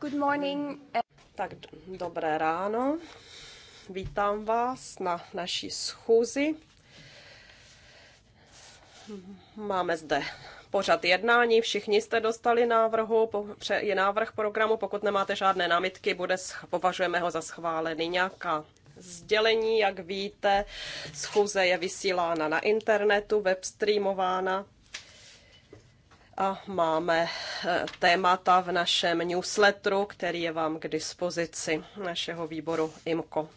Good morning. Tak dobré ráno. Vítám vás na naší schůzi. Máme zde pořad jednání. Všichni jste dostali návrhu, je návrh programu. Pokud nemáte žádné námitky, bude, považujeme ho za schválený. Nějaká sdělení, jak víte, schůze je vysílána na internetu, webstreamována a máme eh, témata v našem newsletteru, který je vám k dispozici našeho výboru IMCO.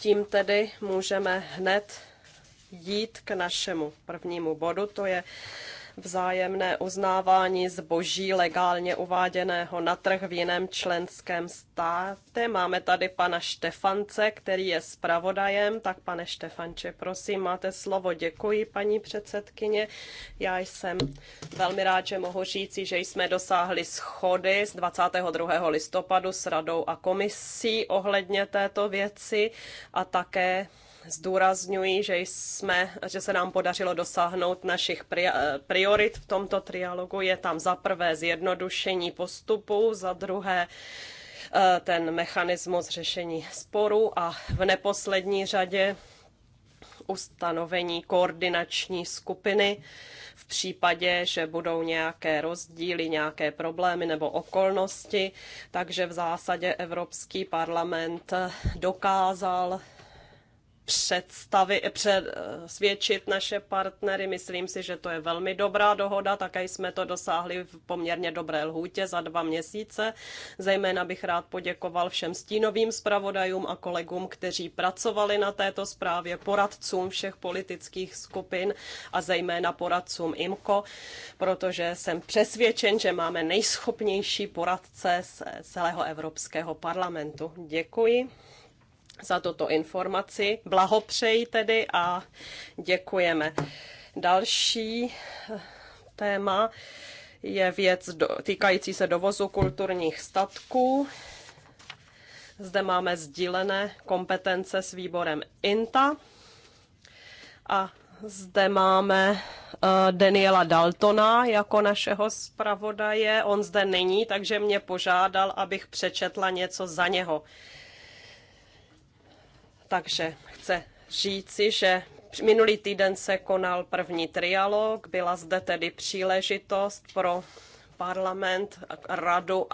Tím tedy můžeme hned jít k našemu prvnímu bodu, to je vzájemné uznávání zboží legálně uváděného na trh v jiném členském státě. Máme tady pana Štefance, který je zpravodajem. Tak pane Štefanče, prosím, máte slovo. Děkuji, paní předsedkyně. Já jsem velmi rád, že mohu říci, že jsme dosáhli schody z 22. listopadu s radou a komisí ohledně této věci a také zdůrazňuji, že jsme, že se nám podařilo dosáhnout našich priorit v tomto trialogu. Je tam za prvé zjednodušení postupu, za druhé eh, ten mechanismus řešení sporu a v neposlední řadě ustanovení koordinační skupiny v případě, že budou nějaké rozdíly, nějaké problémy nebo okolnosti. Takže v zásadě Evropský parlament dokázal představy, před, eh, naše partnery. Myslím si, že to je velmi dobrá dohoda, také jsme to dosáhli v poměrně dobré lhůtě za dva měsíce. Zejména bych rád poděkoval všem stínovým zpravodajům a kolegům, kteří pracovali na této zprávě, poradcům všech politických skupin a zejména poradcům IMKO, protože jsem přesvědčen, že máme nejschopnější poradce z celého Evropského parlamentu. Děkuji za tuto informaci. Blahopřeji tedy a děkujeme. Další eh, téma je věc do, týkající se dovozu kulturních statků. Zde máme sdílené kompetence s výborem INTA a zde máme eh, Daniela Daltona jako našeho zpravodaje. On zde není, takže mě požádal, abych přečetla něco za něho. Takže chce říci, že minulý týden se konal první trialog, byla zde tedy příležitost pro parlament, radu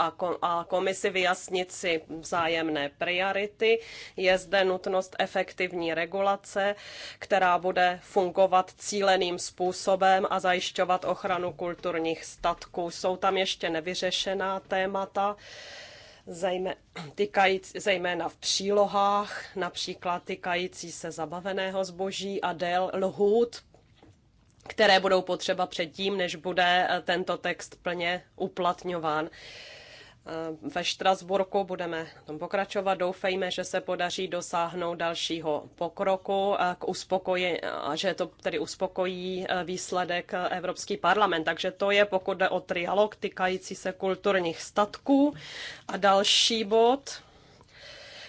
a komisi vyjasnit si vzájemné priority. Je zde nutnost efektivní regulace, která bude fungovat cíleným způsobem a zajišťovat ochranu kulturních statků. Jsou tam ještě nevyřešená témata zejména v přílohách, například týkající se zabaveného zboží a del lhůt, které budou potřeba předtím, než bude eh, tento text plně uplatňován. Eh, ve Štrasburku budeme tom pokračovat. Doufejme, že se podaří dosáhnout dalšího pokroku eh, k uspokoji, že to tedy uspokojí eh, výsledek Evropský parlament. Takže to je, pokud jde o trialog týkající se kulturních statků. A další bod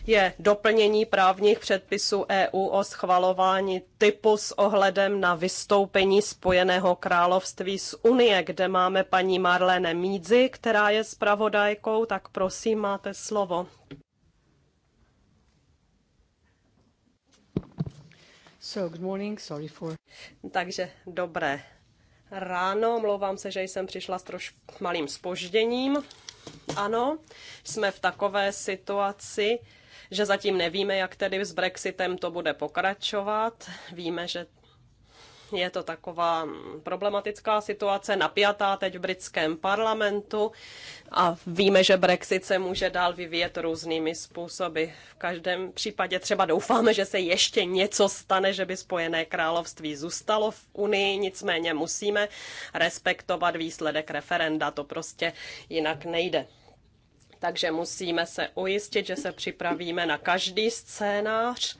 je doplnění právních předpisů EU o schvalování typu s ohledem na vystoupení Spojeného království z Unie, kde máme paní Marlene Mídzi, která je zpravodajkou, tak prosím, máte slovo. So, good morning. Sorry for... Takže dobré ráno, Mluvám se, že jsem přišla s trošku malým spožděním. Ano, jsme v takové situaci, že zatím nevíme, jak tedy s Brexitem to bude pokračovat. Víme, že je to taková problematická situace, napjatá teď v britském parlamentu a víme, že Brexit se může dál vyvíjet různými způsoby. V každém případě třeba doufáme, že se ještě něco stane, že by Spojené království zůstalo v Unii, nicméně musíme respektovat výsledek referenda, to prostě jinak nejde. Takže musíme se ujistit, že se připravíme na každý scénář.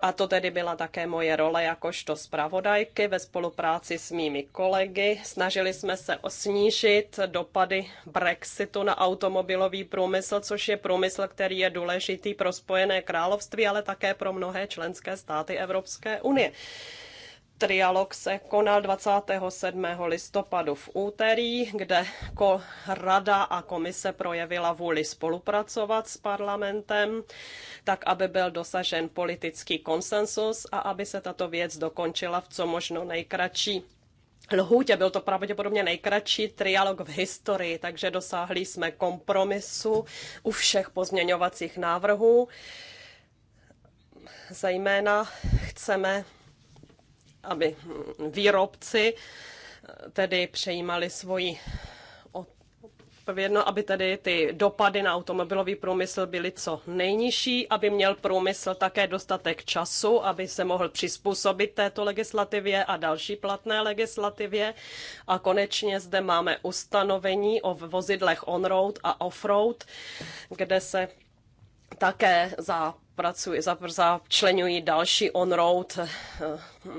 A to tedy byla také moje role jakožto zpravodajky ve spolupráci s mými kolegy. Snažili jsme se osnížit dopady Brexitu na automobilový průmysl, což je průmysl, který je důležitý pro Spojené království, ale také pro mnohé členské státy Evropské unie. Trialog se konal 27. listopadu v úterý, kde ko rada a komise projevila vůli spolupracovat s parlamentem, tak aby byl dosažen politický konsensus a aby se tato věc dokončila v co možno nejkratší lhůtě. Byl to pravděpodobně nejkratší trialog v historii, takže dosáhli jsme kompromisu u všech pozměňovacích návrhů. Zejména chceme aby výrobci tedy přejímali svoji odpovědnost, aby tedy ty dopady na automobilový průmysl byly co nejnižší, aby měl průmysl také dostatek času, aby se mohl přizpůsobit této legislativě a další platné legislativě. A konečně zde máme ustanovení o vozidlech on-road a off-road, kde se také za zapracují, začlenují další on-road eh,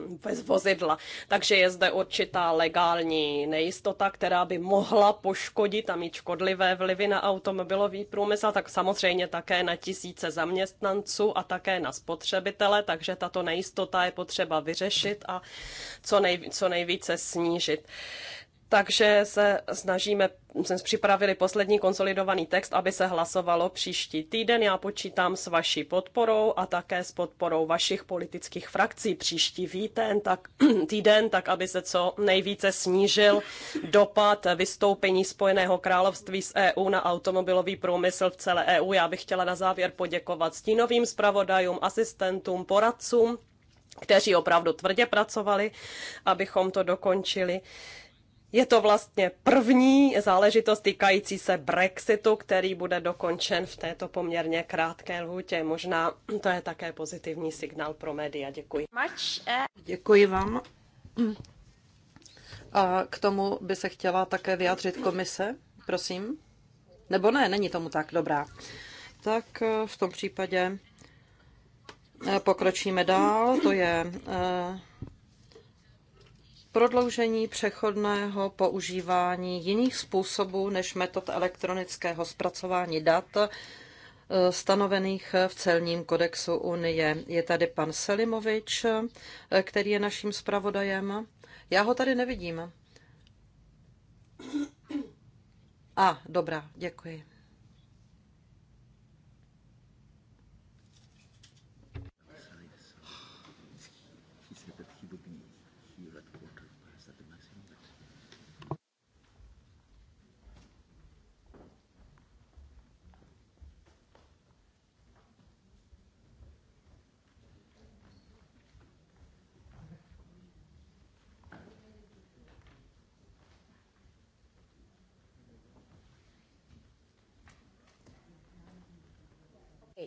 bez vozidla. Takže je zde určitá legální nejistota, která by mohla poškodit a mít škodlivé vlivy na automobilový průmysl, tak samozřejmě také na tisíce zaměstnanců a také na spotřebitele, takže tato nejistota je potřeba vyřešit a co, nej, co nejvíce snížit. Uh, takže se snažíme, jsme připravili poslední konsolidovaný text, aby se hlasovalo příští týden. Já počítám s vaší podporou a také s podporou vašich politických frakcí příští víten, tak, týden, tak aby se co nejvíce snížil dopad vystoupení Spojeného království z EU na automobilový průmysl v celé EU. Já bych chtěla na závěr poděkovat stínovým zpravodajům, asistentům, poradcům, kteří opravdu tvrdě pracovali, abychom to dokončili je to vlastně první záležitost týkající se Brexitu, který bude dokončen v této poměrně krátké lhůtě. Možná to je také pozitivní signál pro média. Děkuji. Děkuji vám. A k tomu by se chtěla také vyjádřit komise, prosím. Nebo ne, není tomu tak dobrá. Tak eh, v tom případě eh, pokročíme dál. To je eh, prodloužení přechodného používání jiných způsobů než metod elektronického zpracování dat eh, stanovených v celním kodexu Unie. Je tady pan Selimovič, eh, který je naším zpravodajem. Já ho tady nevidím. A, dobrá, děkuji.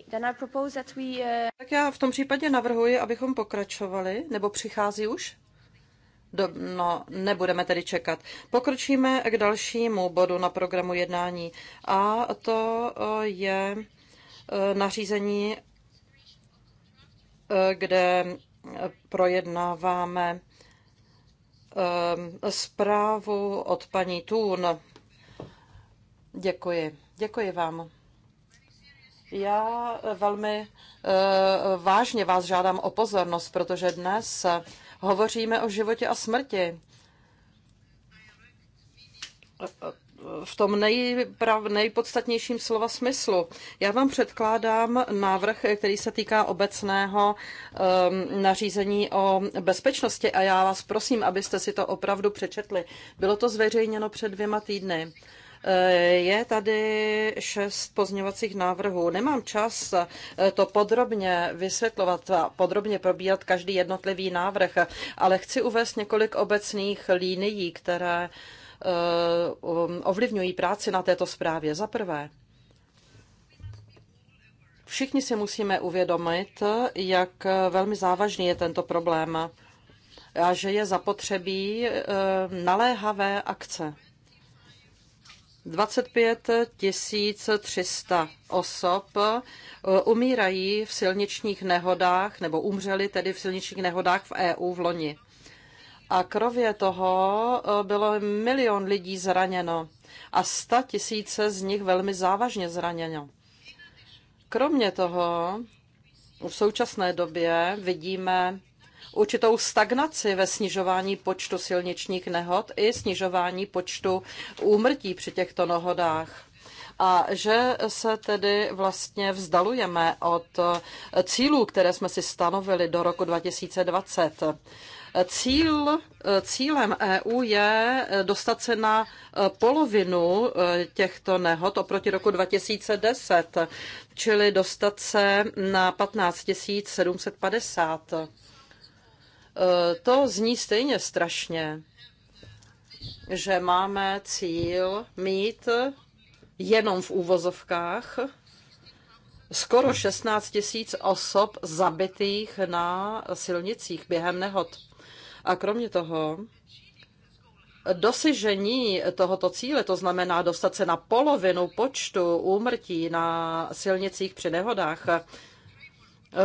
Then I propose that we, uh... Tak já v tom případě navrhuji, abychom pokračovali, nebo přichází už? Do, no, nebudeme tedy čekat. Pokročíme k dalšímu bodu na programu jednání a to uh, je uh, nařízení, uh, kde projednáváme um, zprávu od paní Tún. Děkuji. Děkuji vám. Já velmi eh, vážně vás žádám o pozornost, protože dnes hovoříme o životě a smrti. V tom nejprav, nejpodstatnějším slova smyslu. Já vám předkládám návrh, který se týká obecného um, nařízení o bezpečnosti a já vás prosím, abyste si to opravdu přečetli. Bylo to zveřejněno před dvěma týdny. Uh, Eh, je tady šest pozměňovacích návrhů. Nemám čas eh, to podrobně vysvětlovat a podrobně probíhat každý jednotlivý návrh, ale chci uvést několik obecných línií, které eh, um, ovlivňují práci na této zprávě. Za prvé, všichni si musíme uvědomit, jak velmi závažný je tento problém a že je zapotřebí naléhavé akce. 25 300 osob eh, umírají v silničních nehodách, nebo umřeli tedy v silničních nehodách v EU v loni. A krově toho eh, bylo milion lidí zraněno a 100 tisíce z nich velmi závažně zraněno. Kromě toho v současné době vidíme určitou stagnaci ve snižování počtu silničních nehod i snižování počtu úmrtí při těchto nehodách a že se tedy vlastně vzdalujeme od cílů, které jsme si stanovili do roku 2020. Cíl, cílem EU je dostat se na polovinu těchto nehod oproti roku 2010, čili dostat se na 15 750. Eh, to zní stejně strašně, že máme cíl mít jenom v úvozovkách skoro 16 tisíc osob zabitých na silnicích během nehod. A kromě toho, dosažení tohoto cíle, to znamená dostat se na polovinu počtu úmrtí na silnicích při nehodách,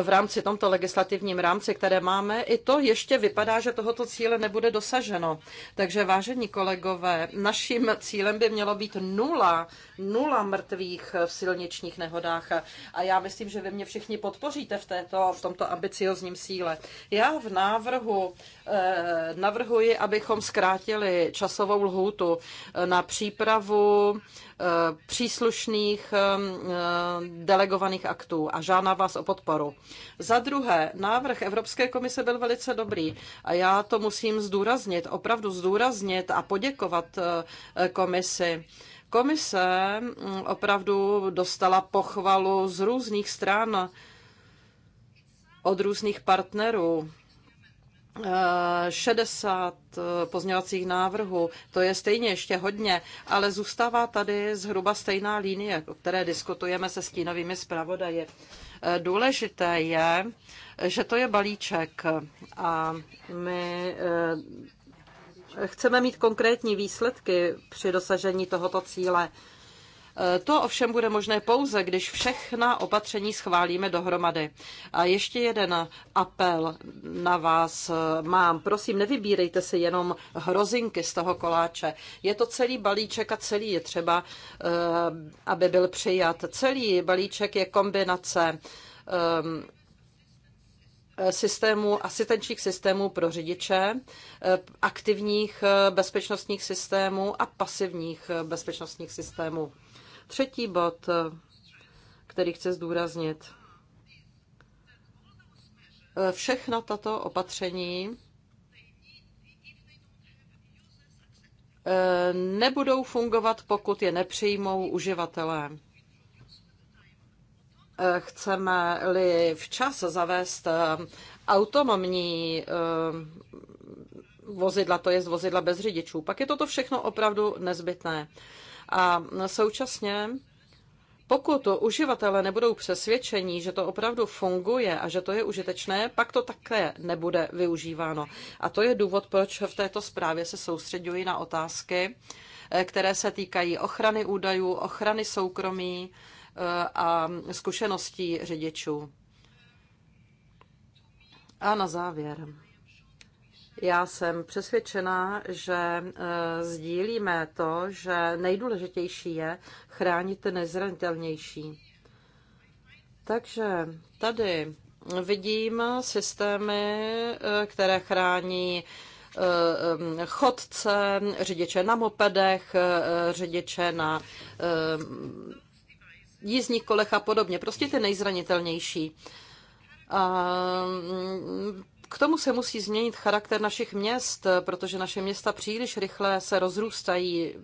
v rámci tomto legislativním rámci, které máme, i to ještě vypadá, že tohoto cíle nebude dosaženo. Takže vážení kolegové, naším cílem by mělo být nula, nula mrtvých v silničních nehodách. A já myslím, že vy mě všichni podpoříte v, této, v tomto ambiciozním síle. Já v návrhu eh, navrhuji, abychom zkrátili časovou lhůtu eh, na přípravu Eh, příslušných eh, delegovaných aktů a žádná vás o podporu. Za druhé, návrh Evropské komise byl velice dobrý a já to musím zdůraznit, opravdu zdůraznit a poděkovat eh, komisi. Komise mm, opravdu dostala pochvalu z různých stran od různých partnerů 60 eh, pozměňovacích návrhů, to je stejně ještě hodně, ale zůstává tady zhruba stejná linie, o které diskutujeme se stínovými zpravodaji. Eh, důležité je, že to je balíček a my eh, chceme mít konkrétní výsledky při dosažení tohoto cíle. To ovšem bude možné pouze, když všechna opatření schválíme dohromady. A ještě jeden apel na vás mám. Prosím, nevybírejte si jenom hrozinky z toho koláče. Je to celý balíček a celý je třeba, eh, aby byl přijat. Celý balíček je kombinace eh, systémů, asistenčních systémů pro řidiče, eh, aktivních bezpečnostních systémů a pasivních bezpečnostních systémů. Třetí bod, který chce zdůraznit. Všechna tato opatření eh, nebudou fungovat, pokud je nepřijmou uživatelé. Eh, chceme-li včas zavést eh, autonomní vozidla, to je vozidla bez řidičů, pak je toto všechno opravdu nezbytné. A současně pokud to uživatelé nebudou přesvědčení, že to opravdu funguje a že to je užitečné, pak to také nebude využíváno. A to je důvod, proč v této zprávě se soustředují na otázky, eh, které se týkají ochrany údajů, ochrany soukromí eh, a zkušeností řidičů. A na závěr. Já jsem přesvědčena, že e, sdílíme to, že nejdůležitější je chránit nezranitelnější. Takže tady vidím systémy, e, které chrání e, chodce, řidiče na mopedech, řidiče na jízdních kolech a podobně. Prostě ty nejzranitelnější. A k tomu se musí změnit charakter našich měst, protože naše města příliš rychle se rozrůstají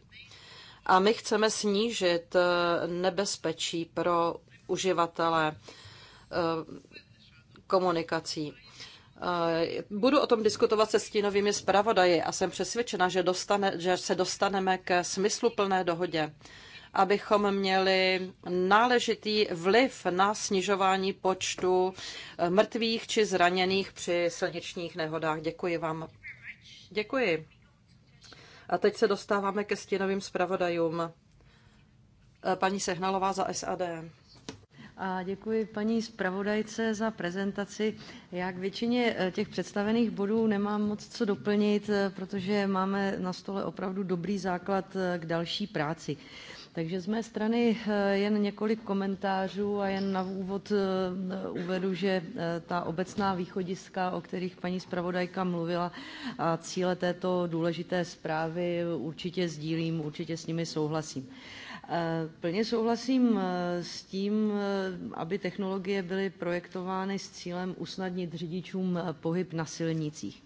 a my chceme snížit eh, nebezpečí pro uživatele eh, komunikací. Eh, budu o tom diskutovat se stínovými zpravodaji a jsem přesvědčena, že, dostane, že se dostaneme k smysluplné dohodě abychom měli náležitý vliv na snižování počtu eh, mrtvých či zraněných při silničních nehodách. Děkuji vám. Děkuji. A teď se dostáváme ke stěnovým zpravodajům. Eh, paní Sehnalová za SAD. A děkuji paní zpravodajce za prezentaci. Já k většině eh, těch představených bodů nemám moc co doplnit, protože máme na stole opravdu dobrý základ k další práci. Takže z mé strany eh, jen několik komentářů a jen na úvod eh, uvedu, že eh, ta obecná východiska, o kterých paní zpravodajka mluvila, a cíle této důležité zprávy určitě sdílím, určitě s nimi souhlasím. Plně souhlasím s tím, aby technologie byly projektovány s cílem usnadnit řidičům pohyb na silnicích.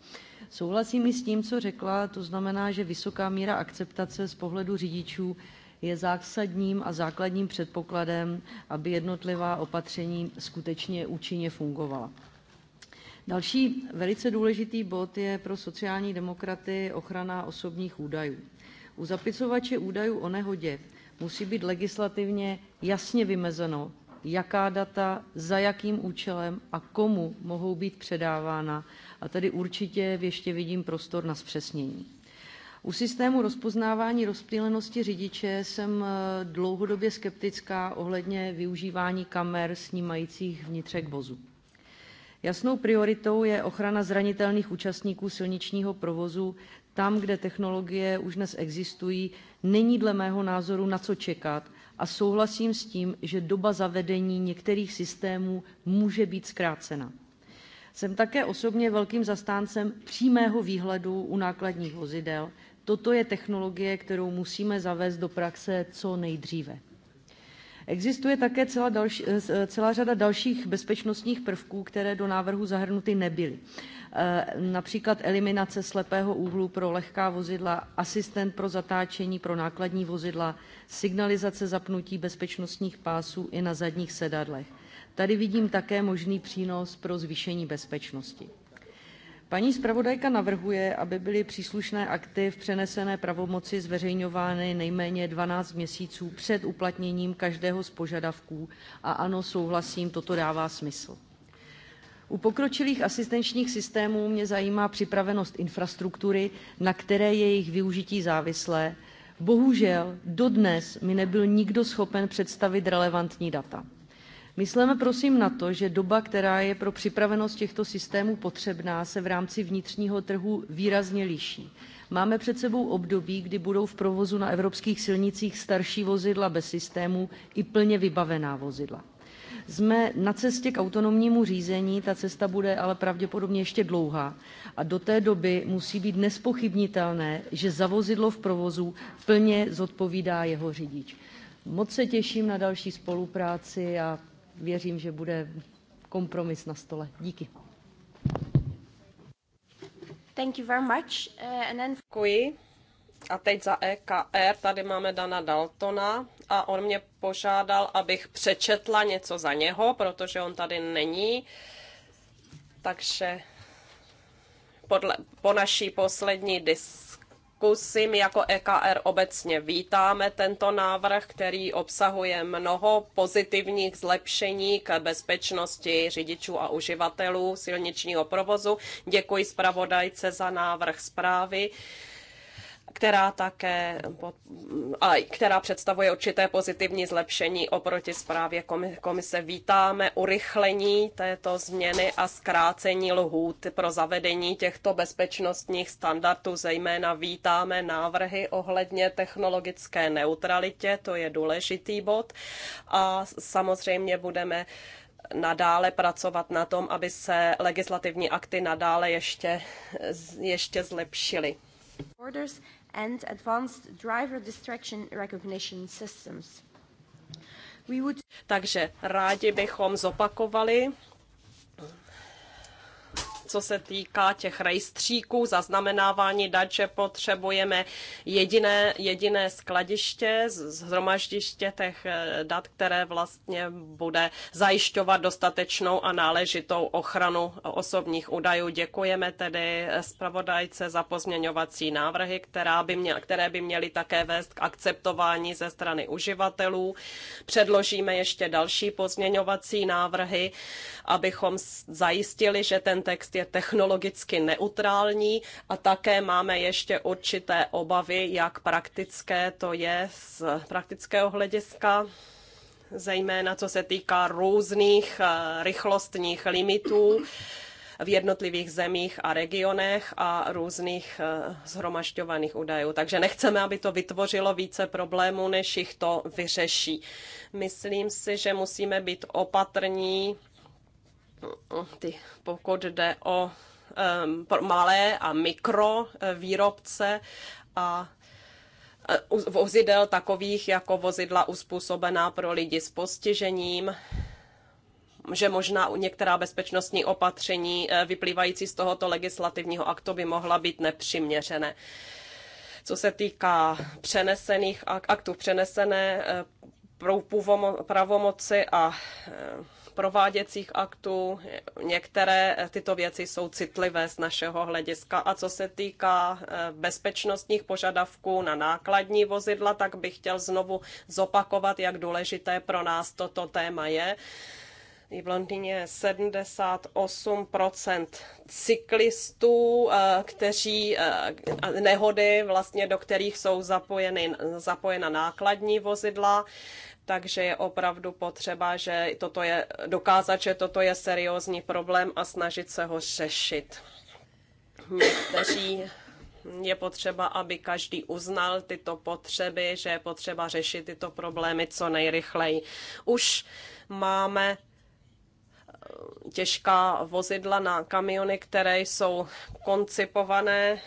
Souhlasím i s tím, co řekla, to znamená, že vysoká míra akceptace z pohledu řidičů je zásadním a základním předpokladem, aby jednotlivá opatření skutečně účinně fungovala. Další velice důležitý bod je pro sociální demokraty ochrana osobních údajů. U zapisovače údajů o nehodě musí být legislativně jasně vymezeno, jaká data, za jakým účelem a komu mohou být předávána. A tady určitě ještě vidím prostor na zpřesnění. U systému rozpoznávání rozptýlenosti řidiče jsem eh, dlouhodobě skeptická ohledně využívání kamer snímajících vnitřek vozu. Jasnou prioritou je ochrana zranitelných účastníků silničního provozu. Tam, kde technologie už dnes existují, není dle mého názoru na co čekat a souhlasím s tím, že doba zavedení některých systémů může být zkrácena. Jsem také osobně velkým zastáncem přímého výhledu u nákladních vozidel, Toto je technologie, kterou musíme zavést do praxe co nejdříve. Existuje také celá, další, eh, eh, celá řada dalších bezpečnostních prvků, které do návrhu zahrnuty nebyly. Eh, například eliminace slepého úhlu pro lehká vozidla, asistent pro zatáčení pro nákladní vozidla, signalizace zapnutí bezpečnostních pásů i na zadních sedadlech. Tady vidím také možný přínos pro zvýšení bezpečnosti. Paní zpravodajka navrhuje, aby byly příslušné akty v přenesené pravomoci zveřejňovány nejméně 12 měsíců před uplatněním každého z požadavků a ano, souhlasím, toto dává smysl. U pokročilých asistenčních systémů mě zajímá připravenost infrastruktury, na které je jejich využití závislé. Bohužel dodnes mi nebyl nikdo schopen představit relevantní data. Mysleme prosím na to, že doba, která je pro připravenost těchto systémů potřebná, se v rámci vnitřního trhu výrazně liší. Máme před sebou období, kdy budou v provozu na evropských silnicích starší vozidla bez systémů i plně vybavená vozidla. Jsme na cestě k autonomnímu řízení, ta cesta bude ale pravděpodobně ještě dlouhá a do té doby musí být nespochybnitelné, že za vozidlo v provozu plně zodpovídá jeho řidič. Moc se těším na další spolupráci a věřím, že bude kompromis na stole. Díky. Thank you very much. Uh, and then... Děkuji. A teď za EKR tady máme Dana Daltona a on mě požádal, abych přečetla něco za něho, protože on tady není. Takže podle, po naší poslední dis, pokusím jako EKR obecně vítáme tento návrh, který obsahuje mnoho pozitivních zlepšení k bezpečnosti řidičů a uživatelů silničního provozu. Děkuji zpravodajce za návrh zprávy která také a která představuje určité pozitivní zlepšení oproti zprávě komise. Vítáme urychlení této změny a zkrácení lhůt pro zavedení těchto bezpečnostních standardů. Zejména vítáme návrhy ohledně technologické neutralitě, to je důležitý bod. A samozřejmě budeme nadále pracovat na tom, aby se legislativní akty nadále ještě, ještě zlepšily and advanced driver distraction recognition systems. We would... Takže rádi bychom zopakovali co se týká těch rejstříků, zaznamenávání dat, že potřebujeme jediné, jediné skladiště, zhromaždiště těch eh, dat, které vlastně bude zajišťovat dostatečnou a náležitou ochranu osobních údajů. Děkujeme tedy eh, zpravodajce za pozměňovací návrhy, která by měla, které by měly také vést k akceptování ze strany uživatelů. Předložíme ještě další pozměňovací návrhy, abychom zajistili, že ten text je technologicky neutrální a také máme ještě určité obavy, jak praktické to je z praktického hlediska zejména co se týká různých eh, rychlostních limitů v jednotlivých zemích a regionech a různých eh, zhromažďovaných údajů. Takže nechceme, aby to vytvořilo více problémů, než jich to vyřeší. Myslím si, že musíme být opatrní ty, pokud jde o malé a mikro eh, výrobce a eh, vozidel takových jako vozidla uspůsobená pro lidi s postižením, že možná u některá bezpečnostní opatření eh, vyplývající z tohoto legislativního aktu by mohla být nepřiměřené. Co se týká přenesených aktů, přenesené pravomoci a prováděcích aktů. Některé tyto věci jsou citlivé z našeho hlediska. A co se týká eh, bezpečnostních požadavků na nákladní vozidla, tak bych chtěl znovu zopakovat, jak důležité pro nás toto téma je. I v Londýně 78% cyklistů, eh, kteří eh, nehody, vlastně, do kterých jsou zapojeny, zapojena nákladní vozidla takže je opravdu potřeba, že toto je, dokázat, že toto je seriózní problém a snažit se ho řešit. Někteří je potřeba, aby každý uznal tyto potřeby, že je potřeba řešit tyto problémy co nejrychleji. Už máme těžká vozidla na kamiony, které jsou koncipované e,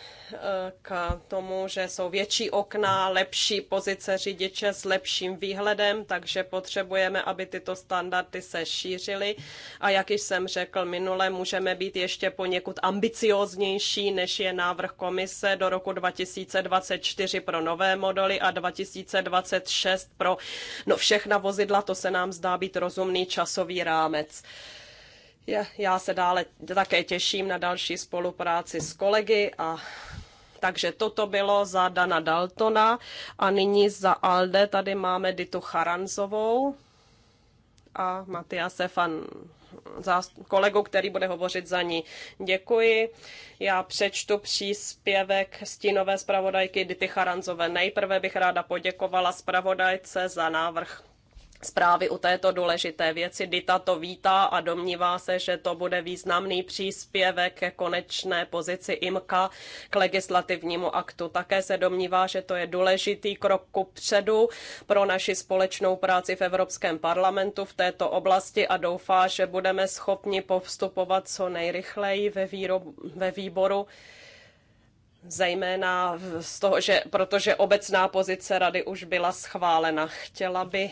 k tomu, že jsou větší okna, lepší pozice řidiče s lepším výhledem, takže potřebujeme, aby tyto standardy se šířily. A jak již jsem řekl minule, můžeme být ještě poněkud ambicioznější, než je návrh komise do roku 2024 pro nové modely a 2026 pro no, všechna vozidla. To se nám zdá být rozumný časový rámec. Já se dále také těším na další spolupráci s kolegy a takže toto bylo za Dana Daltona a nyní za Alde tady máme Ditu Charanzovou a Matiase van kolegu, který bude hovořit za ní. Děkuji. Já přečtu příspěvek stínové zpravodajky Dity Charanzové. Nejprve bych ráda poděkovala zpravodajce za návrh zprávy u této důležité věci. Dita to vítá a domnívá se, že to bude významný příspěvek ke konečné pozici IMKA k legislativnímu aktu. Také se domnívá, že to je důležitý krok ku předu pro naši společnou práci v Evropském parlamentu v této oblasti a doufá, že budeme schopni povstupovat co nejrychleji ve, výrob, ve výboru zejména z toho, že, protože obecná pozice rady už byla schválena. Chtěla by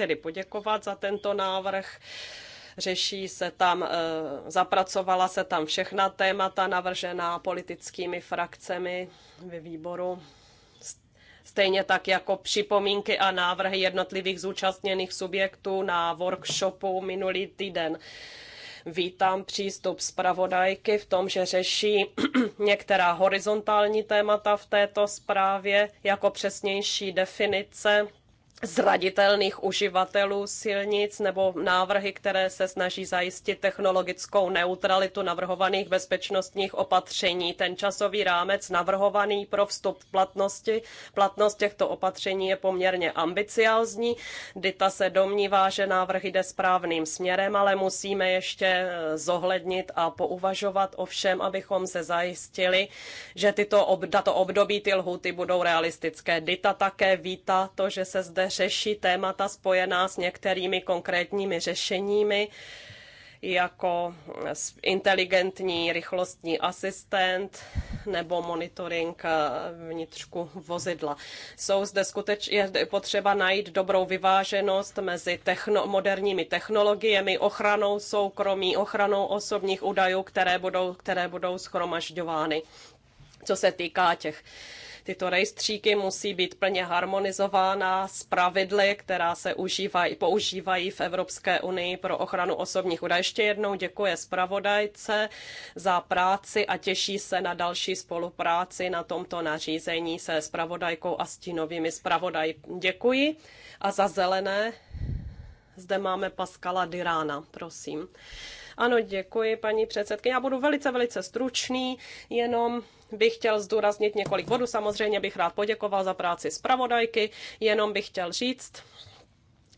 tedy poděkovat za tento návrh řeší se tam, e, zapracovala se tam všechna témata navržená politickými frakcemi ve výboru. Stejně tak jako připomínky a návrhy jednotlivých zúčastněných subjektů na workshopu minulý týden. Vítám přístup zpravodajky v tom, že řeší některá horizontální témata v této zprávě, jako přesnější definice zraditelných uživatelů silnic nebo návrhy, které se snaží zajistit technologickou neutralitu navrhovaných bezpečnostních opatření. Ten časový rámec navrhovaný pro vstup v platnosti, platnost těchto opatření je poměrně ambiciózní. Dita se domnívá, že návrh jde správným směrem, ale musíme ještě eh, zohlednit a pouvažovat o všem, abychom se zajistili, že tyto ob, tato období, ty lhuty budou realistické. Dita také vítá to, že se zde řeší témata spojená s některými konkrétními řešeními jako inteligentní rychlostní asistent nebo monitoring eh, vnitřku vozidla. Jsou zde skutečně potřeba najít dobrou vyváženost mezi techno, moderními technologiemi, ochranou soukromí, ochranou osobních údajů, které budou, které budou schromažďovány. Co se týká těch tyto rejstříky musí být plně harmonizována s pravidly, která se užívají, používají v Evropské unii pro ochranu osobních údajů. Ještě jednou děkuji zpravodajce za práci a těší se na další spolupráci na tomto nařízení se zpravodajkou a stínovými zpravodaji. Děkuji a za zelené zde máme Paskala Dirána, prosím. Ano, děkuji, paní předsedkyně. Já budu velice, velice stručný, jenom bych chtěl zdůraznit několik bodů. Samozřejmě bych rád poděkoval za práci zpravodajky, jenom bych chtěl říct,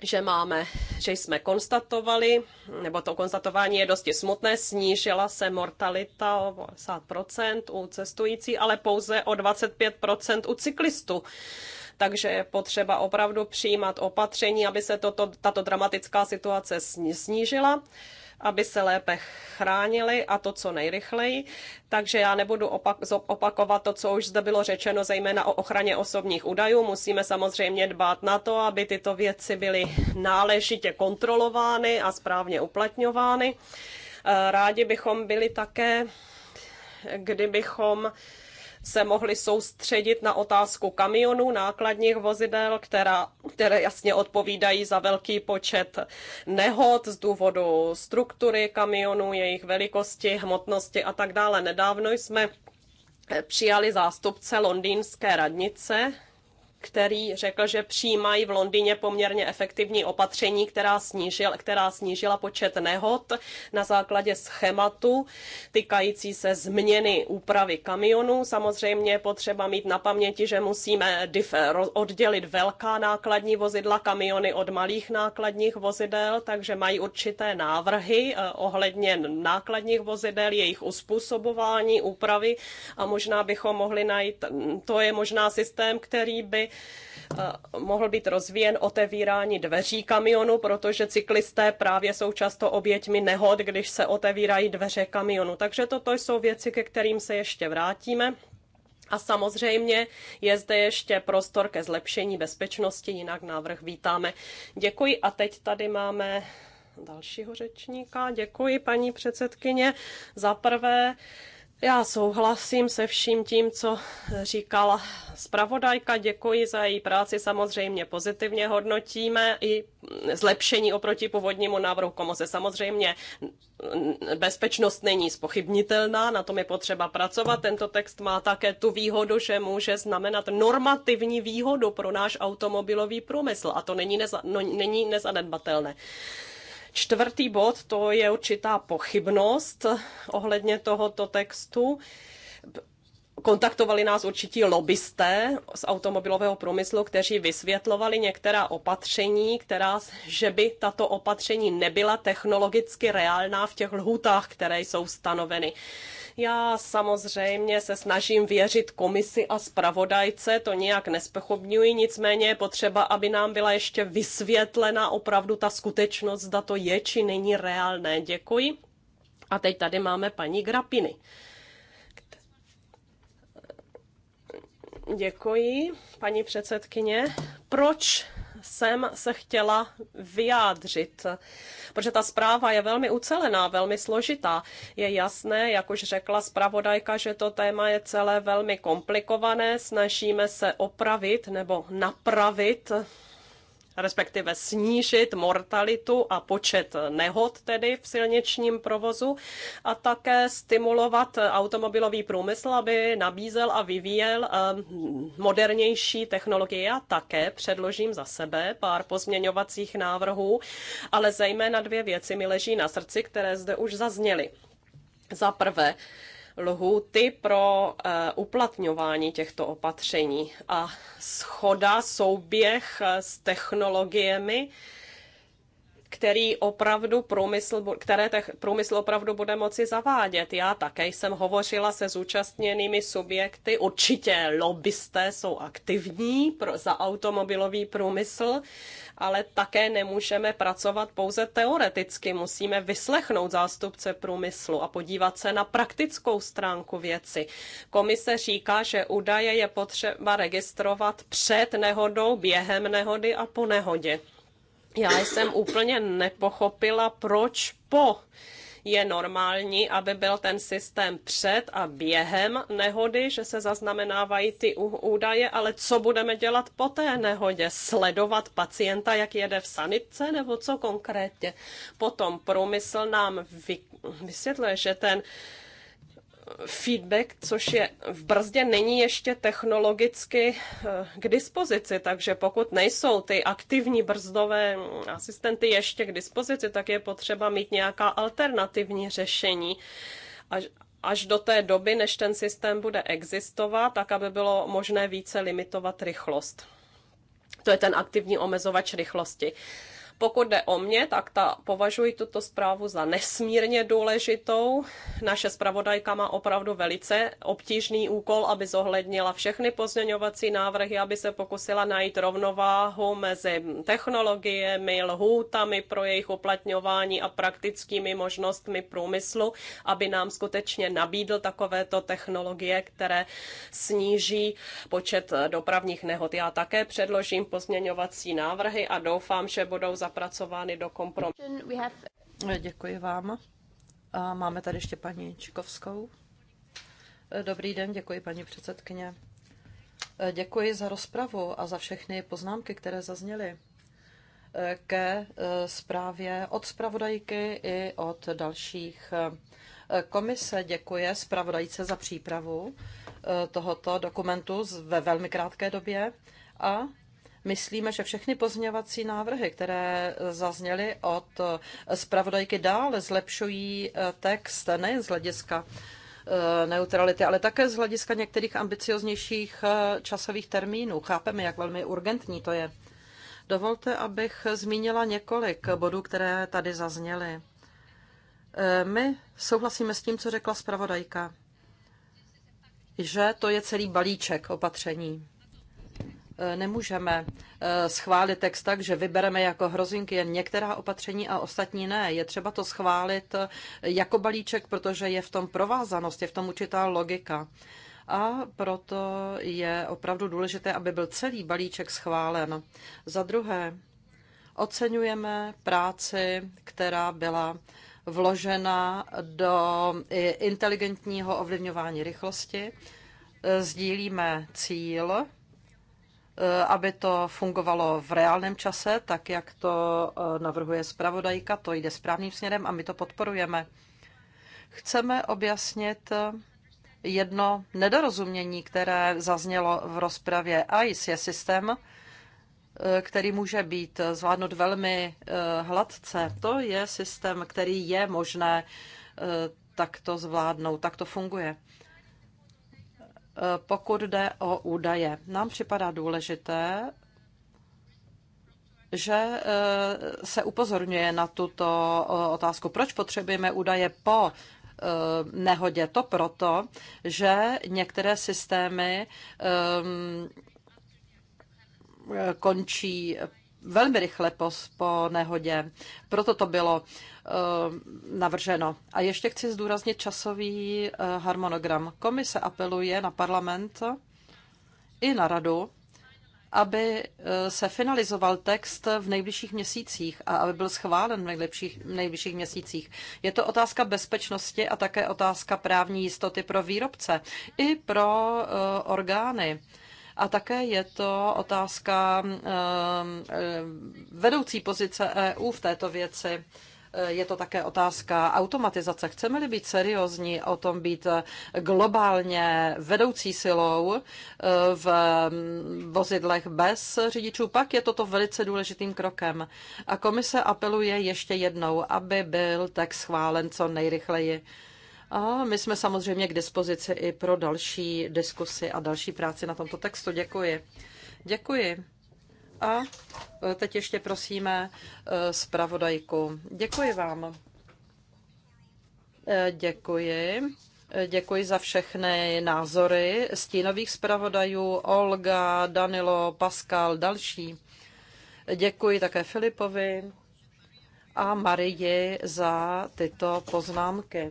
že máme, že jsme konstatovali, nebo to konstatování je dosti smutné, snížila se mortalita o 50% u cestující, ale pouze o 25% u cyklistů takže je potřeba opravdu přijímat opatření, aby se toto, tato dramatická situace snížila aby se lépe chránili a to co nejrychleji. Takže já nebudu opak, opakovat to, co už zde bylo řečeno, zejména o ochraně osobních údajů. Musíme samozřejmě dbát na to, aby tyto věci byly náležitě kontrolovány a správně uplatňovány. Rádi bychom byli také, kdybychom se mohli soustředit na otázku kamionů, nákladních vozidel, která, které jasně odpovídají za velký počet nehod z důvodu struktury kamionů, jejich velikosti, hmotnosti a tak dále. Nedávno jsme přijali zástupce londýnské radnice, který řekl, že přijímají v Londýně poměrně efektivní opatření, která, snížila, která snížila počet nehod na základě schématu týkající se změny úpravy kamionů. Samozřejmě je potřeba mít na paměti, že musíme oddělit velká nákladní vozidla, kamiony od malých nákladních vozidel, takže mají určité návrhy eh, ohledně nákladních vozidel, jejich uspůsobování, úpravy a možná bychom mohli najít, hm, to je možná systém, který by Eh, mohl být rozvíjen otevírání dveří kamionu, protože cyklisté právě jsou často oběťmi nehod, když se otevírají dveře kamionu. Takže toto jsou věci, ke kterým se ještě vrátíme. A samozřejmě je zde ještě prostor ke zlepšení bezpečnosti, jinak návrh vítáme. Děkuji a teď tady máme dalšího řečníka. Děkuji, paní předsedkyně. Za prvé já souhlasím se vším tím, co říkala zpravodajka. Děkuji za její práci. Samozřejmě pozitivně hodnotíme i zlepšení oproti původnímu návrhu komise. Samozřejmě bezpečnost není spochybnitelná, na tom je potřeba pracovat. Tento text má také tu výhodu, že může znamenat normativní výhodu pro náš automobilový průmysl a to není, neza, no, není nezanedbatelné. Čtvrtý bod, to je určitá pochybnost ohledně tohoto textu kontaktovali nás určití lobbysté z automobilového průmyslu, kteří vysvětlovali některá opatření, která, že by tato opatření nebyla technologicky reálná v těch lhůtách, které jsou stanoveny. Já samozřejmě se snažím věřit komisi a zpravodajce, to nijak nespochybňuji, nicméně je potřeba, aby nám byla ještě vysvětlena opravdu ta skutečnost, zda to je či není reálné. Děkuji. A teď tady máme paní Grapiny. Děkuji, paní předsedkyně. Proč jsem se chtěla vyjádřit, protože ta zpráva je velmi ucelená, velmi složitá. Je jasné, jak už řekla zpravodajka, že to téma je celé velmi komplikované, snažíme se opravit nebo napravit respektive snížit mortalitu a počet nehod tedy v silničním provozu a také stimulovat automobilový průmysl, aby nabízel a vyvíjel ehm, modernější technologie. Já také předložím za sebe pár pozměňovacích návrhů, ale zejména dvě věci mi leží na srdci, které zde už zazněly. Za prvé, lhůty pro eh, uplatňování těchto opatření a schoda, souběh eh, s technologiemi který opravdu průmysl, které te, průmysl opravdu bude moci zavádět. Já také jsem hovořila se zúčastněnými subjekty. Určitě lobbysté jsou aktivní pro, za automobilový průmysl, ale také nemůžeme pracovat pouze teoreticky. Musíme vyslechnout zástupce průmyslu a podívat se na praktickou stránku věci. Komise říká, že údaje je potřeba registrovat před nehodou, během nehody a po nehodě. Já jsem úplně nepochopila, proč po je normální, aby byl ten systém před a během nehody, že se zaznamenávají ty údaje, ale co budeme dělat po té nehodě? Sledovat pacienta, jak jede v sanitce, nebo co konkrétně? Potom průmysl nám vysvětluje, že ten feedback, což je v brzdě není ještě technologicky eh, k dispozici, takže pokud nejsou ty aktivní brzdové asistenty ještě k dispozici, tak je potřeba mít nějaká alternativní řešení. Až, až do té doby, než ten systém bude existovat, tak aby bylo možné více limitovat rychlost. To je ten aktivní omezovač rychlosti. Pokud jde o mě, tak ta, považuji tuto zprávu za nesmírně důležitou. Naše zpravodajka má opravdu velice obtížný úkol, aby zohlednila všechny pozměňovací návrhy, aby se pokusila najít rovnováhu mezi technologiemi, lhůtami pro jejich uplatňování a praktickými možnostmi průmyslu, aby nám skutečně nabídl takovéto technologie, které sníží počet dopravních nehod. Já také předložím pozměňovací návrhy a doufám, že budou za zapracovány do kompromisu. Děkuji vám. A máme tady ještě paní Čikovskou. Dobrý den, děkuji paní předsedkyně. Děkuji za rozpravu a za všechny poznámky, které zazněly ke e, zprávě od zpravodajky i od dalších. E, komise děkuje zpravodajce za přípravu e, tohoto dokumentu ve velmi krátké době a Myslíme, že všechny pozměňovací návrhy, které zazněly od zpravodajky dále, zlepšují eh, text nejen z hlediska eh, neutrality, ale také z hlediska některých ambicioznějších eh, časových termínů. Chápeme, jak velmi urgentní to je. Dovolte, abych zmínila několik bodů, které tady zazněly. My souhlasíme s tím, co řekla zpravodajka, že to je celý balíček opatření. Eh, nemůžeme eh, schválit text tak, že vybereme jako hrozinky jen některá opatření a ostatní ne. Je třeba to schválit eh, jako balíček, protože je v tom provázanost, je v tom určitá logika. A proto je opravdu důležité, aby byl celý balíček schválen. Za druhé, oceňujeme práci, která byla vložena do inteligentního ovlivňování rychlosti. Sdílíme cíl Eh, aby to fungovalo v reálném čase, tak jak to eh, navrhuje zpravodajka, to jde správným směrem a my to podporujeme. Chceme objasnit eh, jedno nedorozumění, které zaznělo v rozpravě. ICE je systém, který může být zvládnut velmi hladce. To je systém, který je možné takto zvládnout, tak to funguje. Eh, pokud jde o údaje. Nám připadá důležité, že eh, se upozorňuje na tuto eh, otázku. Proč potřebujeme údaje po nehodě? To proto, že některé systémy ehm, končí velmi rychle po, po nehodě. Proto to bylo eh, navrženo. A ještě chci zdůraznit časový eh, harmonogram. Komise apeluje na parlament i na radu, aby eh, se finalizoval text v nejbližších měsících a aby byl schválen v nejbližších, nejbližších měsících. Je to otázka bezpečnosti a také otázka právní jistoty pro výrobce i pro orgány a také je to otázka ehm, ehm, vedoucí pozice EU v této věci. Eh, je to také otázka automatizace. Chceme-li být seriózní o tom být eh, globálně vedoucí silou eh, v ehm, vozidlech bez řidičů, pak je toto velice důležitým krokem. A komise apeluje ještě jednou, aby byl tak schválen co nejrychleji. A my jsme samozřejmě k dispozici i pro další diskusy a další práci na tomto textu. Děkuji. Děkuji. A e, teď ještě prosíme e, zpravodajku. Děkuji vám. E, děkuji. Děkuji za všechny názory stínových zpravodajů Olga, Danilo, Pascal, další. Děkuji také Filipovi a Marii za tyto poznámky.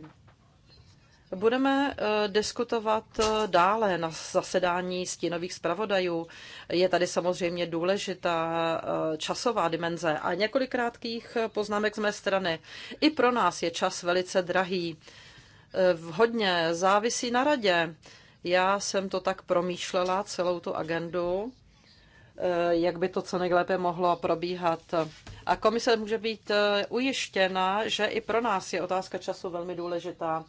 Budeme eh, diskutovat eh, dále na zasedání stínových zpravodajů. Je tady samozřejmě důležitá eh, časová dimenze a několik krátkých poznámek z mé strany. I pro nás je čas velice drahý. Hodně závisí na radě. Já jsem to tak promýšlela, celou tu agendu, jak by to co nejlépe mohlo probíhat. A komise může být ujištěna, že i pro nás je otázka času velmi důležitá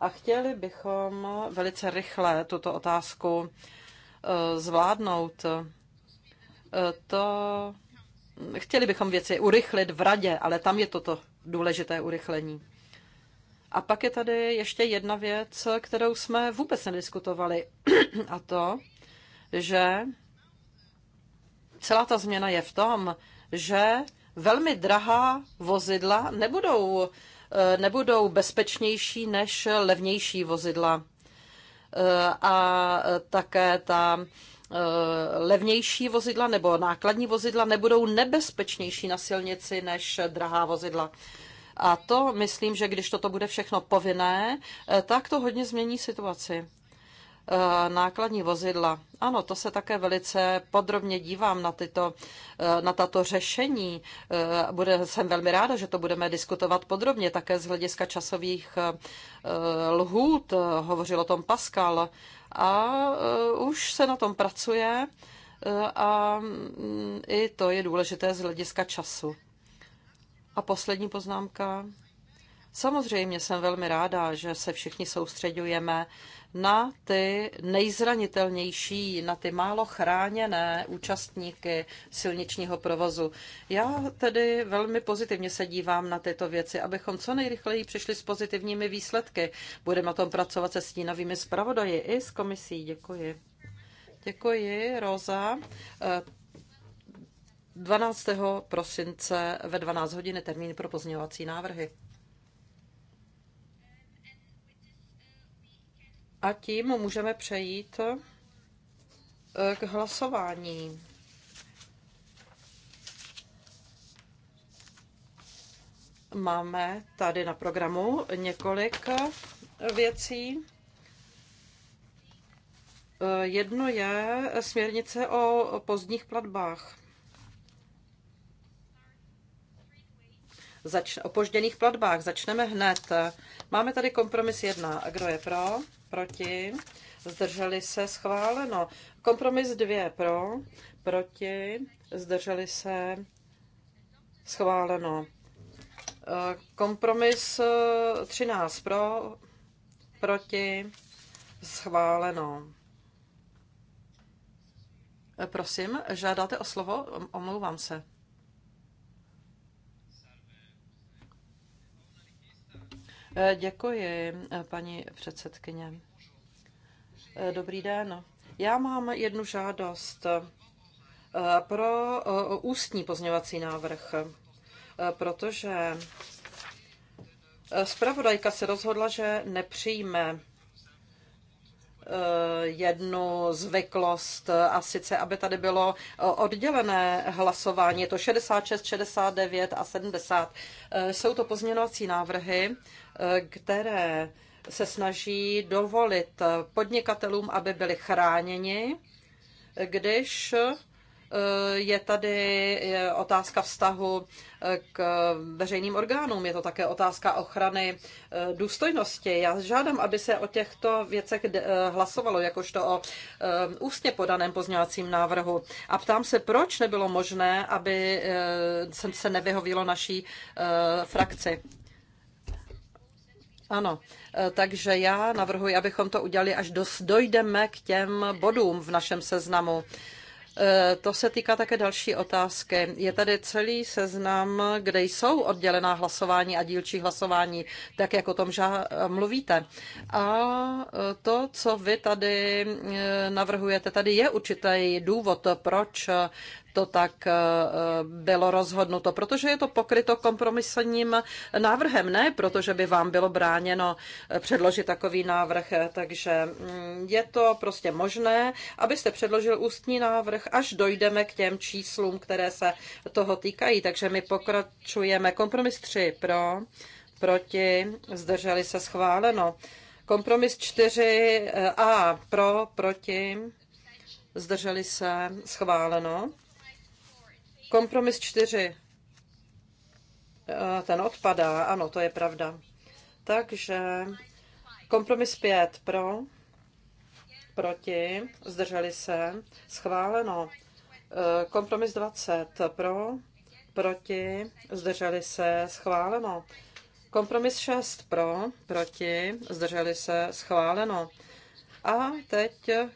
a chtěli bychom velice rychle tuto otázku eh, zvládnout. Eh, to chtěli bychom věci urychlit v radě, ale tam je toto důležité urychlení. A pak je tady ještě jedna věc, kterou jsme vůbec nediskutovali, a to, že celá ta změna je v tom, že velmi drahá vozidla nebudou Eh, nebudou bezpečnější než levnější vozidla. Eh, a eh, také ta levnější vozidla nebo nákladní vozidla nebudou nebezpečnější na silnici než drahá vozidla. A to myslím, že když toto bude všechno povinné, tak to hodně změní situaci. Eh, nákladní vozidla. Ano, to se také velice podrobně dívám na, tyto, eh, na tato řešení. Eh, bude, jsem velmi ráda, že to budeme diskutovat podrobně, také z hlediska časových lhůt. Hovořil o tom Pascal. A už se na tom pracuje a mm, i to je důležité z hlediska času. A poslední poznámka. Samozřejmě jsem velmi ráda, že se všichni soustředujeme na ty nejzranitelnější, na ty málo chráněné účastníky silničního provozu. Já tedy velmi pozitivně se dívám na tyto věci, abychom co nejrychleji přišli s pozitivními výsledky. Budeme na tom pracovat se stínovými zpravodaji i s komisí. Děkuji. Děkuji, Roza. 12. Eh, prosince ve 12 hodin termín pro pozměňovací návrhy. A tím můžeme přejít eh, k hlasování. Máme tady na programu několik eh, věcí. Eh, jedno je směrnice o pozdních platbách. Zač- opožděných platbách začneme hned. Máme tady kompromis jedna. Kdo je pro? proti, zdrželi se, schváleno. Kompromis dvě pro, proti, zdrželi se, schváleno. E, kompromis 13 e, pro, proti, schváleno. E, prosím, žádáte o slovo? Omlouvám se. Eh, děkuji, eh, paní předsedkyně. Eh, dobrý den. Já mám jednu žádost pro ústní pozněvací návrh, protože zpravodajka se rozhodla, že nepřijme Eh, jednu zvyklost a sice, aby tady bylo eh, oddělené hlasování. Je to 66, 69 a 70. Eh, jsou to pozměňovací návrhy, které se snaží dovolit podnikatelům, aby byli chráněni, když je tady otázka vztahu k veřejným orgánům. Je to také otázka ochrany eh, důstojnosti. Já žádám, aby se o těchto věcech eh, hlasovalo, jakožto o eh, ústně podaném pozňovacím návrhu. A ptám se, proč nebylo možné, aby se nevyhovilo naší frakci. Ano, takže já navrhuji, abychom to udělali, až dos, dojdeme k těm bodům v našem seznamu. Eh, to se týká také další otázky. Je tady celý seznam, kde jsou oddělená hlasování a dílčí hlasování, tak jak o tom že mluvíte. A eh, to, co vy tady eh, navrhujete, tady je určitý důvod, proč to tak eh, eh, bylo rozhodnuto, protože je to pokryto kompromisním návrhem, ne protože by vám bylo bráněno eh, předložit takový návrh, takže mm, je to prostě možné, abyste předložil ústní návrh, až dojdeme k těm číslům, které se toho týkají. Takže my pokračujeme. Kompromis 3 pro, proti, zdrželi se schváleno. Kompromis 4a pro, proti, zdrželi se schváleno. Kompromis 4. Eh, ten odpadá, ano, to je pravda. Takže kompromis 5 eh, pro, proti, zdrželi se, schváleno. Kompromis 20 pro, proti, zdrželi se, schváleno. Kompromis 6 pro, proti, zdrželi se, schváleno. A teď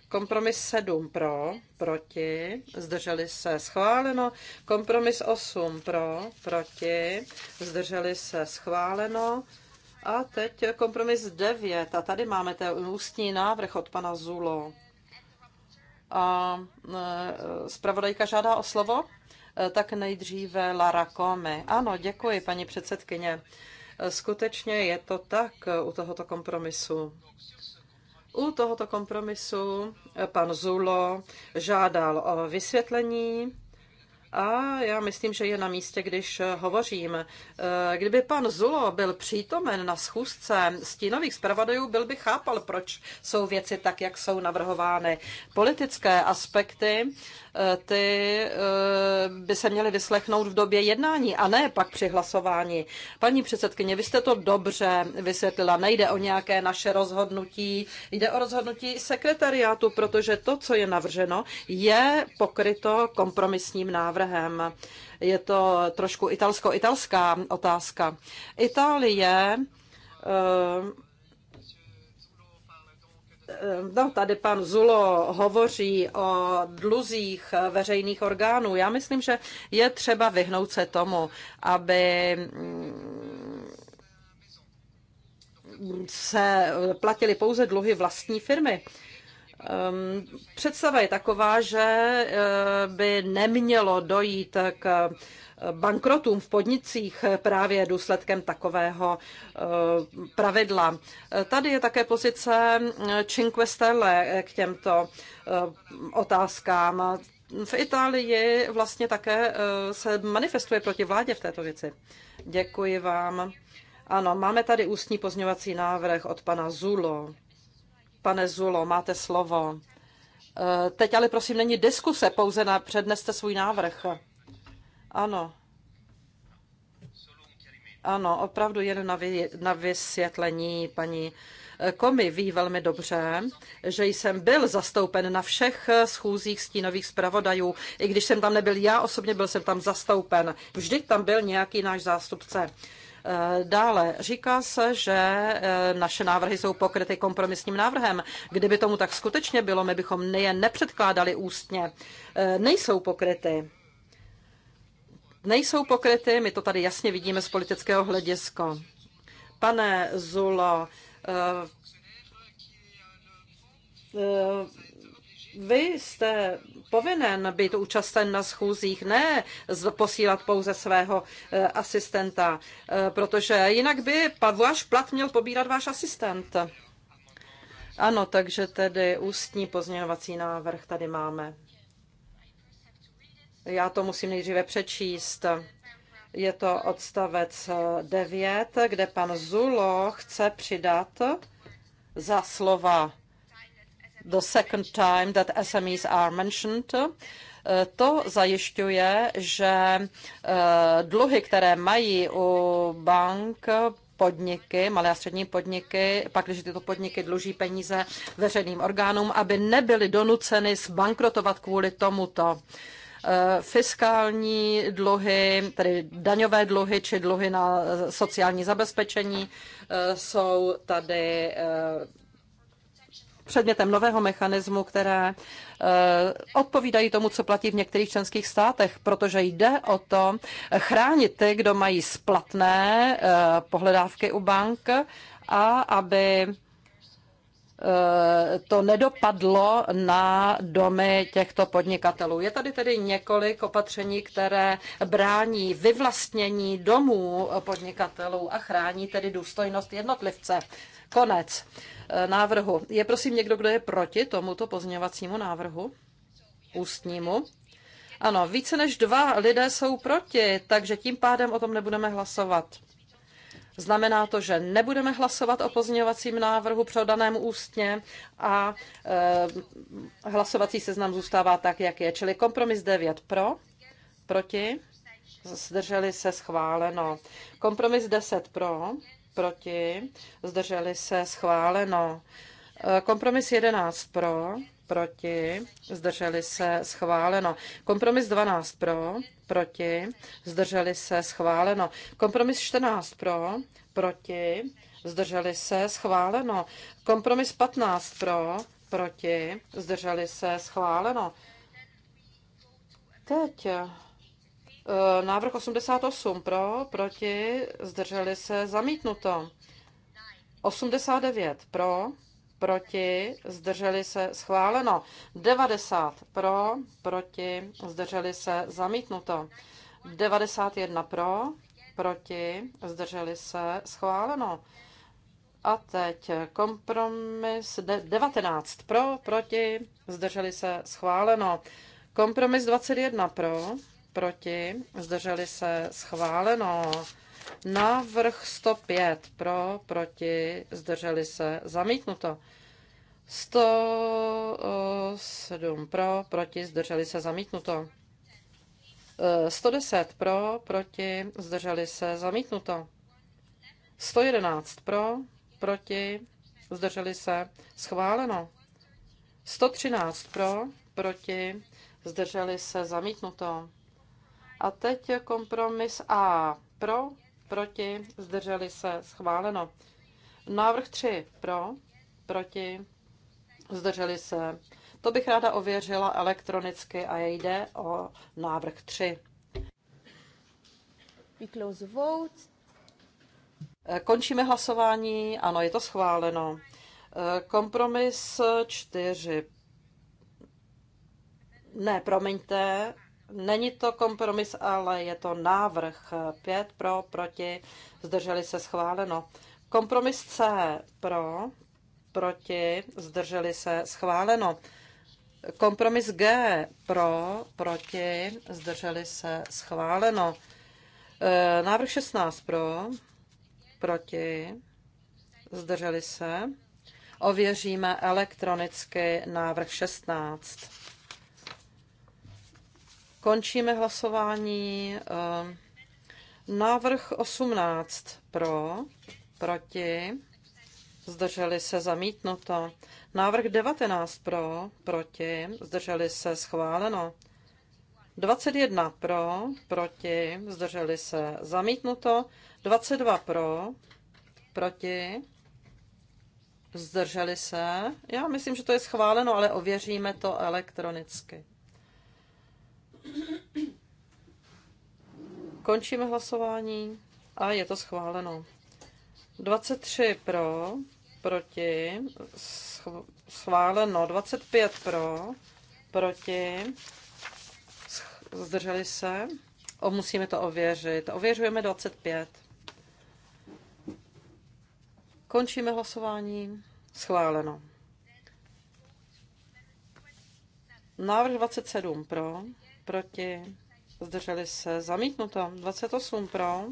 kompromis 7 pro, proti, zdrželi se schváleno. Kompromis 8 pro, proti, zdrželi se schváleno. A teď kompromis 9. A tady máme ten ústní návrh od pana Zulo. A e, zpravodajka žádá o slovo? E, tak nejdříve Lara Kome Ano, děkuji, paní předsedkyně. E, skutečně je to tak u tohoto kompromisu. U tohoto kompromisu eh, pan Zulo žádal o vysvětlení a já myslím, že je na místě, když eh, hovořím. Eh, kdyby pan Zulo byl přítomen na schůzce stínových zpravodajů, byl by chápal, proč jsou věci tak, jak jsou navrhovány. Politické aspekty ty eh, by se měly vyslechnout v době jednání a ne pak při hlasování. Paní předsedkyně, vy jste to dobře vysvětlila. Nejde o nějaké naše rozhodnutí, jde o rozhodnutí sekretariátu, protože to, co je navrženo, je pokryto kompromisním návrhem. Je to trošku italsko-italská otázka. Itálie eh, No, tady pan Zulo hovoří o dluzích veřejných orgánů. Já myslím, že je třeba vyhnout se tomu, aby mm, se platily pouze dluhy vlastní firmy. Um, představa je taková, že eh, by nemělo dojít k bankrotům v podnicích právě důsledkem takového eh, pravidla. Tady je také pozice eh, Cinque Stelle k těmto eh, otázkám. V Itálii vlastně také se manifestuje proti vládě v této věci. Děkuji vám. Ano, máme tady ústní pozňovací návrh od pana Zulo. Pane Zulo, máte slovo. Teď ale prosím není diskuse, pouze na, předneste svůj návrh. Ano. Ano, opravdu jen na, vy, na vysvětlení paní eh, Komi ví velmi dobře, že jsem byl zastoupen na všech eh, schůzích stínových zpravodajů. I když jsem tam nebyl já osobně, byl jsem tam zastoupen. Vždy tam byl nějaký náš zástupce. Eh, dále říká se, že naše návrhy jsou pokryty kompromisním návrhem. Kdyby tomu tak skutečně bylo, my bychom je nepředkládali ústně. Nejsou pokryty nejsou pokryty, my to tady jasně vidíme z politického hlediska. Pane Zulo, eh, eh, vy jste povinen být účasten na schůzích, ne posílat pouze svého eh, asistenta, protože jinak by váš plat měl pobírat váš asistent. Ano, takže tedy ústní pozměňovací návrh tady máme. Já to musím nejdříve přečíst. Je to odstavec 9, kde pan Zulo chce přidat za slova the second time that SMEs are mentioned. To zajišťuje, že eh, dluhy, které mají u bank, podniky, malé a střední podniky, pak když tyto podniky dluží peníze veřejným orgánům, aby nebyly donuceny zbankrotovat kvůli tomuto. Eh, fiskální dluhy, tedy daňové dluhy či dluhy na eh, sociální zabezpečení eh, jsou tady předmětem nového mechanismu, které odpovídají tomu, co platí v některých členských státech, protože jde o to chránit ty, kdo mají splatné pohledávky u bank a aby Eh, to nedopadlo na domy těchto podnikatelů. Je tady tedy několik opatření, které brání vyvlastnění domů podnikatelů a chrání tedy důstojnost jednotlivce. Konec eh, návrhu. Je prosím někdo, kdo je proti tomuto pozměňovacímu návrhu ústnímu? Ano, více než dva lidé jsou proti, takže tím pádem o tom nebudeme hlasovat. Znamená to, že nebudeme hlasovat o pozměňovacím návrhu prodaném ústně a e, hlasovací seznam zůstává tak, jak je. Čili kompromis 9 pro, proti, zdrželi se schváleno. Kompromis 10 pro, proti, zdrželi se schváleno. Eh, kompromis 11 pro, proti, zdrželi se, schváleno. Kompromis 12 pro, proti, zdrželi se, schváleno. Kompromis 14 pro, proti, zdrželi se, schváleno. Kompromis 15 pro, proti, zdrželi se, schváleno. Teď eh, návrh 88 pro, proti, zdrželi se, zamítnuto. 89 pro, proti, zdrželi se, schváleno. 90 pro, proti, zdrželi se, zamítnuto. 91 pro, proti, zdrželi se, schváleno. A teď kompromis 19 pro, proti, zdrželi se, schváleno. Kompromis 21 pro, proti, zdrželi se, schváleno. Návrh 105 pro, proti, zdrželi se, zamítnuto. 107 pro, proti, zdrželi se, zamítnuto. 110 pro, proti, zdrželi se, zamítnuto. 111 pro, proti, zdrželi se, schváleno. 113 pro, proti, zdrželi se, zamítnuto. A teď kompromis A pro, proti, zdrželi se, schváleno. Návrh 3 pro, proti, zdrželi se. To bych ráda ověřila elektronicky a jde o návrh 3. We close the vote. Eh, končíme hlasování, ano, je to schváleno. Eh, kompromis 4. Ne, promiňte, Není to kompromis, ale je to návrh. Pět pro, proti, zdrželi se schváleno. Kompromis C pro, proti, zdrželi se schváleno. Kompromis G pro, proti, zdrželi se schváleno. E, návrh 16 pro, proti, zdrželi se. Ověříme elektronicky návrh 16. Končíme hlasování. Ehm, návrh 18 pro, proti, zdrželi se zamítnuto. Návrh 19 pro, proti, zdrželi se schváleno. 21 pro, proti, zdrželi se zamítnuto. 22 pro, proti, zdrželi se. Já myslím, že to je schváleno, ale ověříme to elektronicky. Končíme hlasování a je to schváleno. 23 pro, proti, schváleno. 25 pro, proti, zdrželi se. O, musíme to ověřit. Ověřujeme 25. Končíme hlasování. Schváleno. Návrh 27 pro, proti, zdrželi se, zamítnuto. 28 pro,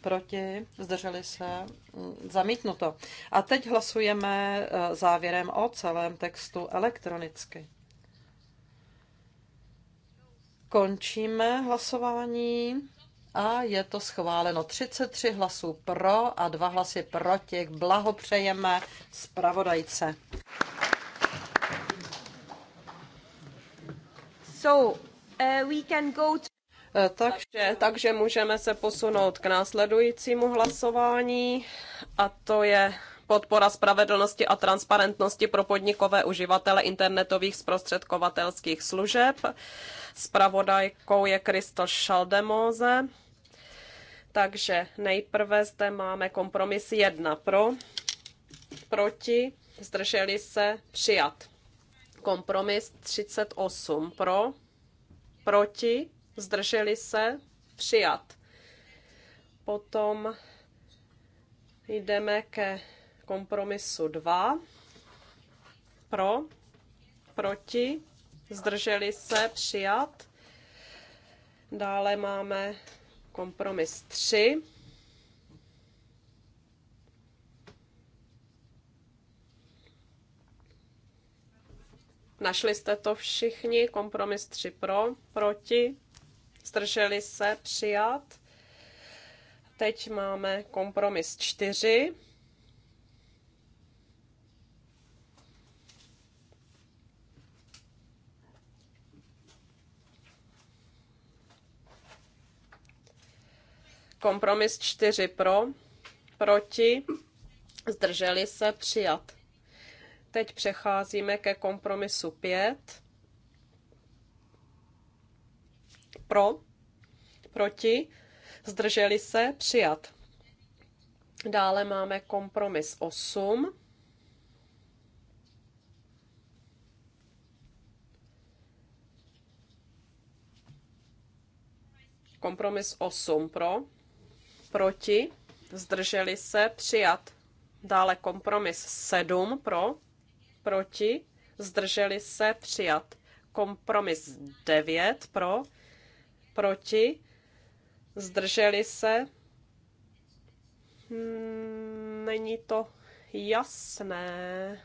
proti, zdrželi se, mm, zamítnuto. A teď hlasujeme e, závěrem o celém textu elektronicky. Končíme hlasování a je to schváleno. 33 hlasů pro a 2 hlasy proti. Blahopřejeme zpravodajce. So, Eh, we can go to... Eh, takže, takže můžeme se posunout k následujícímu hlasování a to je podpora spravedlnosti a transparentnosti pro podnikové uživatele internetových zprostředkovatelských služeb. Spravodajkou je Kristol Šaldemóze. Takže nejprve zde máme kompromis 1 pro, proti, zdrželi se, přijat. Kompromis 38 pro, proti, zdrželi se, přijat. Potom jdeme ke kompromisu 2, pro, proti, zdrželi se, přijat. Dále máme kompromis 3, Našli jste to všichni, kompromis 3 pro, proti, zdrželi se, přijat. Teď máme kompromis 4. Kompromis 4 pro, proti, zdrželi se, přijat. Teď přecházíme ke kompromisu 5. Pro, proti, zdrželi se, přijat. Dále máme kompromis 8. Kompromis 8 pro, proti, zdrželi se, přijat. Dále kompromis 7 pro, proti, zdrželi se, přijat. Kompromis 9 pro, proti, zdrželi se. Hmm, není to jasné.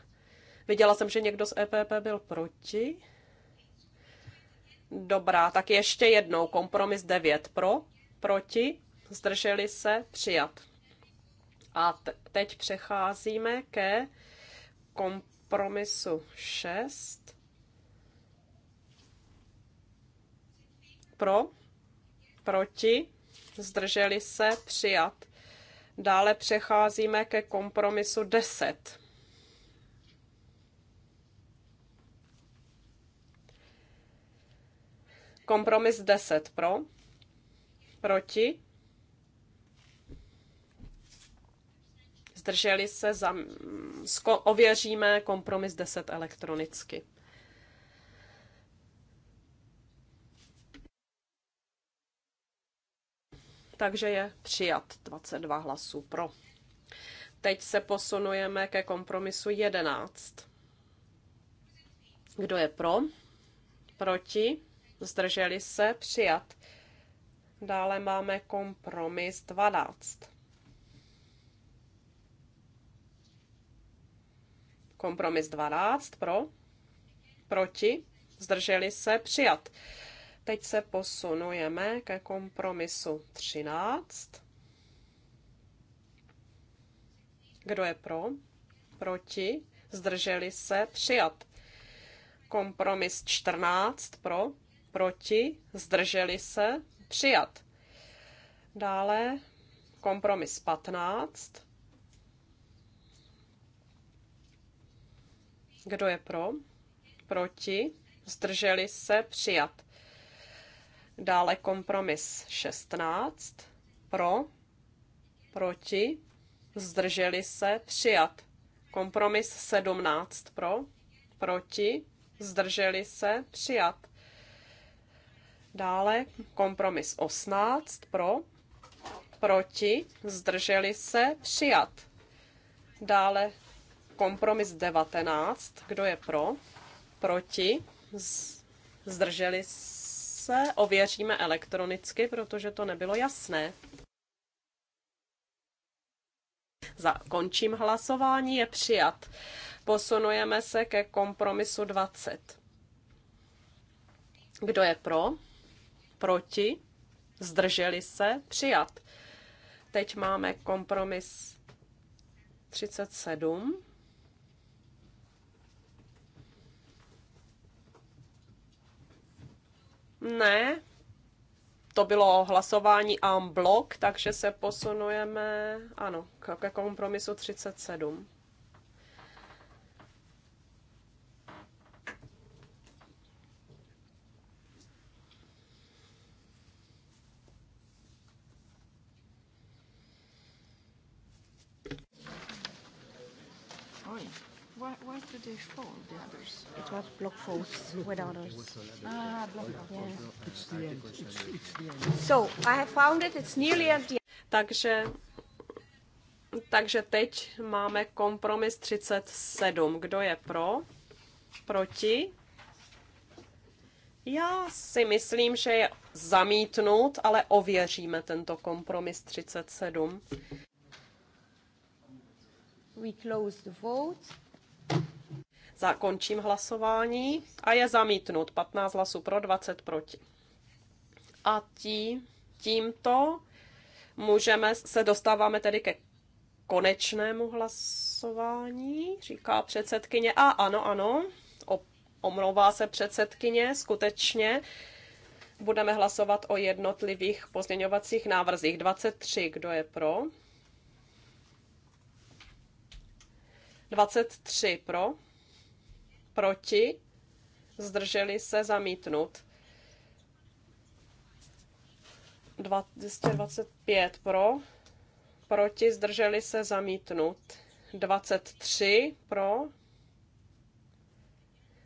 Viděla jsem, že někdo z EPP byl proti. Dobrá, tak ještě jednou. Kompromis 9 pro, proti, zdrželi se, přijat. A teď přecházíme ke kompromisu kompromisu 6. Pro, proti, zdrželi se, přijat. Dále přecházíme ke kompromisu 10. Kompromis 10 pro, proti, zdrželi se, za, ověříme kompromis 10 elektronicky. Takže je přijat 22 hlasů pro. Teď se posunujeme ke kompromisu 11. Kdo je pro? Proti? Zdrželi se? Přijat. Dále máme kompromis 12. Kompromis 12 pro, proti, zdrželi se, přijat. Teď se posunujeme ke kompromisu 13. Kdo je pro? Proti? Zdrželi se? Přijat. Kompromis 14 pro, proti, zdrželi se, přijat. Dále kompromis 15 Kdo je pro? Proti? Zdrželi se? Přijat. Dále kompromis 16. Pro? Proti? Zdrželi se? Přijat. Kompromis 17. Pro? Proti? Zdrželi se? Přijat. Dále kompromis 18. Pro? Proti? Zdrželi se? Přijat. Dále Kompromis 19. Kdo je pro? Proti? Zdrželi se? Ověříme elektronicky, protože to nebylo jasné. Zakončím hlasování, je přijat. Posunujeme se ke kompromisu 20. Kdo je pro? Proti? Zdrželi se? Přijat. Teď máme kompromis 37. Ne, to bylo hlasování en blok, takže se posunujeme, ano, ke kompromisu 37. the others. It was block with others. Ah, block Yeah. It's the end. It's, it's the end. So, I have found it. It's nearly at the end. Takže takže teď máme kompromis 37. Kdo je pro? Proti? Já si myslím, že je zamítnut, ale ověříme tento kompromis 37. We close the vote. Zakončím hlasování a je zamítnut 15 hlasů pro, 20 proti. A tí, tímto můžeme, se dostáváme tedy ke konečnému hlasování, říká předsedkyně. A ano, ano, omlouvá se předsedkyně, skutečně budeme hlasovat o jednotlivých pozměňovacích návrzích. 23, kdo je pro? 23 pro proti, zdrželi se zamítnut. 225 pro, proti, zdrželi se zamítnut. 23 pro,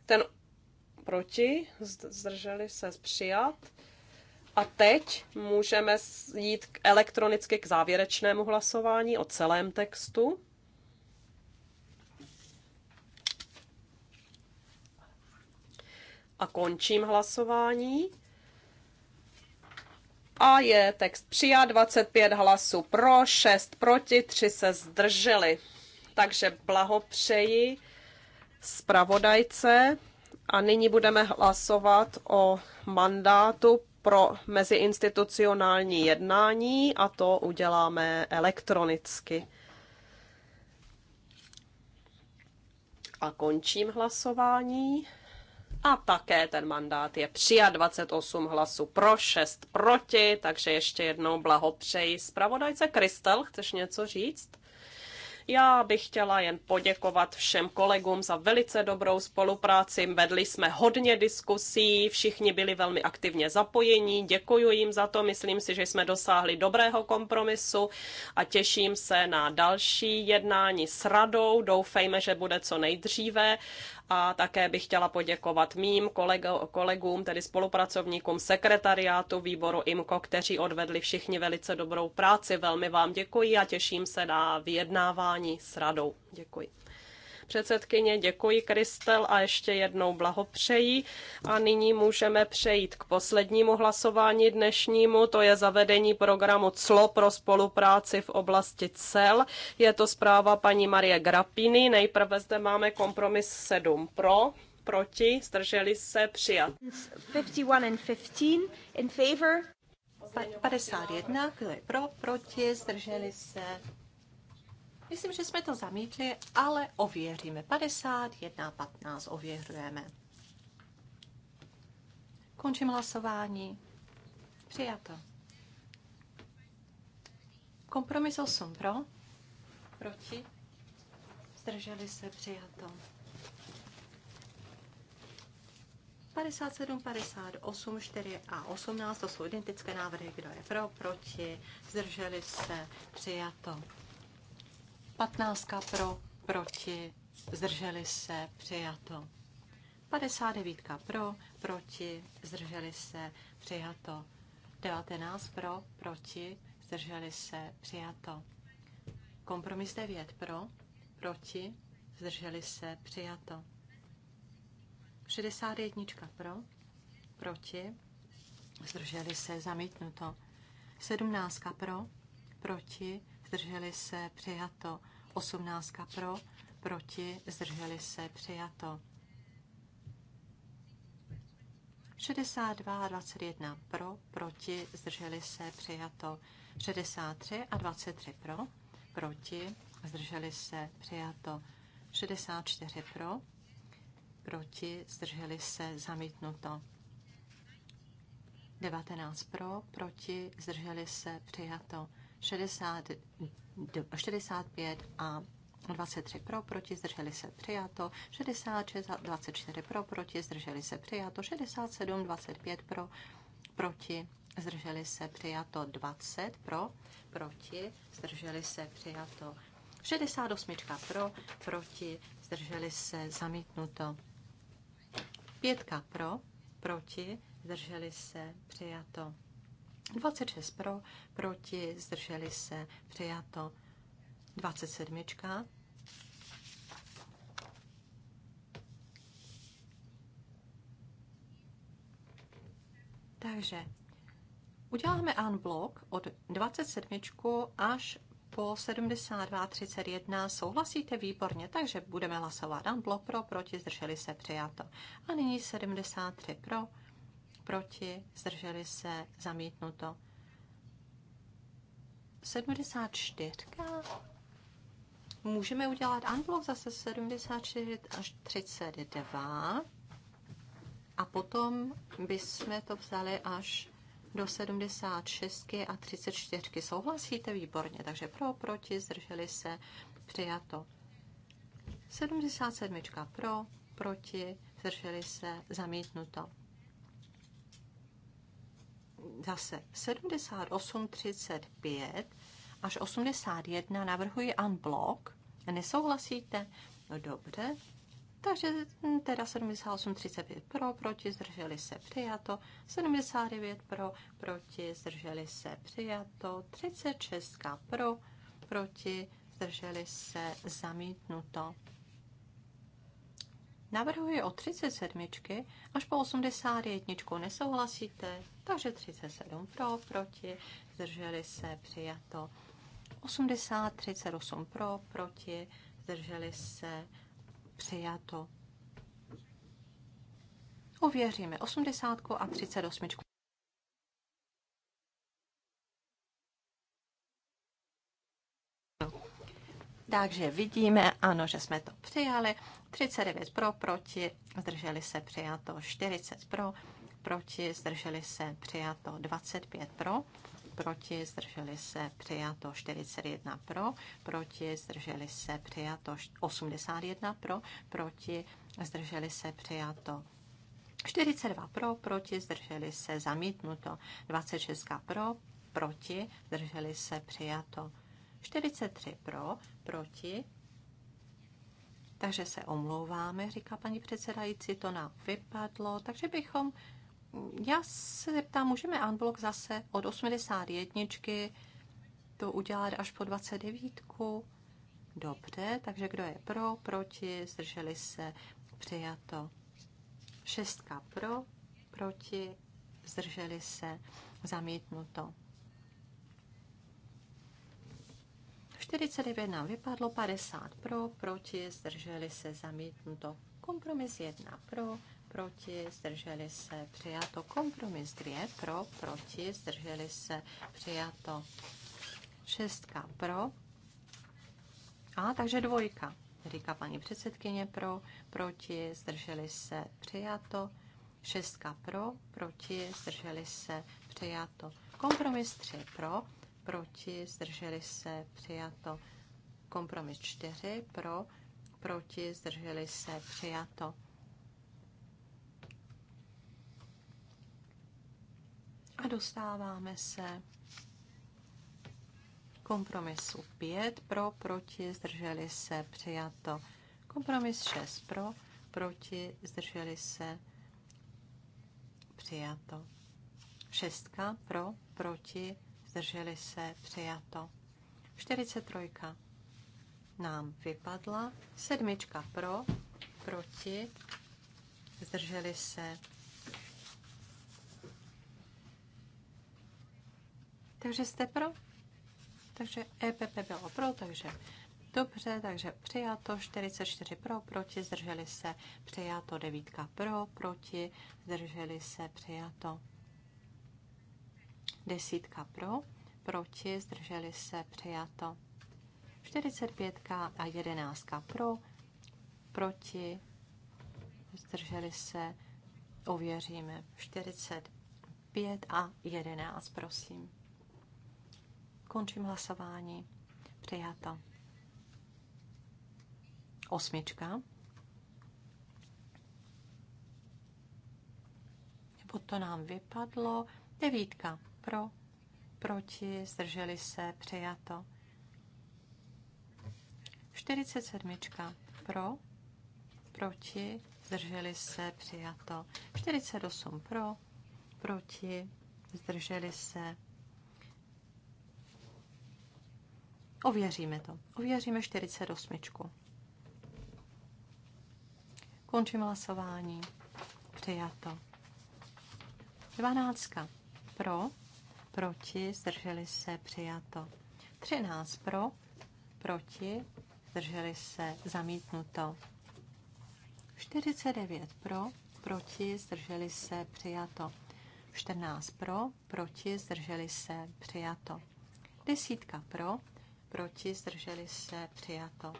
ten proti, zdrželi se přijat. A teď můžeme jít elektronicky k závěrečnému hlasování o celém textu. a končím hlasování. A je text přijat 25 hlasů pro, 6 proti, 3 se zdrželi. Takže blahopřeji zpravodajce a nyní budeme hlasovat o mandátu pro meziinstitucionální jednání a to uděláme elektronicky. A končím hlasování. A také ten mandát je přijat 28 hlasů pro, 6 proti, takže ještě jednou blahopřeji. Spravodajce Kristel, chceš něco říct? Já bych chtěla jen poděkovat všem kolegům za velice dobrou spolupráci. Vedli jsme hodně diskusí, všichni byli velmi aktivně zapojení. Děkuji jim za to. Myslím si, že jsme dosáhli dobrého kompromisu a těším se na další jednání s radou. Doufejme, že bude co nejdříve a také bych chtěla poděkovat mým kolego, kolegům, tedy spolupracovníkům sekretariátu výboru IMKO, kteří odvedli všichni velice dobrou práci. Velmi vám děkuji a těším se na vyjednávání s radou. Děkuji předsedkyně, děkuji Kristel a ještě jednou blahopřeji. A nyní můžeme přejít k poslednímu hlasování dnešnímu, to je zavedení programu CLO pro spolupráci v oblasti cel. Je to zpráva paní Marie Grapiny. Nejprve zde máme kompromis 7 pro, proti, zdrželi se, přijat. 51 and 15 in favor. 51, kdo je pro, proti, zdrželi se, Myslím, že jsme to zamítli, ale ověříme. 51, 15 ověřujeme. Končím hlasování. Přijato. Kompromis 8 pro. Proti. Zdrželi se přijato. 57, 58, 4 a 18, to jsou identické návrhy, kdo je pro, proti, zdrželi se, přijato. 15 pro, proti, zdrželi se, přijato. 59 pro, proti, zdrželi se, přijato. 19 pro, proti, zdrželi se, přijato. Kompromis 9 pro, proti, zdrželi se, přijato. 61 pro, proti, zdrželi se, zamítnuto. 17 pro, proti, zdrželi se, přijato. 18 pro, proti, zdrželi se, přijato. 62 a 21 pro, proti, zdrželi se, přijato. 63 a 23 pro, proti, zdrželi se, přijato. 64 pro, proti, zdrželi se, zamítnuto. 19 pro, proti, zdrželi se, přijato. 60, 45 a 23 pro, proti, zdrželi se přijato, 66, a 24 pro, proti, zdrželi se přijato, 67, 25 pro, proti, zdrželi se přijato, 20 pro, proti, zdrželi se přijato, 68 pro, proti, zdrželi se zamítnuto, 5 pro, proti, zdrželi se přijato. 26 pro, proti, zdrželi se, přijato. 27. Takže uděláme unblock od 27 až po 72.31 souhlasíte výborně, takže budeme hlasovat unblock pro, proti, zdrželi se přijato. A nyní 73 pro, proti, zdrželi se, zamítnuto. 74. Můžeme udělat unblock zase 74 až 32 a potom bychom to vzali až do 76 a 34. Souhlasíte? Výborně. Takže pro, proti, zdrželi se, přijato. 77 pro, proti, zdrželi se, zamítnuto zase 78,35 až 81 navrhuji unblock. Nesouhlasíte? No dobře. Takže teda 78,35 pro, proti, zdrželi se, přijato. 79 pro, proti, zdrželi se, přijato. 36 pro, proti, zdrželi se, zamítnuto. Navrhuji od 37 až po 81. Nesouhlasíte? Takže 37 pro, proti, zdrželi se, přijato. 80, 38 pro, proti, zdrželi se, přijato. Ověříme 80 a 38. Takže vidíme, ano, že jsme to přijali. 39 pro, proti, zdrželi se přijato 40 pro, proti, zdrželi se přijato 25 pro, proti, zdrželi se přijato 41 pro, proti, zdrželi se přijato 81 pro, proti, zdrželi se přijato 42 pro, proti, zdrželi se zamítnuto, 26 pro, proti, zdrželi se přijato 43 pro, proti. Takže se omlouváme, říká paní předsedající, to nám vypadlo, takže bychom já se zeptám, můžeme unblock zase od 81 to udělat až po 29? Dobře, takže kdo je pro, proti, zdrželi se, přijato. Šestka pro, proti, zdrželi se, zamítnuto. 49 nám vypadlo, 50 pro, proti, zdrželi se, zamítnuto. Kompromis 1 pro, proti, zdrželi se, přijato. Kompromis 2 pro, proti, zdrželi se, přijato. 6 pro. A takže dvojka, říká paní předsedkyně pro, proti, zdrželi se, přijato. 6 pro, proti, zdrželi se, přijato. Kompromis 3 pro, proti, zdrželi se, přijato. Kompromis 4 pro, proti, zdrželi se, přijato. A dostáváme se kompromisu 5 pro, proti, zdrželi se, přijato. Kompromis 6 pro, proti, zdrželi se, přijato. Šestka pro, proti, zdrželi se, přijato. 43 nám vypadla, sedmička pro, proti, zdrželi se. Takže jste pro? Takže EPP bylo pro, takže dobře, takže přijato 44 pro, proti, zdrželi se, přijato 9 pro, proti, zdrželi se, přijato Desítka pro, proti, zdrželi se, přijato. 45 a 11 pro, proti, zdrželi se, ověříme. 45 a 11, prosím. Končím hlasování. Přijato. Osmička. Nebo to nám vypadlo. Devítka pro, proti, zdrželi se, přijato. 47. pro, proti, zdrželi se, přijato. 48 pro, proti, zdrželi se. Ověříme to. Ověříme 48. Končím hlasování. Přijato. 12. pro, proti, zdrželi se, přijato. 13 pro, proti, zdrželi se, zamítnuto. 49 pro, proti, zdrželi se, přijato. 14 pro, proti, zdrželi se, přijato. Desítka pro, proti, zdrželi se, přijato.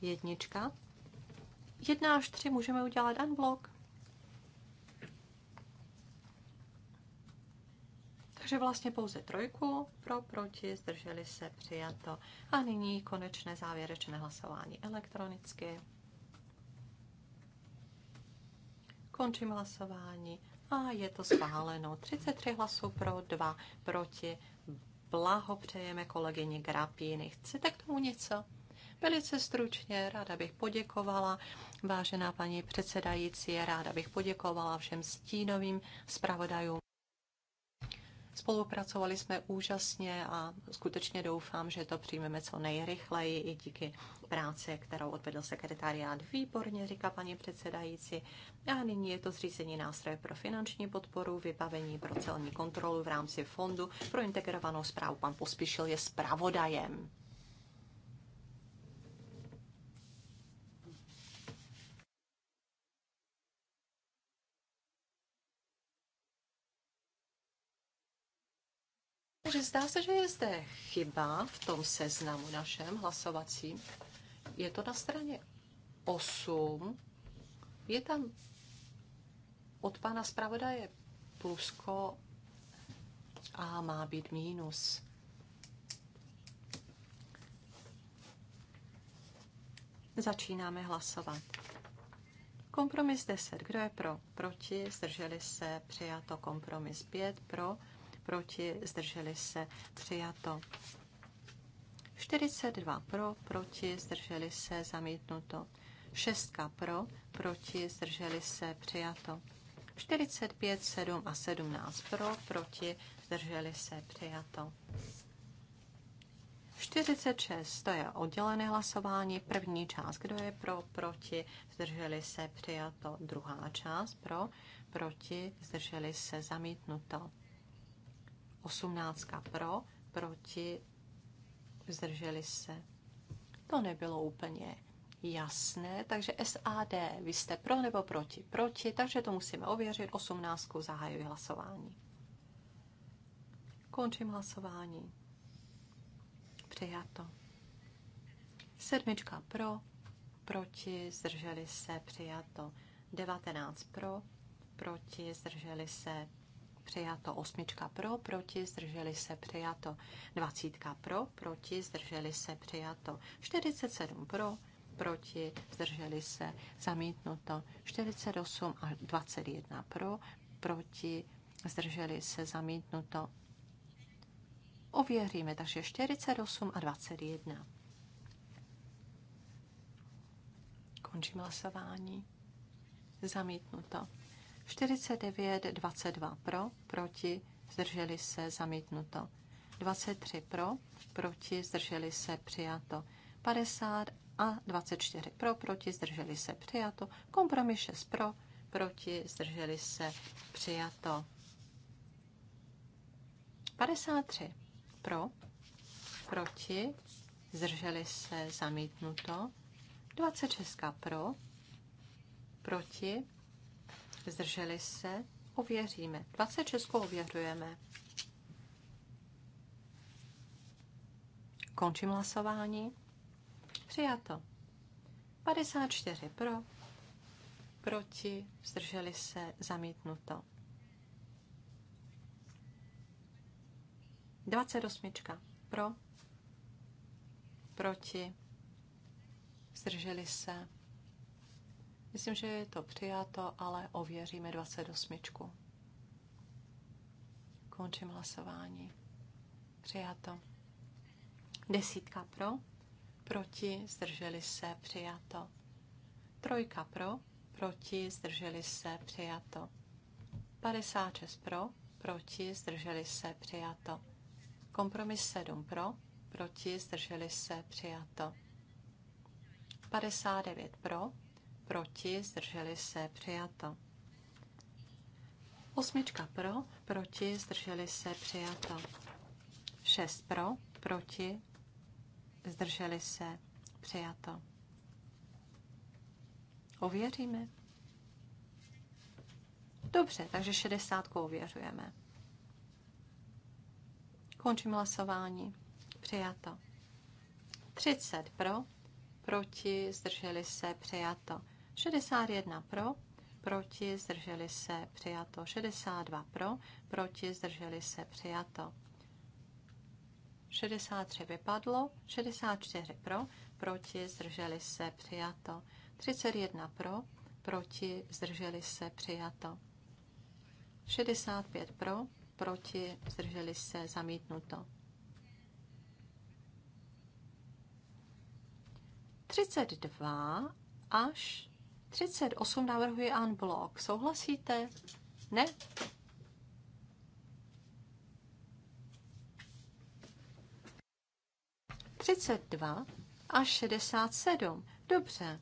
Jednička. Jedna až tři můžeme udělat unblock. Takže vlastně pouze trojku, pro, proti, zdrželi se, přijato. A nyní konečné závěrečné hlasování elektronicky. Končím hlasování a je to schváleno. 33 hlasů pro, 2 proti. Blahopřejeme kolegyni Grapíny. Chcete k tomu něco? Velice stručně, ráda bych poděkovala, vážená paní předsedající, ráda bych poděkovala všem stínovým zpravodajům Spolupracovali jsme úžasně a skutečně doufám, že to přijmeme co nejrychleji i díky práci, kterou odvedl sekretariát. Výborně, říká paní předsedající. A nyní je to zřízení nástroje pro finanční podporu, vybavení pro celní kontrolu v rámci fondu pro integrovanou zprávu. Pan Pospíšil je zpravodajem. Takže zdá se, že je zde chyba v tom seznamu našem hlasovacím. Je to na straně 8. Je tam od pana zpravodaje plusko a má být mínus. Začínáme hlasovat. Kompromis 10. Kdo je pro? Proti? Zdrželi se? Přijato. Kompromis 5. Pro? proti, zdrželi se, přijato. 42 pro, proti, zdrželi se, zamítnuto. 6 pro, proti, zdrželi se, přijato. 45, 7 a 17 pro, proti, zdrželi se, přijato. 46, to je oddělené hlasování. První část, kdo je pro, proti, zdrželi se, přijato. Druhá část, pro, proti, zdrželi se, zamítnuto. 18 pro, proti, zdrželi se. To nebylo úplně jasné, takže SAD, vy jste pro nebo proti? Proti, takže to musíme ověřit. 18 zahajuji hlasování. Končím hlasování. Přijato. Sedmička pro, proti, zdrželi se, přijato. 19 pro, proti, zdrželi se, přijato. Osmička pro, proti, zdrželi se, přijato. Dvacítka pro, proti, zdrželi se, přijato. 47 pro, proti, zdrželi se, zamítnuto. 48 a 21 pro, proti, zdrželi se, zamítnuto. Ověříme, takže 48 a 21. Končím hlasování. Zamítnuto. 49, 22 pro, proti, zdrželi se, zamítnuto. 23 pro, proti, zdrželi se, přijato. 50 a 24 pro, proti, zdrželi se, přijato. Kompromis 6 pro, proti, zdrželi se, přijato. 53 pro, proti, zdrželi se, zamítnuto. 26 pro, proti, zdrželi se, ověříme. 26 ověřujeme. Končím hlasování. Přijato. 54 pro, proti, zdrželi se, zamítnuto. 28 pro, proti, zdrželi se, Myslím, že je to přijato, ale ověříme 28. Končím hlasování. Přijato. Desítka pro, proti, zdrželi se, přijato. Trojka pro, proti, zdrželi se, přijato. 56 pro, proti, zdrželi se, přijato. Kompromis 7 pro, proti, zdrželi se, přijato. 59 pro, proti, zdrželi se, přijato. Osmička pro, proti, zdrželi se, přijato. Šest pro, proti, zdrželi se, přijato. Ověříme. Dobře, takže šedesátku ověřujeme. Končím hlasování. Přijato. 30 pro, proti, zdrželi se, přijato. 61 pro, proti, zdrželi se, přijato. 62 pro, proti, zdrželi se, přijato. 63 vypadlo, 64 pro, proti, zdrželi se, přijato. 31 pro, proti, zdrželi se, přijato. 65 pro, proti, zdrželi se, zamítnuto. 32 až 38 navrhuji unblock. Souhlasíte? Ne? a 67. Dobře.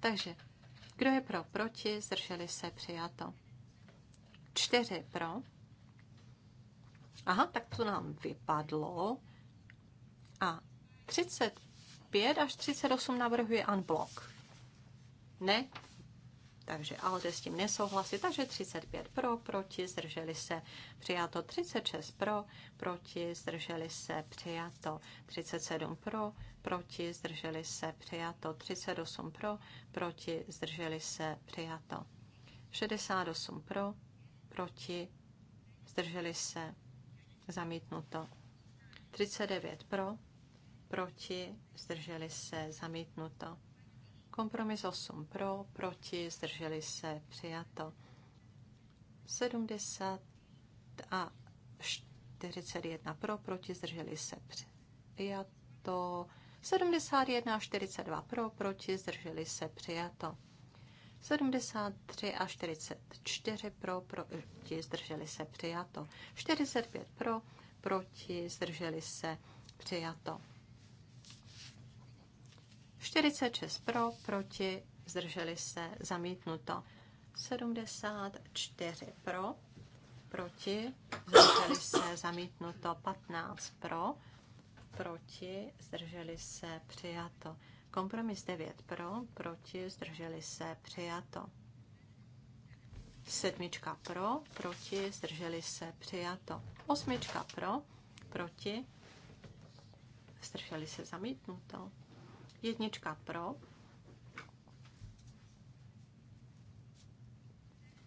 Takže kdo je pro? Proti? Zdrželi se? Přijato. 4 pro. Aha, tak to nám vypadlo. A 35 až 38 navrhuje unblock. Ne. Takže Alde s tím nesouhlasí. Takže 35 pro, proti, zdrželi se, přijato. 36 pro, proti, zdrželi se, přijato. 37 pro, proti, zdrželi se, přijato. 38 pro, proti, zdrželi se, přijato. 68 pro, proti, zdrželi se, zamítnuto. 39 pro, proti, zdrželi se, zamítnuto. Kompromis 8 pro, proti, zdrželi se, přijato. 70 a 41 pro, proti, zdrželi se, přijato. 71 a 42 pro, proti, zdrželi se, přijato. 73 a 44 pro, proti, zdrželi se, přijato. 45 pro, proti, zdrželi se, přijato. 46 pro, proti, zdrželi se, zamítnuto. 74 pro, proti, zdrželi se, zamítnuto. 15 pro, proti, zdrželi se, přijato. Kompromis 9 pro, proti, zdrželi se, přijato. Sedmička pro, proti, zdrželi se, přijato. Osmička pro, proti, zdrželi se, zamítnuto. Jednička pro.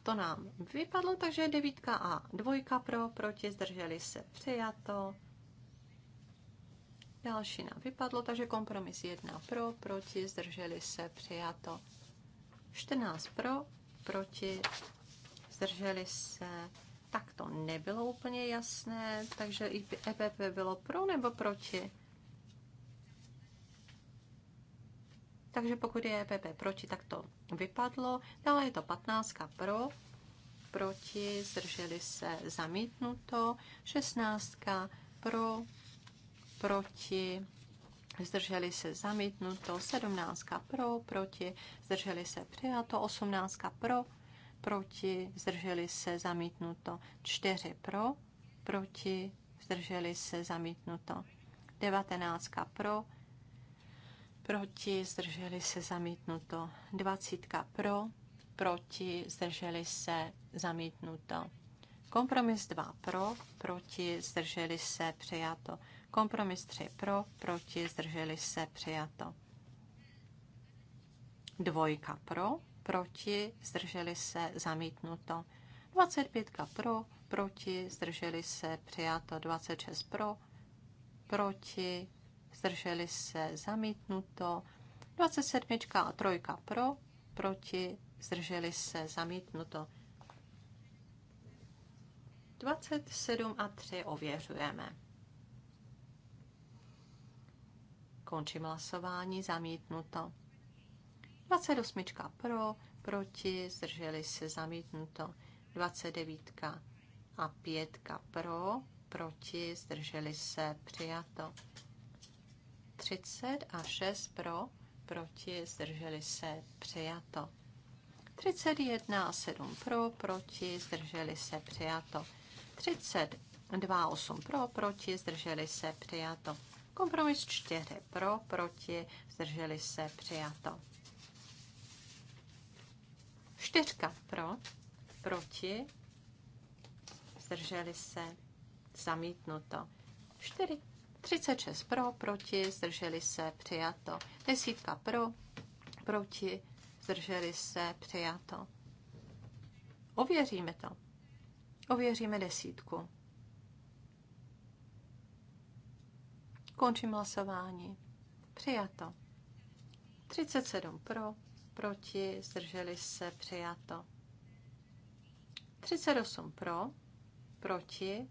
To nám vypadlo, takže devítka a dvojka pro, proti, zdrželi se, přijato. Další nám vypadlo, takže kompromis jedna pro, proti, zdrželi se, přijato. 14 pro, proti, zdrželi se, tak to nebylo úplně jasné, takže EPP e bylo pro nebo proti. Takže pokud je EPP proti, tak to vypadlo. Dále je to 15 pro, proti, zdrželi se, zamítnuto. 16 pro, proti, zdrželi se zamítnuto, 17 pro, proti, zdrželi se přijato, 18 pro, proti, zdrželi se zamítnuto, 4 pro, proti, zdrželi se zamítnuto, 19 pro, proti, zdrželi se zamítnuto. 20 pro, proti, zdrželi se zamítnuto. Kompromis 2 pro, proti, zdrželi se přijato. Kompromis 3 pro, proti, zdrželi se přijato. Dvojka pro, proti, zdrželi se zamítnuto. 25 pro, proti, zdrželi se přijato. 26 pro, proti, zdrželi se, zamítnuto. 27 a 3 pro, proti, zdrželi se, zamítnuto. 27 a 3 ověřujeme. Končím hlasování, zamítnuto. 28 pro, proti, zdrželi se, zamítnuto. 29 a 5 pro, proti, zdrželi se, přijato. 30 a 6 pro, proti, zdrželi se, přijato. 31 a 7 pro, proti, zdrželi se, přijato. 32 8 pro, proti, zdrželi se, přijato. Kompromis 4 pro, proti, zdrželi se, přijato. 4 pro, proti, zdrželi se, zamítnuto. 4 36 pro, proti, zdrželi se, přijato. Desítka pro, proti, zdrželi se, přijato. Ověříme to. Ověříme desítku. Končím hlasování. Přijato. 37 pro, proti, zdrželi se, přijato. 38 pro, proti,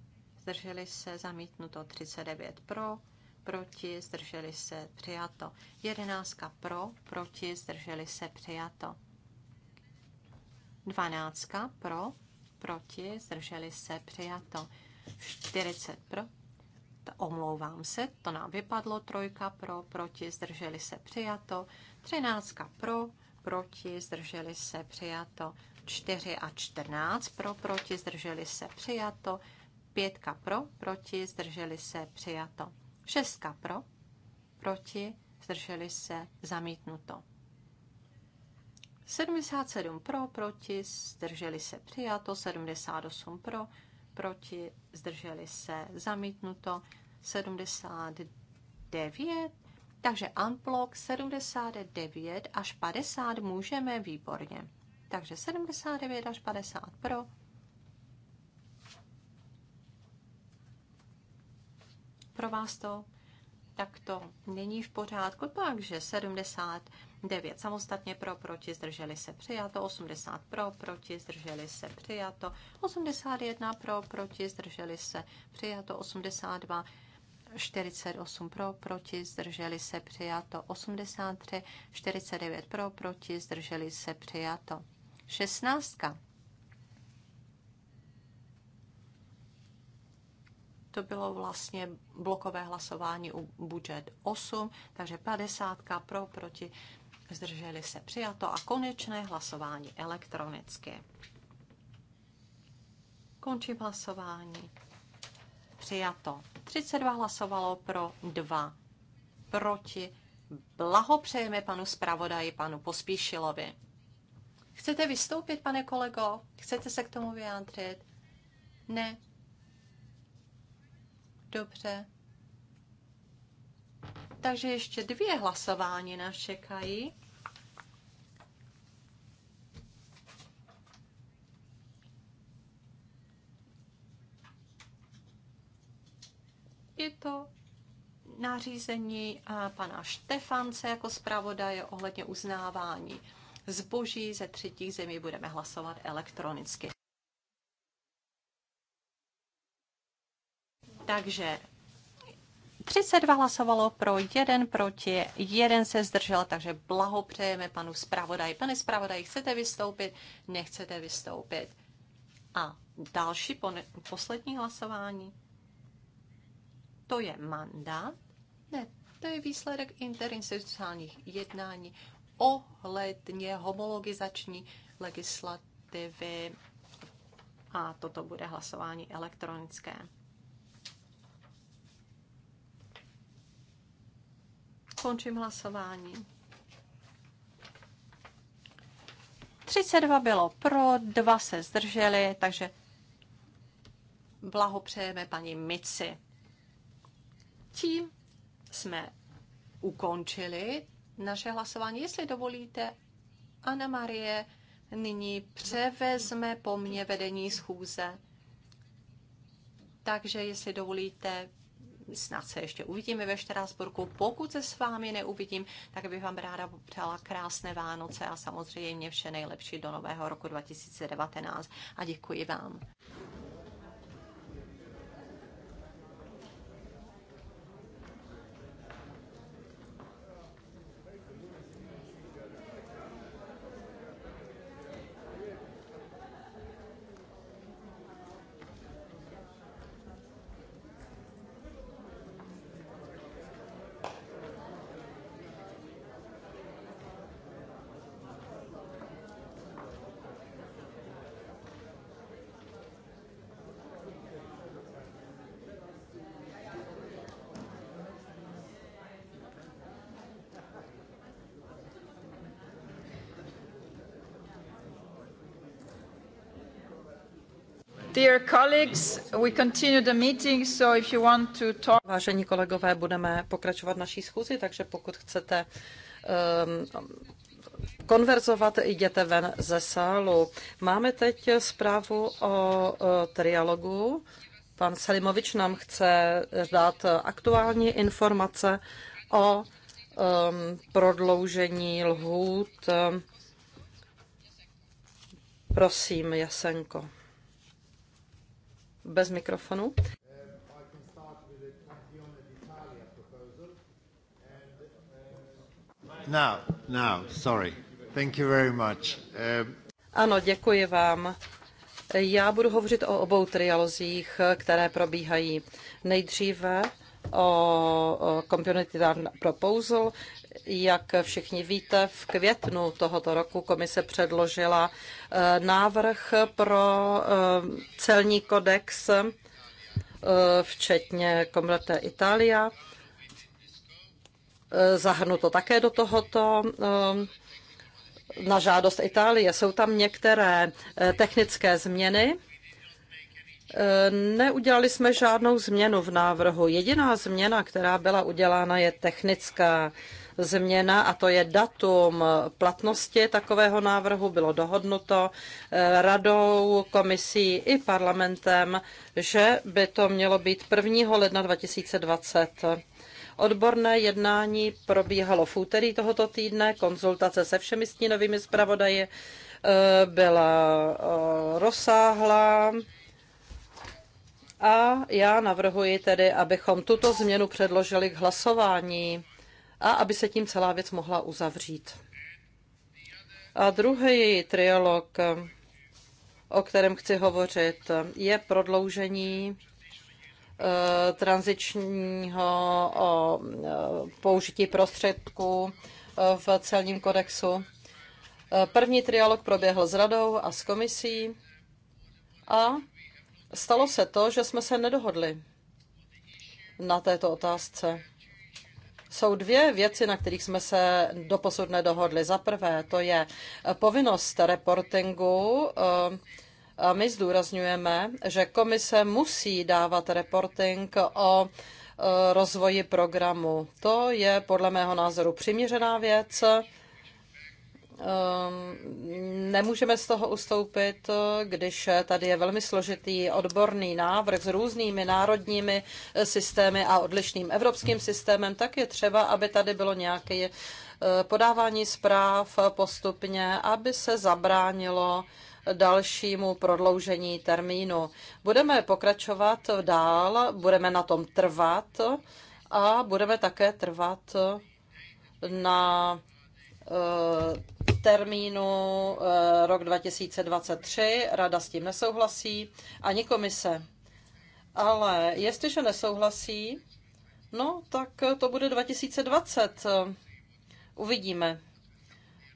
zdrželi se, zamítnuto 39 pro, proti, zdrželi se, přijato. 11 pro, proti, zdrželi se, přijato. 12 pro, proti, zdrželi se, přijato. 40 pro, to omlouvám se, to nám vypadlo, trojka pro, proti, zdrželi se, přijato. 13 pro, proti, zdrželi se, přijato. 4 a 14 pro, proti, zdrželi se, přijato. Pětka pro, proti, zdrželi se, přijato. Šestka pro, proti, zdrželi se, zamítnuto. 77 pro, proti, zdrželi se, přijato. 78 pro, proti, zdrželi se, zamítnuto. 79, takže unblock 79 až 50 můžeme výborně. Takže 79 až 50 pro, pro vás to tak to není v pořádku, takže 79 samostatně pro, proti, zdrželi se přijato, 80 pro, proti, zdrželi se přijato, 81 pro, proti, zdrželi se přijato, 82 48 pro, proti, zdrželi se přijato 83, 49 pro, proti, zdrželi se přijato. 16. to bylo vlastně blokové hlasování u budžet 8, takže 50 pro, proti, zdrželi se přijato a konečné hlasování elektronicky. Končím hlasování. Přijato. 32 hlasovalo pro, 2 proti. Blahopřejeme panu zpravodaji, panu Pospíšilovi. Chcete vystoupit, pane kolego? Chcete se k tomu vyjádřit? Ne, Dobře. Takže ještě dvě hlasování nás čekají. Je to nařízení pana Štefance jako zpravodaje ohledně uznávání zboží ze třetích zemí budeme hlasovat elektronicky. Takže 32 hlasovalo pro, jeden proti, jeden se zdržel, takže blahopřejeme panu zpravodaji. Pane zpravodaji, chcete vystoupit? Nechcete vystoupit. A další, pone, poslední hlasování, to je mandát. Ne, to je výsledek interinstitucionálních jednání ohledně homologizační legislativy a toto bude hlasování elektronické. Končím hlasování. 32 bylo pro, dva se zdrželi, takže blahopřejeme paní Mici. Tím jsme ukončili naše hlasování. Jestli dovolíte, Ana Marie nyní převezme po mně vedení schůze. Takže, jestli dovolíte, snad se ještě uvidíme ve Štrásburku. Pokud se s vámi neuvidím, tak bych vám ráda popřála krásné Vánoce a samozřejmě vše nejlepší do nového roku 2019 a děkuji vám. we continue the meeting, so if you want to talk... Vážení kolegové, budeme pokračovat naší schůzi, takže pokud chcete um, konverzovat, jděte ven ze sálu. Máme teď zprávu o, o e, trialogu. Pan Selimovič nám chce dát aktuální informace o um, prodloužení lhůt. Prosím, Jasenko bez mikrofonu. Now, now, sorry. Thank you very much. Um... Ano, děkuji vám. Já budu hovořit o obou trialozích, které probíhají. Nejdříve o Community Proposal jak všichni víte, v květnu tohoto roku komise předložila eh, návrh pro eh, celní kodex, eh, včetně Komrete Italia. Zahrnuto také do tohoto na žádost Itálie. Jsou tam některé technické změny. Neudělali jsme žádnou změnu v návrhu. Jediná změna, která byla udělána, je technická změna, a to je datum platnosti takového návrhu, bylo dohodnuto eh, radou, komisí i parlamentem, že by to mělo být 1. ledna 2020. Odborné jednání probíhalo v úterý tohoto týdne, konzultace se všemi stínovými zpravodaji eh, byla eh, rozsáhlá. A já navrhuji tedy, abychom tuto změnu předložili k hlasování a aby se tím celá věc mohla uzavřít. A druhý trialog, o kterém chci hovořit, je prodloužení eh, tranzičního eh, použití prostředků eh, v celním kodexu. První trialog proběhl s radou a s komisí a stalo se to, že jsme se nedohodli na této otázce jsou dvě věci, na kterých jsme se doposud nedohodli. Za prvé, to je povinnost reportingu. Eh, a my zdůrazňujeme, že komise musí dávat reporting o eh, rozvoji programu. To je podle mého názoru přiměřená věc Ehm, nemůžeme z toho ustoupit, když tady je velmi složitý odborný návrh s různými národními eh, systémy a odlišným evropským systémem, tak je třeba, aby tady bylo nějaké eh, podávání zpráv postupně, aby se zabránilo dalšímu prodloužení termínu. Budeme pokračovat dál, budeme na tom trvat a budeme také trvat na Eh, termínu eh, rok 2023. Rada s tím nesouhlasí ani komise. Ale jestliže nesouhlasí, no tak to bude 2020. Uvidíme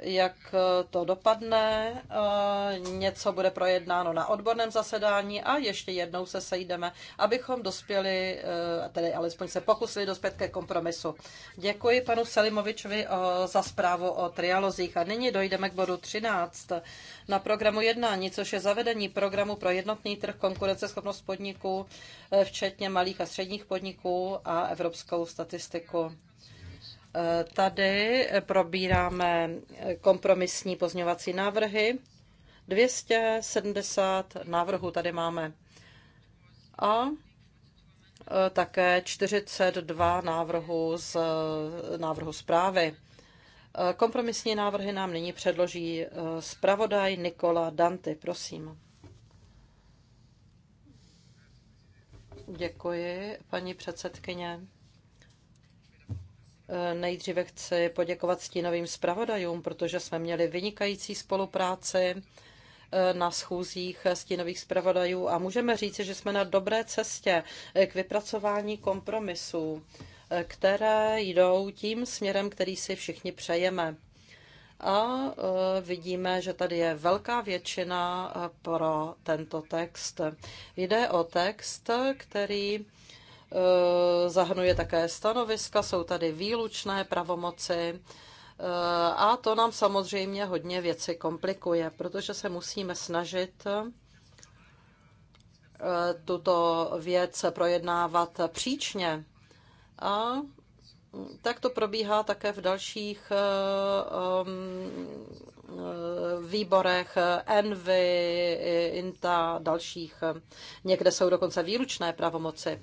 jak eh, to dopadne. Eh, něco bude projednáno na odborném zasedání a ještě jednou se sejdeme, abychom dospěli, eh, tedy alespoň se pokusili dospět ke kompromisu. Děkuji panu Selimovičovi za zprávu o trialozích a nyní dojdeme k bodu 13 na programu jednání, což je zavedení programu pro jednotný trh konkurenceschopnost podniků, včetně malých a středních podniků a evropskou statistiku. Tady probíráme kompromisní pozňovací návrhy. 270 návrhů tady máme. A e, také 42 návrhů z e, návrhu zprávy. E, kompromisní návrhy nám nyní předloží zpravodaj Nikola Danty. Prosím. Děkuji, paní předsedkyně. Eh, nejdříve chci poděkovat stínovým zpravodajům, protože jsme měli vynikající spolupráci eh, na schůzích stínových zpravodajů a můžeme říci, že jsme na dobré cestě eh, k vypracování kompromisů, které jdou tím směrem, který si všichni přejeme. A vidíme, že tady je velká většina pro tento text. Jde o text, který Eh, zahrnuje také stanoviska, jsou tady výlučné pravomoci. Eh, a to nám samozřejmě hodně věci komplikuje, protože se musíme snažit eh, tuto věc projednávat příčně. A tak to probíhá také v dalších výborech Envy, INTA, dalších. Někde jsou dokonce výlučné pravomoci.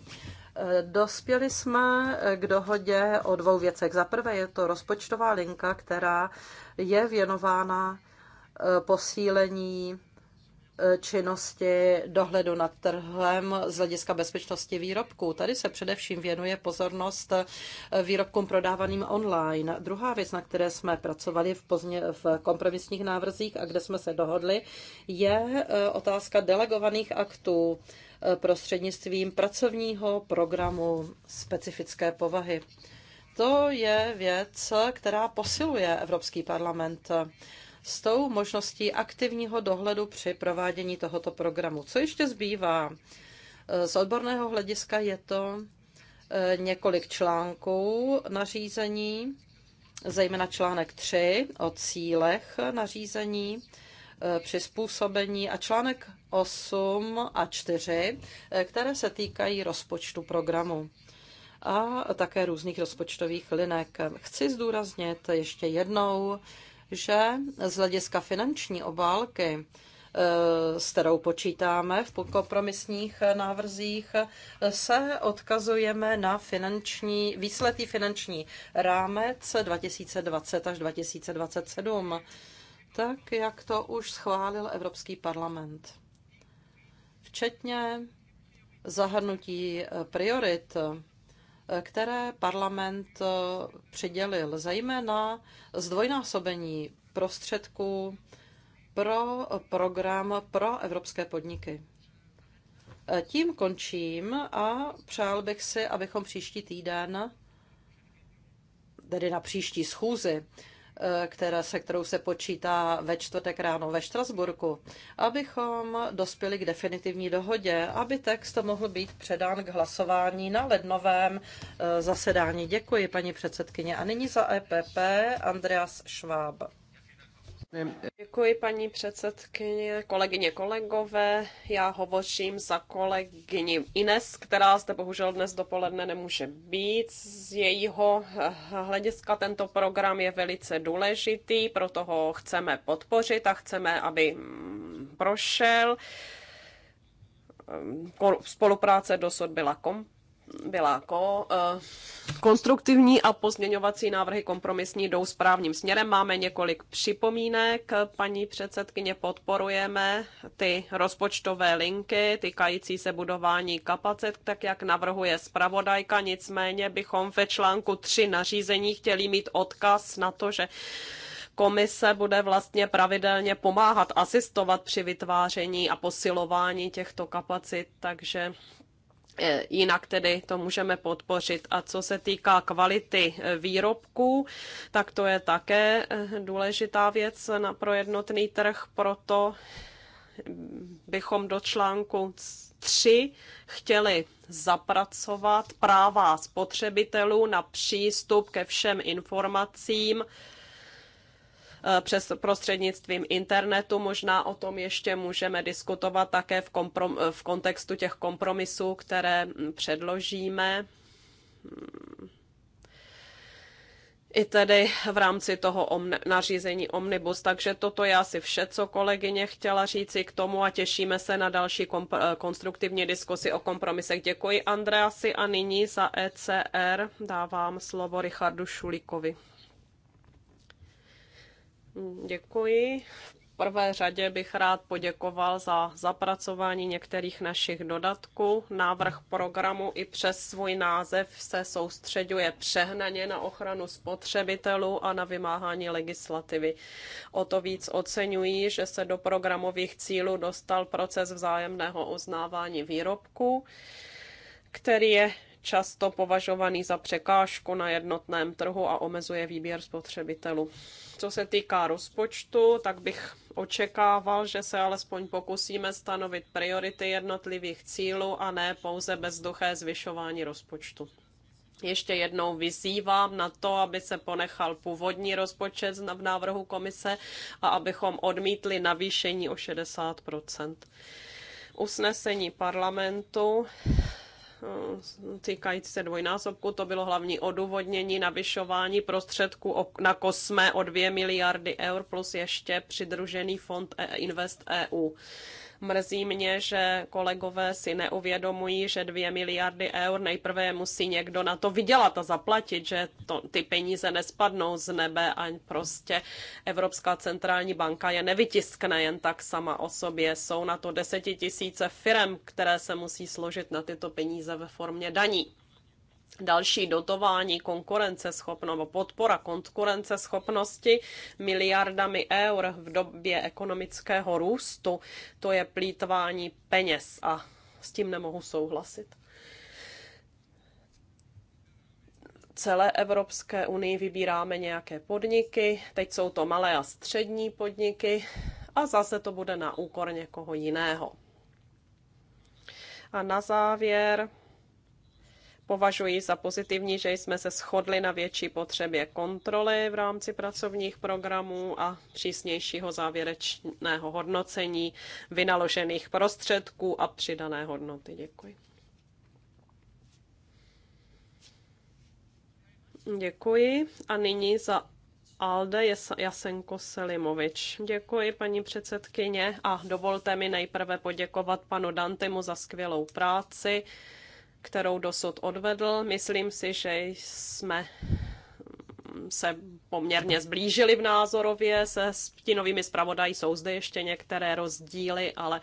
Dospěli jsme k dohodě o dvou věcech. Za prvé je to rozpočtová linka, která je věnována eh, posílení eh, činnosti dohledu nad trhem z hlediska bezpečnosti výrobků. Tady se především věnuje pozornost eh, výrobkům prodávaným online. Druhá věc, na které jsme pracovali v, pozně, v kompromisních návrzích a kde jsme se dohodli, je otázka delegovaných aktů Eh, prostřednictvím pracovního programu specifické povahy. To je věc, která posiluje Evropský parlament s tou možností aktivního dohledu při provádění tohoto programu. Co ještě zbývá? Eh, z odborného hlediska je to eh, několik článků nařízení, zejména článek 3 o cílech nařízení, Eh, přizpůsobení a článek 8 a 4, eh, které se týkají rozpočtu programu a také různých rozpočtových linek. Chci zdůraznit ještě jednou, že z hlediska finanční obálky eh, s kterou počítáme v kompromisních návrzích, se odkazujeme na finanční, výsledný finanční rámec 2020 až 2027 tak jak to už schválil Evropský parlament. Včetně zahrnutí eh, priorit, eh, které parlament eh, přidělil, zejména zdvojnásobení prostředků pro program pro evropské podniky. Tím končím a přál bych si, abychom příští týden, tedy na příští schůzi, Eh, která, se kterou se počítá ve čtvrtek ráno ve Štrasburku, abychom dospěli k definitivní dohodě, aby text mohl být předán k hlasování na lednovém eh, zasedání. Děkuji, paní předsedkyně. A nyní za EPP Andreas Schwab. Děkuji, paní předsedkyně, kolegyně, kolegové. Já hovořím za kolegyni Ines, která zde bohužel dnes dopoledne nemůže být. Z jejího hlediska tento program je velice důležitý, proto ho chceme podpořit a chceme, aby mm, prošel. Ehm, spolupráce dosud byla komplexní byla ko, eh, konstruktivní a pozměňovací návrhy kompromisní jdou správným směrem. Máme několik připomínek. Paní předsedkyně, podporujeme ty rozpočtové linky týkající se budování kapacit, tak jak navrhuje zpravodajka. Nicméně bychom ve článku 3 nařízení chtěli mít odkaz na to, že komise bude vlastně pravidelně pomáhat, asistovat při vytváření a posilování těchto kapacit, takže Eh, jinak tedy to můžeme podpořit. A co se týká kvality eh, výrobků, tak to je také eh, důležitá věc na pro jednotný trh, proto hm, bychom do článku 3 chtěli zapracovat práva spotřebitelů na přístup ke všem informacím, Eh, přes prostřednictvím internetu. Možná o tom ještě můžeme diskutovat také v, komprom, eh, v kontextu těch kompromisů, které hm, předložíme. I tedy v rámci toho omne, nařízení Omnibus. Takže toto je asi vše, co kolegyně chtěla říci k tomu a těšíme se na další eh, konstruktivní diskusi o kompromisech. Děkuji Andreasi a nyní za ECR dávám slovo Richardu Šulíkovi. Děkuji. V prvé řadě bych rád poděkoval za zapracování některých našich dodatků. Návrh programu i přes svůj název se soustředuje přehnaně na ochranu spotřebitelů a na vymáhání legislativy. O to víc oceňuji, že se do programových cílů dostal proces vzájemného uznávání výrobků který je často považovaný za překážku na jednotném trhu a omezuje výběr spotřebitelů. Co se týká rozpočtu, tak bych očekával, že se alespoň pokusíme stanovit priority jednotlivých cílů a ne pouze bezduché zvyšování rozpočtu. Ještě jednou vyzývám na to, aby se ponechal původní rozpočet v návrhu komise a abychom odmítli navýšení o 60 Usnesení parlamentu týkající se dvojnásobku, to bylo hlavní odůvodnění navyšování prostředků na kosme o 2 miliardy eur plus ještě přidružený fond e- Invest EU. Mrzí mě, že kolegové si neuvědomují, že dvě miliardy eur nejprve musí někdo na to vydělat a zaplatit, že to, ty peníze nespadnou z nebe a prostě Evropská centrální banka je nevytiskne jen tak sama o sobě. Jsou na to desetitisíce firm, které se musí složit na tyto peníze ve formě daní další dotování konkurenceschopnosti nebo podpora konkurenceschopnosti miliardami eur v době ekonomického růstu, to je plítvání peněz a s tím nemohu souhlasit. celé Evropské unii vybíráme nějaké podniky, teď jsou to malé a střední podniky a zase to bude na úkor někoho jiného. A na závěr Považuji za pozitivní, že jsme se shodli na větší potřebě kontroly v rámci pracovních programů a přísnějšího závěrečného hodnocení vynaložených prostředků a přidané hodnoty. Děkuji. Děkuji. A nyní za Alde Jasenko Selimovič. Děkuji, paní předsedkyně, a dovolte mi nejprve poděkovat panu Dantemu za skvělou práci kterou dosud odvedl. Myslím si, že jsme se poměrně zblížili v názorově se stínovými zpravodají. Jsou zde ještě některé rozdíly, ale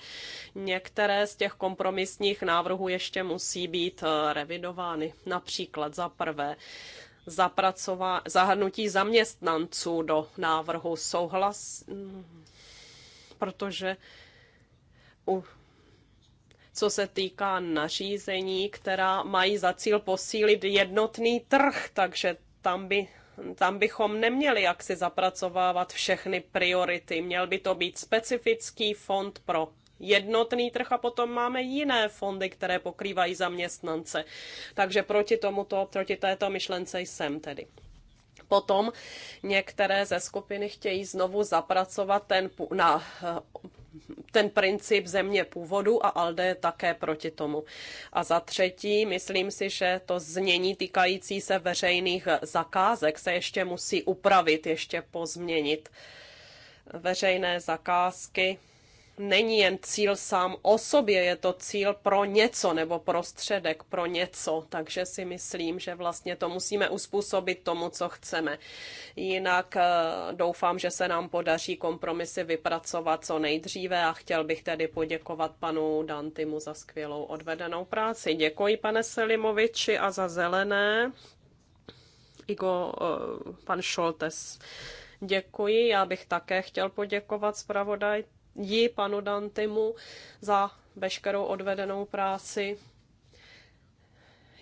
některé z těch kompromisních návrhů ještě musí být eh, revidovány. Například za prvé zapracová, zahrnutí zaměstnanců do návrhu souhlas, protože u co se týká nařízení, která mají za cíl posílit jednotný trh, takže tam by tam bychom neměli jak si zapracovávat všechny priority. Měl by to být specifický fond pro jednotný trh a potom máme jiné fondy, které pokrývají zaměstnance. Takže proti tomuto, proti této myšlence jsem tedy. Potom některé ze skupiny chtějí znovu zapracovat ten na ten princip země původu a ALDE také proti tomu. A za třetí, myslím si, že to změní týkající se veřejných zakázek se ještě musí upravit, ještě pozměnit. Veřejné zakázky není jen cíl sám o sobě, je to cíl pro něco nebo prostředek pro něco. Takže si myslím, že vlastně to musíme uspůsobit tomu, co chceme. Jinak eh, doufám, že se nám podaří kompromisy vypracovat co nejdříve a chtěl bych tedy poděkovat panu Dantimu za skvělou odvedenou práci. Děkuji, pane Selimoviči, a za zelené. Igo, eh, pan Šoltes. Děkuji, já bych také chtěl poděkovat zpravodaj ji, panu Dantimu, za veškerou odvedenou práci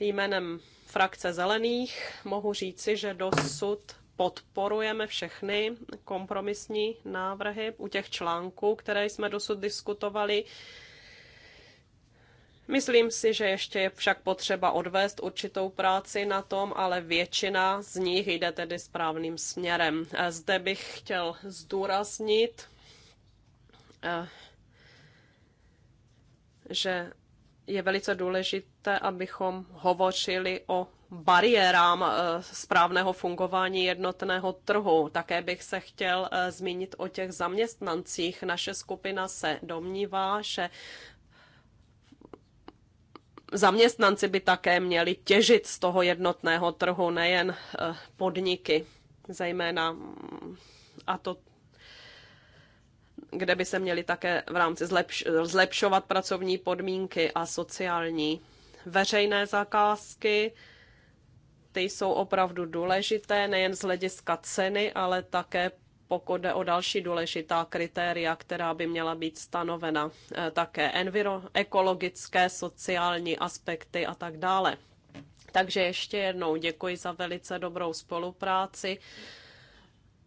jménem frakce zelených. Mohu říci, že dosud podporujeme všechny kompromisní návrhy u těch článků, které jsme dosud diskutovali. Myslím si, že ještě je však potřeba odvést určitou práci na tom, ale většina z nich jde tedy správným směrem. Zde bych chtěl zdůraznit že je velice důležité, abychom hovořili o bariérám e, správného fungování jednotného trhu. Také bych se chtěl e, zmínit o těch zaměstnancích. Naše skupina se domnívá, že zaměstnanci by také měli těžit z toho jednotného trhu, nejen e, podniky, zejména a to kde by se měly také v rámci zlepš- zlepšovat pracovní podmínky a sociální veřejné zakázky. Ty jsou opravdu důležité nejen z hlediska ceny, ale také pokud jde o další důležitá kritéria, která by měla být stanovena, eh, také enviro, ekologické, sociální aspekty a tak dále. Takže ještě jednou děkuji za velice dobrou spolupráci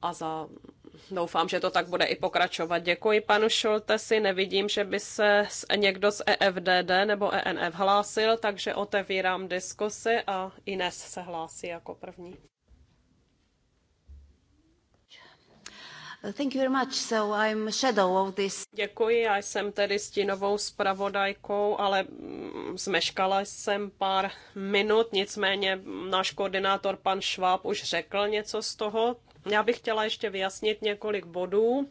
a za doufám, že to tak bude i pokračovat. Děkuji panu Šoltesi, nevidím, že by se někdo z EFDD nebo ENF hlásil, takže otevírám diskusy a Ines se hlásí jako první. Thank you very much. So I'm shadow of this. Děkuji, já jsem tedy stínovou zpravodajkou, ale mm, zmeškala jsem pár minut, nicméně náš koordinátor pan Šváb už řekl něco z toho, já bych chtěla ještě vyjasnit několik bodů.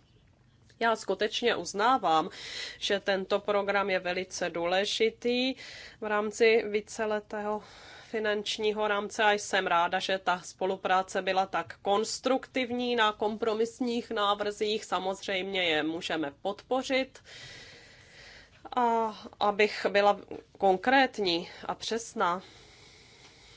Já skutečně uznávám, že tento program je velice důležitý v rámci víceletého finančního rámce a jsem ráda, že ta spolupráce byla tak konstruktivní na kompromisních návrzích. Samozřejmě je můžeme podpořit. A abych byla konkrétní a přesná,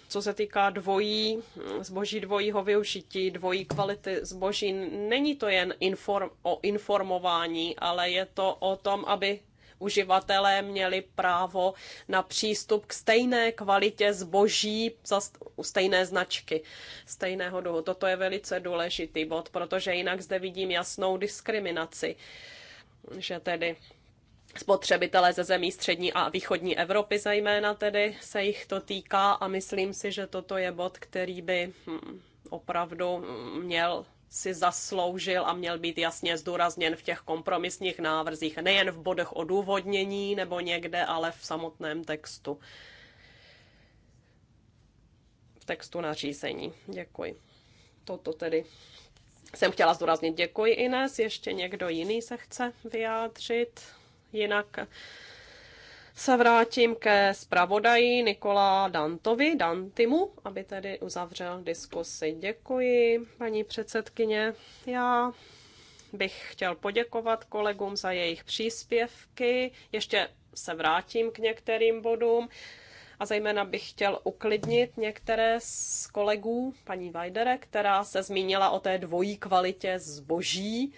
co se týká dvojí, hm, zboží dvojího využití, dvojí kvality zboží, není to jen inform, o informování, ale je to o tom, aby uživatelé měli právo na přístup k stejné kvalitě zboží za stejné značky, stejného druhu. Toto je velice důležitý bod, protože jinak zde vidím jasnou diskriminaci, že tedy spotřebitele ze zemí střední a východní Evropy zejména tedy se jich to týká a myslím si, že toto je bod, který by hm, opravdu hm, měl si zasloužil a měl být jasně zdůrazněn v těch kompromisních návrzích, nejen v bodech odůvodnění nebo někde, ale v samotném textu. V textu nařízení. Děkuji. Toto tedy jsem chtěla zdůraznit. Děkuji, Ines. Ještě někdo jiný se chce vyjádřit? Jinak se vrátím ke zpravodaji Nikola Dantovi, Dantimu, aby tedy uzavřel diskusi. Děkuji, paní předsedkyně. Já bych chtěl poděkovat kolegům za jejich příspěvky. Ještě se vrátím k některým bodům a zejména bych chtěl uklidnit některé z kolegů, paní Vajdere, která se zmínila o té dvojí kvalitě zboží,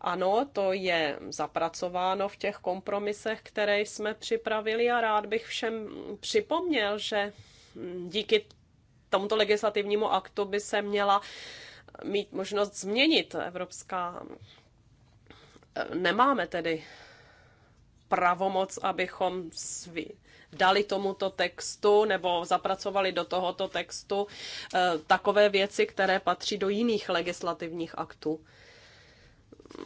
ano, to je zapracováno v těch kompromisech, které jsme připravili a rád bych všem připomněl, že díky tomuto legislativnímu aktu by se měla mít možnost změnit Evropská. Nemáme tedy pravomoc, abychom svý dali tomuto textu nebo zapracovali do tohoto textu eh, takové věci, které patří do jiných legislativních aktů.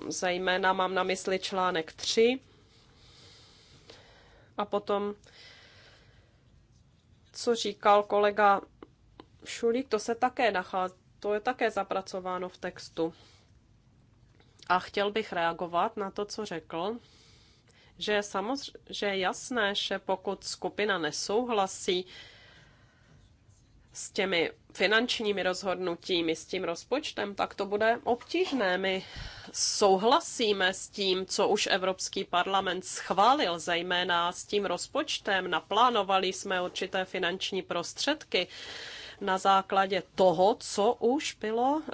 Zejména mám na mysli článek 3 a potom, co říkal kolega Šulík, to se také nachází, to je také zapracováno v textu. A chtěl bych reagovat na to, co řekl, že, je samozřejmě, že je jasné, že pokud skupina nesouhlasí s těmi finančními rozhodnutími, s tím rozpočtem, tak to bude obtížné. My souhlasíme s tím, co už Evropský parlament schválil, zejména s tím rozpočtem. Naplánovali jsme určité finanční prostředky na základě toho, co už bylo eh,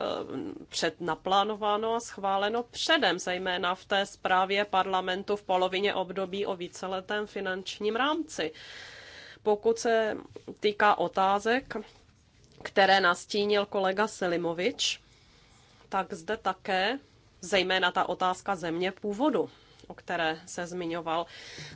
před naplánováno a schváleno předem, zejména v té zprávě parlamentu v polovině období o víceletém finančním rámci. Pokud se týká otázek, které nastínil kolega Selimovič, tak zde také zejména ta otázka země původu o které se zmiňoval,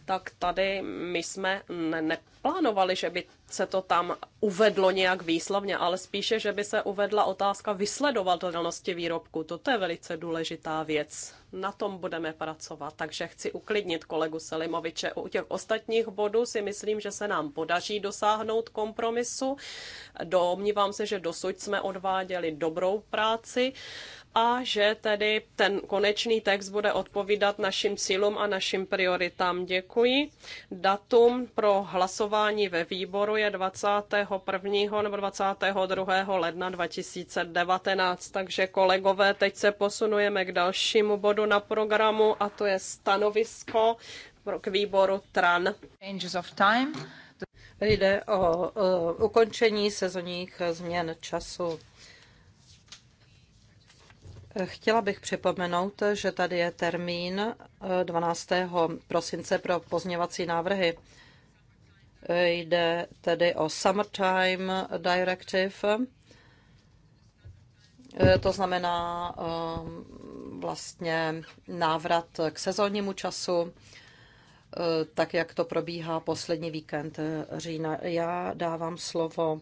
tak tady my jsme neplánovali, že by se to tam uvedlo nějak výslovně, ale spíše, že by se uvedla otázka vysledovatelnosti výrobku. Toto je velice důležitá věc. Na tom budeme pracovat, takže chci uklidnit kolegu Selimoviče. U těch ostatních bodů si myslím, že se nám podaří dosáhnout kompromisu. Domnívám se, že dosud jsme odváděli dobrou práci a že tedy ten konečný text bude odpovídat našim cílům a našim prioritám. Děkuji. Datum pro hlasování ve výboru je je 21. nebo 22. ledna 2019. Takže kolegové, teď se posunujeme k dalšímu bodu na programu a to je stanovisko k výboru TRAN. Changes of time. Jde o, o ukončení sezonních změn času. Chtěla bych připomenout, že tady je termín 12. Eh, prosince pro pozněvací návrhy. Jde tedy o Summertime Directive, e, to znamená e, vlastně návrat k sezónnímu času, e, tak jak to probíhá poslední víkend října. Já dávám slovo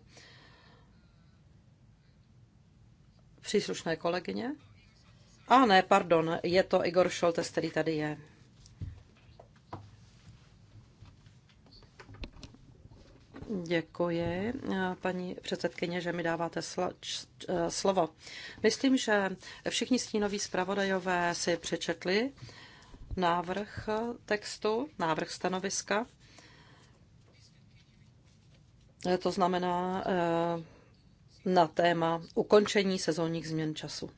příslušné kolegyně. A ne, pardon, je to Igor Šoltes, který tady je. Děkuji, paní předsedkyně, že mi dáváte slo- slovo. Myslím, že všichni stínoví zpravodajové si přečetli návrh textu, návrh stanoviska. To znamená eh, na téma ukončení sezónních změn času.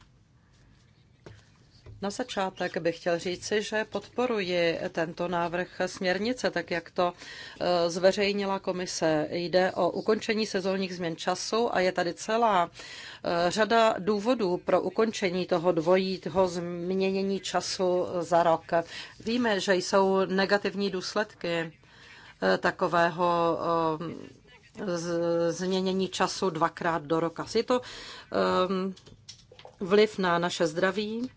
Na začátek bych chtěl říci, že podporuji tento návrh směrnice, tak jak to e, zveřejnila komise. Jde o ukončení sezónních změn času a je tady celá e, řada důvodů pro ukončení toho dvojího změnění času za rok. Víme, že jsou negativní důsledky e, takového změnění času dvakrát do roka. Je to vliv na naše zdraví,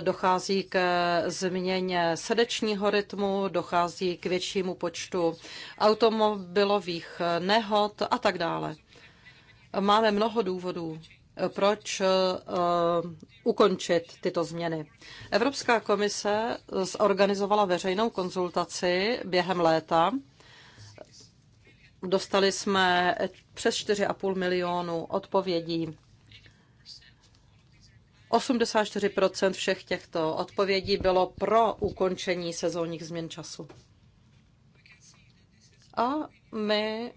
dochází k změně srdečního rytmu, dochází k většímu počtu automobilových nehod a tak dále. Máme mnoho důvodů, proč eh, ukončit tyto změny. Evropská komise zorganizovala veřejnou konzultaci během léta. Dostali jsme přes 4,5 milionu odpovědí 84% všech těchto odpovědí bylo pro ukončení sezónních změn času. A my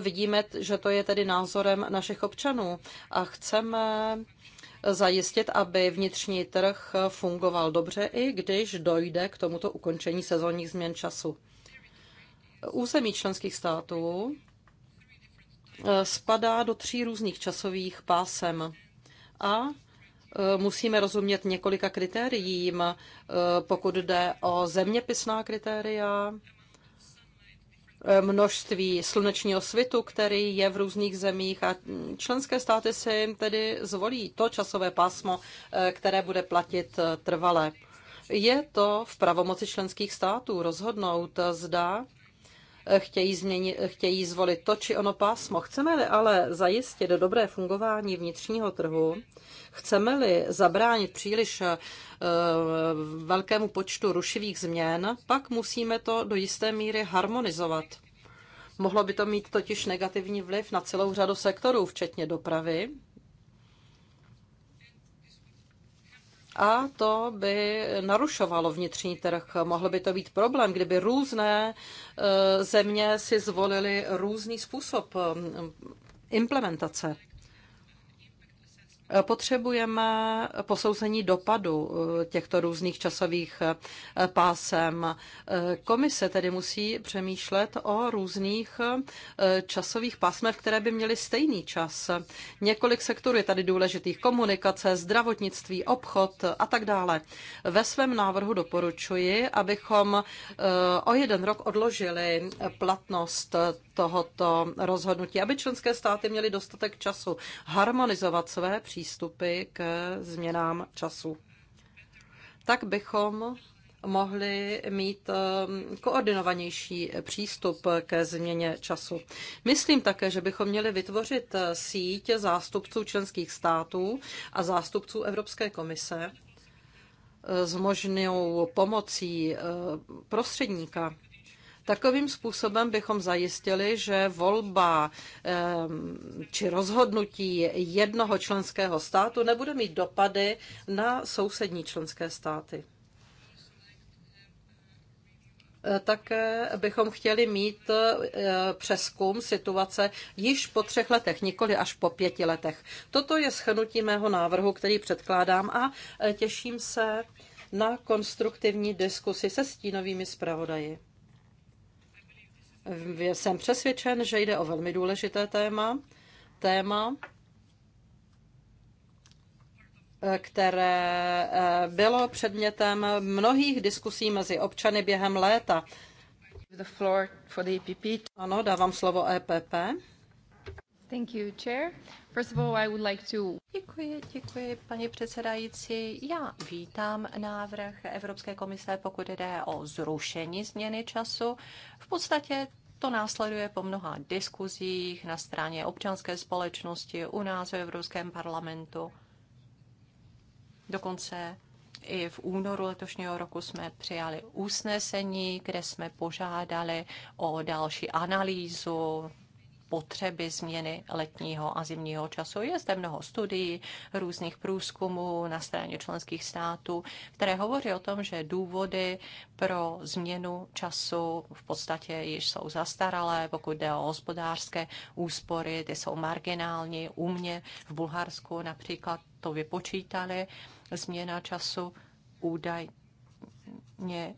vidíme, že to je tedy názorem našich občanů a chceme zajistit, aby vnitřní trh fungoval dobře, i když dojde k tomuto ukončení sezónních změn času. Území členských států eh, spadá do tří různých časových pásem a e, musíme rozumět několika kritériím, e, pokud jde o zeměpisná kritéria, e, množství slunečního svitu, který je v různých zemích a členské státy si jim tedy zvolí to časové pásmo, které bude platit trvale. Je to v pravomoci členských států rozhodnout, zda chtějí, změnit, chtějí zvolit to či ono pásmo. Chceme-li ale zajistit dobré fungování vnitřního trhu, chceme-li zabránit příliš eh, velkému počtu rušivých změn, pak musíme to do jisté míry harmonizovat. Mohlo by to mít totiž negativní vliv na celou řadu sektorů, včetně dopravy, A to by narušovalo vnitřní trh. Mohl by to být problém, kdyby různé eh, země si zvolily různý způsob eh, implementace. Potřebujeme posouzení dopadu eh, těchto různých časových eh, pásem. Eh, komise tedy musí přemýšlet o různých časových pásmech, které by měly stejný čas. Několik sektorů je tady důležitých. Komunikace, zdravotnictví, obchod a tak dále. Ve svém návrhu doporučuji, abychom o jeden rok odložili platnost tohoto rozhodnutí, aby členské státy měly dostatek času harmonizovat své přístupy k změnám času. Tak bychom mohli mít um, koordinovanější přístup ke změně času. Myslím také, že bychom měli vytvořit uh, síť zástupců členských států a zástupců Evropské komise uh, s možnou pomocí uh, prostředníka Takovým způsobem bychom zajistili, že volba či rozhodnutí jednoho členského státu nebude mít dopady na sousední členské státy. E, také bychom chtěli mít e, přeskum situace již po třech letech, nikoli až po pěti letech. Toto je schnutí mého návrhu, který předkládám a e, těším se na konstruktivní diskusi se stínovými zpravodaji. Jsem přesvědčen, že jde o velmi důležité téma, téma, eh, které eh, bylo předmětem mnohých diskusí mezi občany během léta. E ano, dávám slovo EPP. Thank you, Chair. First of all, I would like to... Děkuji, děkuji, paní předsedající. Já vítám návrh Evropské komise, pokud jde o zrušení změny času. V podstatě to následuje po mnoha diskuzích na straně občanské společnosti, u nás v Evropském parlamentu. Dokonce i v únoru letošního roku jsme přijali usnesení, kde jsme požádali o další analýzu potřeby změny letního a zimního času. Je zde mnoho studií, různých průzkumů na straně členských států, které hovoří o tom, že důvody pro změnu času v podstatě již jsou zastaralé, pokud jde o hospodářské úspory, ty jsou marginální. U mě v Bulharsku například to vypočítali, změna času údajně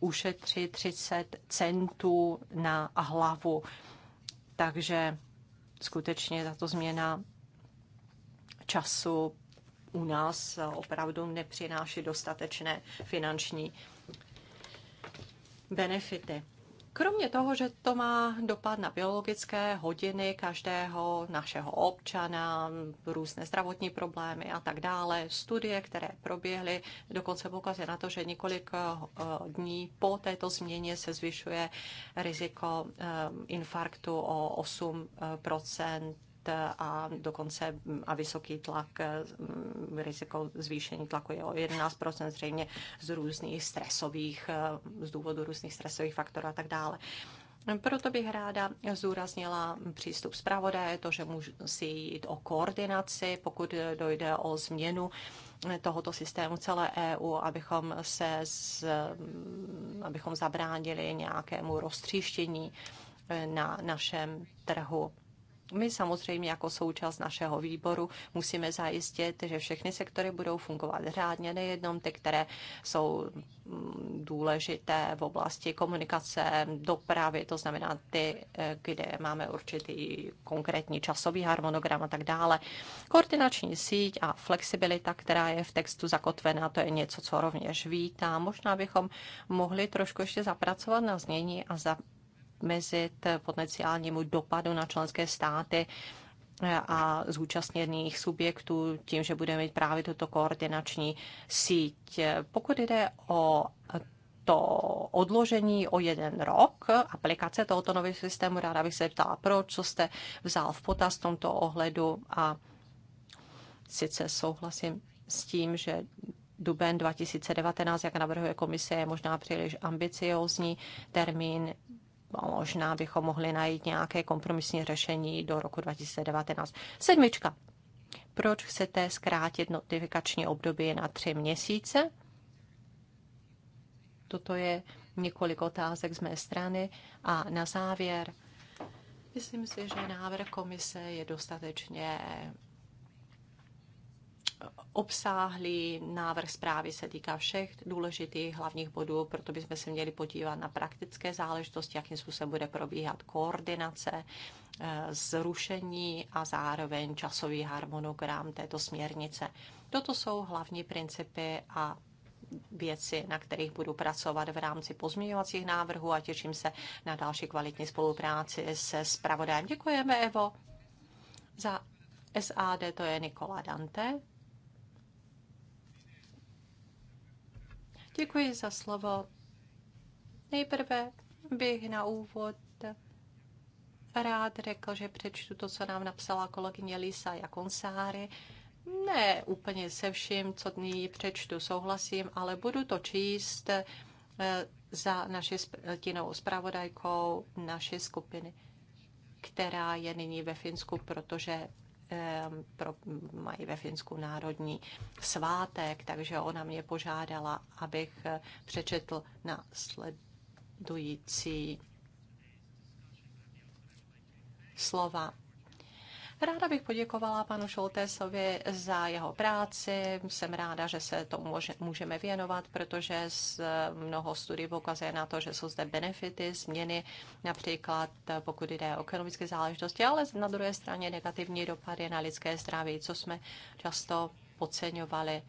ušetří 30 centů na hlavu takže skutečně tato změna času u nás opravdu nepřináší dostatečné finanční benefity. Kromě toho, že to má dopad na biologické hodiny každého našeho občana, různé zdravotní problémy a tak dále, studie, které proběhly, dokonce poukazuje na to, že několik eh, dní po této změně se zvyšuje riziko eh, infarktu o 8 Eh, a dokonce mm, a vysoký tlak, eh, mm, riziko zvýšení tlaku je o 11% zřejmě z různých stresových, eh, z důvodu různých stresových faktorů a tak dále. Proto bych ráda zúraznila přístup zpravodaje, to, že můžu si jít o koordinaci, pokud dojde o změnu tohoto systému celé EU, abychom se z, mm, abychom zabránili nějakému roztříštění na našem trhu. My samozřejmě jako součást našeho výboru musíme zajistit, že všechny sektory budou fungovat řádně, nejenom ty, které jsou mm, důležité v oblasti komunikace, dopravy, to znamená ty, eh, kde máme určitý konkrétní časový harmonogram a tak dále. Koordinační síť a flexibilita, která je v textu zakotvená, to je něco, co rovněž vítá. Možná bychom mohli trošku ještě zapracovat na znění a za zamezit potenciálnímu dopadu na členské státy a zúčastněných subjektů tím, že budeme mít právě tuto koordinační síť. Pokud jde o to odložení o jeden rok aplikace tohoto nového systému, ráda bych se ptala, proč, co jste vzal v potaz v tomto ohledu a sice souhlasím s tím, že duben 2019, jak navrhuje komise, je možná příliš ambiciózní termín. No, možná bychom mohli najít nějaké kompromisní řešení do roku 2019. Sedmička. Proč chcete zkrátit notifikační období na tři měsíce? Toto je několik otázek z mé strany. A na závěr, myslím si, že návrh komise je dostatečně obsáhlý návrh zprávy se týká všech důležitých hlavních bodů, proto bychom se měli podívat na praktické záležitosti, jakým způsobem bude probíhat koordinace, eh, zrušení a zároveň časový harmonogram této směrnice. Toto jsou hlavní principy a věci, na kterých budu pracovat v rámci pozměňovacích návrhů a těším se na další kvalitní spolupráci se spravodajem. Děkujeme, Evo. Za SAD to je Nikola Dante. Děkuji za slovo. Nejprve bych na úvod rád řekl, že přečtu to, co nám napsala kolegyně Lisa Jakonsáry. Ne úplně se vším, co dní přečtu, souhlasím, ale budu to číst eh, za naši tinou zpravodajkou naší skupiny, která je nyní ve Finsku, protože pro, mají ve Finsku národní svátek, takže ona mě požádala, abych eh, přečetl následující slova. Ráda bych poděkovala panu Šoltésovi za jeho práci. Jsem ráda, že se tomu můžeme věnovat, protože z mnoho studií pokazuje na to, že jsou zde benefity, změny, například pokud jde o ekonomické záležitosti, ale na druhé straně negativní dopady na lidské zdraví, co jsme často podceňovali.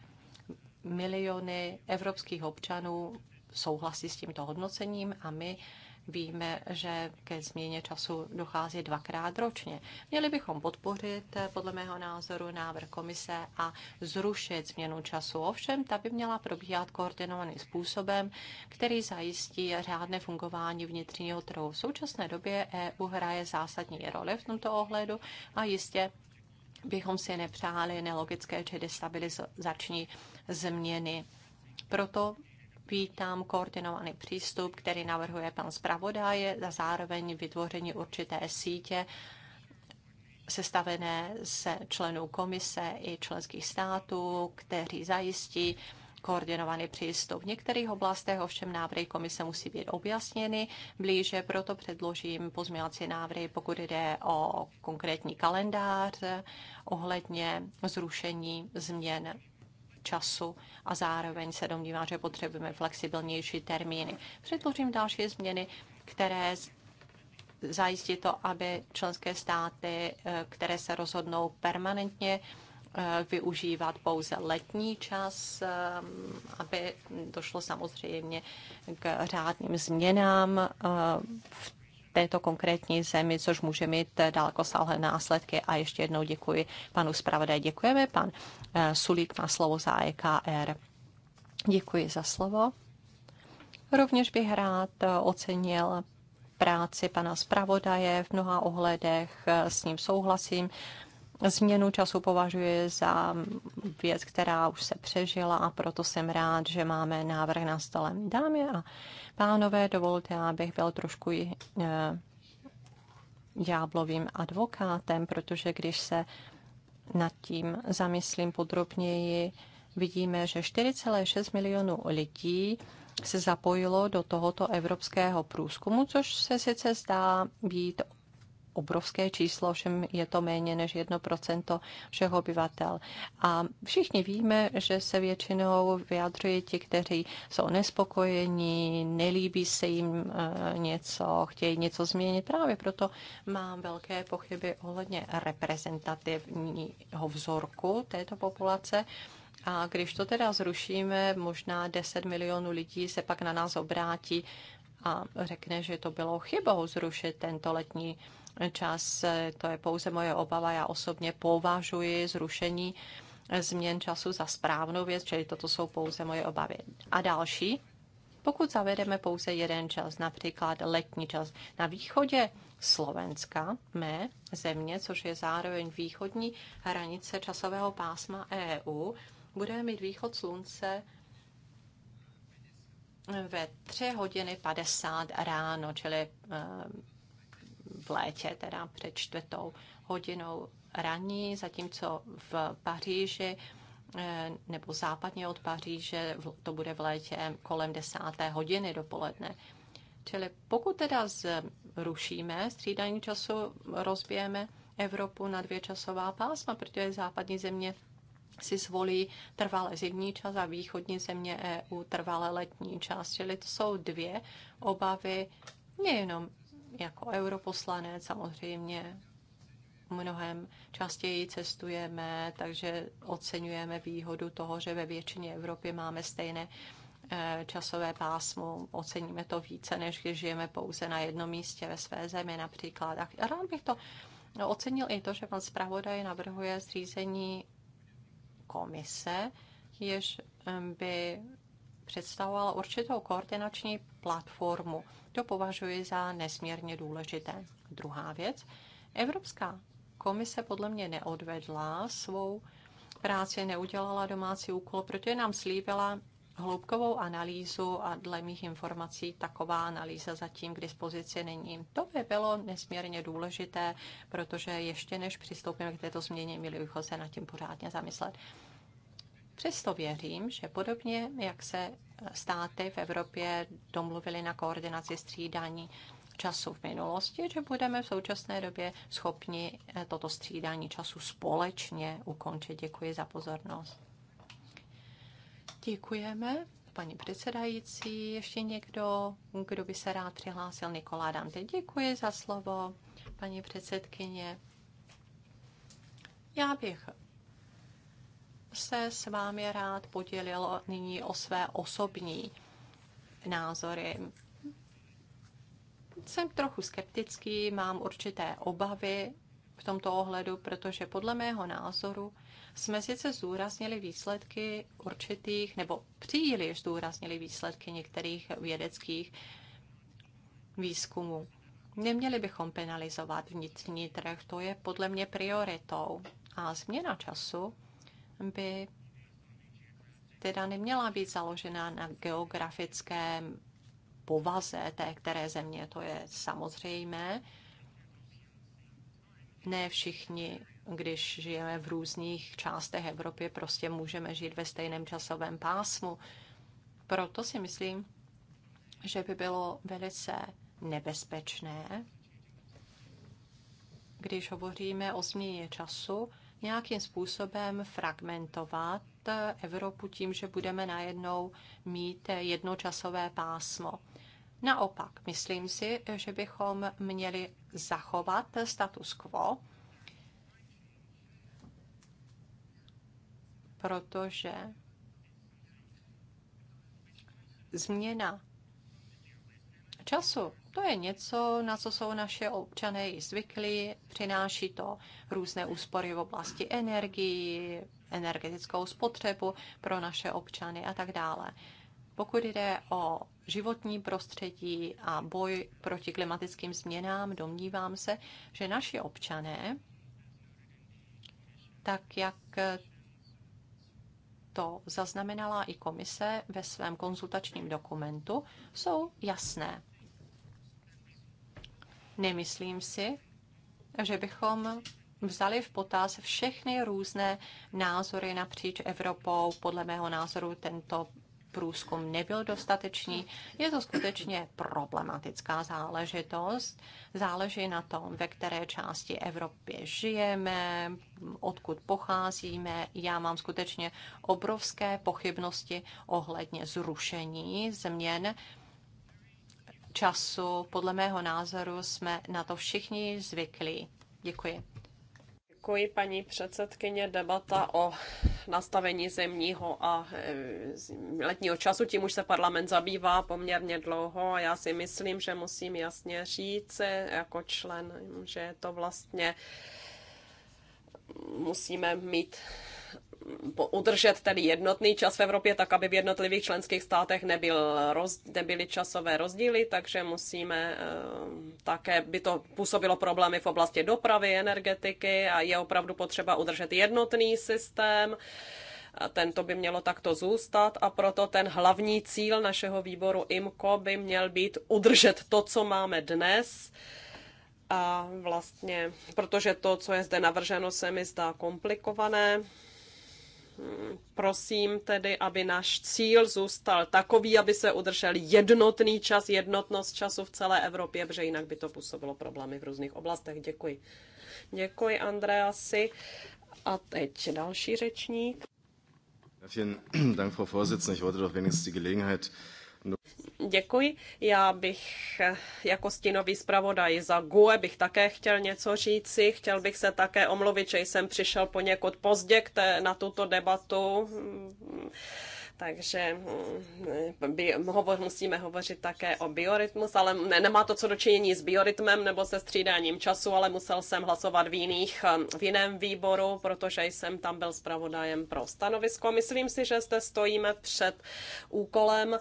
Miliony evropských občanů souhlasí s tímto hodnocením a my Víme, že ke změně času dochází dvakrát ročně. Měli bychom podpořit, eh, podle mého názoru, návrh komise a zrušit změnu času. Ovšem, ta by měla probíhat koordinovaným způsobem, který zajistí řádné fungování vnitřního trhu. V současné době EU hraje zásadní roli v tomto ohledu a jistě bychom si nepřáli nelogické či destabilizační změny. Proto vítám koordinovaný přístup, který navrhuje pan zpravodaj a zároveň vytvoření určité sítě sestavené se členů komise i členských států, kteří zajistí koordinovaný přístup. V některých oblastech ovšem návrhy komise musí být objasněny blíže, proto předložím pozměňovací návrhy, pokud jde o konkrétní kalendář ohledně zrušení změn času a zároveň se domnívám, že potřebujeme flexibilnější termíny. Předložím další změny, které zajistí to, aby členské státy, eh, které se rozhodnou permanentně eh, využívat pouze letní čas, eh, aby došlo samozřejmě k řádným změnám v této konkrétní zemi, což může mít sáhlé následky. A ještě jednou děkuji panu zpravodaj. Děkujeme. Pan eh, Sulík má slovo za EKR. Děkuji za slovo. Rovněž bych rád eh, ocenil práci pana zpravodaje v mnoha ohledech, eh, s ním souhlasím. Změnu času považuji za věc, která už se přežila a proto jsem rád, že máme návrh na stole. Dámy a Pánové, dovolte, abych byl trošku eh, ďáblovým advokátem, protože když se nad tím zamyslím podrobněji, vidíme, že 4,6 milionů lidí se zapojilo do tohoto evropského průzkumu, což se sice zdá být obrovské číslo, všem je to méně než 1% všech obyvatel. A všichni víme, že se většinou vyjadřují ti, kteří jsou nespokojení, nelíbí se jim eh, něco, chtějí něco změnit. Právě proto mám velké pochyby ohledně reprezentativního vzorku této populace. A když to teda zrušíme, možná 10 milionů lidí se pak na nás obrátí a řekne, že to bylo chybou zrušit tento letní čas. Eh, to je pouze moje obava. Já osobně považuji zrušení eh, změn času za správnou věc, čili toto jsou pouze moje obavy. A další, pokud zavedeme pouze jeden čas, například letní čas na východě Slovenska, mé země, což je zároveň východní hranice časového pásma EU, budeme mít východ slunce ve 3 hodiny 50 ráno, čili eh, v létě, teda před čtvrtou hodinou ranní, zatímco v Paříži eh, nebo západně od Paříže to bude v létě kolem desáté hodiny dopoledne. Čili pokud teda zrušíme střídání času, rozbijeme Evropu na dvě časová pásma, protože západní země si zvolí trvalé zimní čas a východní země EU trvalé letní čas. Čili to jsou dvě obavy nejenom jako europoslanec samozřejmě mnohem častěji cestujeme, takže oceňujeme výhodu toho, že ve většině Evropy máme stejné eh, časové pásmo, oceníme to více, než když žijeme pouze na jednom místě ve své zemi například. A rád bych to ocenil i to, že pan zpravodaj navrhuje zřízení komise, jež eh, by představoval určitou koordinační platformu. To považuji za nesmírně důležité. Druhá věc, Evropská komise podle mě neodvedla svou práci, neudělala domácí úkol, protože nám slíbila hloubkovou analýzu a dle mých informací taková analýza zatím k dispozici není. To by bylo nesmírně důležité, protože ještě než přistoupíme k této změně, měli bychom se nad tím pořádně zamyslet. Přesto věřím, že podobně, jak se státy v Evropě domluvili na koordinaci střídání času v minulosti, že budeme v současné době schopni eh, toto střídání času společně ukončit. Děkuji za pozornost. Děkujeme. Paní předsedající, ještě někdo, kdo by se rád přihlásil? Nikolá Dante, děkuji za slovo, paní předsedkyně. Já bych se s vámi rád podělil nyní o své osobní názory. Jsem trochu skeptický, mám určité obavy v tomto ohledu, protože podle mého názoru jsme sice zúraznili výsledky určitých, nebo příliš zúraznili výsledky některých vědeckých výzkumů. Neměli bychom penalizovat vnitřní trh, to je podle mě prioritou. A změna času by teda neměla být založena na geografickém povaze té které země, to je samozřejmé. Ne všichni, když žijeme v různých částech Evropy, prostě můžeme žít ve stejném časovém pásmu. Proto si myslím, že by bylo velice nebezpečné, když hovoříme o změně času, nějakým způsobem fragmentovat Evropu tím, že budeme najednou mít jednočasové pásmo. Naopak, myslím si, že bychom měli zachovat status quo, protože změna času to je něco, na co jsou naše občané i zvyklí. Přináší to různé úspory v oblasti energii, energetickou spotřebu pro naše občany a tak dále. Pokud jde o životní prostředí a boj proti klimatickým změnám, domnívám se, že naši občané, tak jak to zaznamenala i komise ve svém konzultačním dokumentu, jsou jasné. Nemyslím si, že bychom vzali v potaz všechny různé názory napříč Evropou. Podle mého názoru tento průzkum nebyl dostatečný. Je to skutečně problematická záležitost. Záleží na tom, ve které části Evropy žijeme, odkud pocházíme. Já mám skutečně obrovské pochybnosti ohledně zrušení změn času. Podle mého názoru jsme na to všichni zvyklí. Děkuji. Děkuji, paní předsedkyně. Debata o nastavení zemního a e, letního času, tím už se parlament zabývá poměrně dlouho a já si myslím, že musím jasně říct jako člen, že to vlastně musíme mít udržet tedy jednotný čas v Evropě, tak aby v jednotlivých členských státech nebyl roz, nebyly časové rozdíly, takže musíme eh, také, by to působilo problémy v oblasti dopravy, energetiky a je opravdu potřeba udržet jednotný systém. A tento by mělo takto zůstat a proto ten hlavní cíl našeho výboru IMCO by měl být udržet to, co máme dnes, a vlastně, protože to, co je zde navrženo, se mi zdá komplikované, prosím tedy, aby náš cíl zůstal takový, aby se udržel jednotný čas, jednotnost času v celé Evropě, protože jinak by to působilo problémy v různých oblastech. Děkuji. Děkuji, Andreasi. A teď další řečník. Vielen Dank, Frau Vorsitzende. Ich wollte doch wenigstens die Gelegenheit No. Děkuji. Já bych jako stínový zpravodaj za GUE bych také chtěl něco říci. Chtěl bych se také omluvit, že jsem přišel poněkud pozdě k té, na tuto debatu takže hm, by, hovor, musíme hovořit také o biorytmus, ale ne, nemá to co dočinění s biorytmem nebo se střídáním času, ale musel jsem hlasovat v, jiných, v jiném výboru, protože jsem tam byl zpravodajem pro stanovisko. Myslím si, že zde stojíme před úkolem,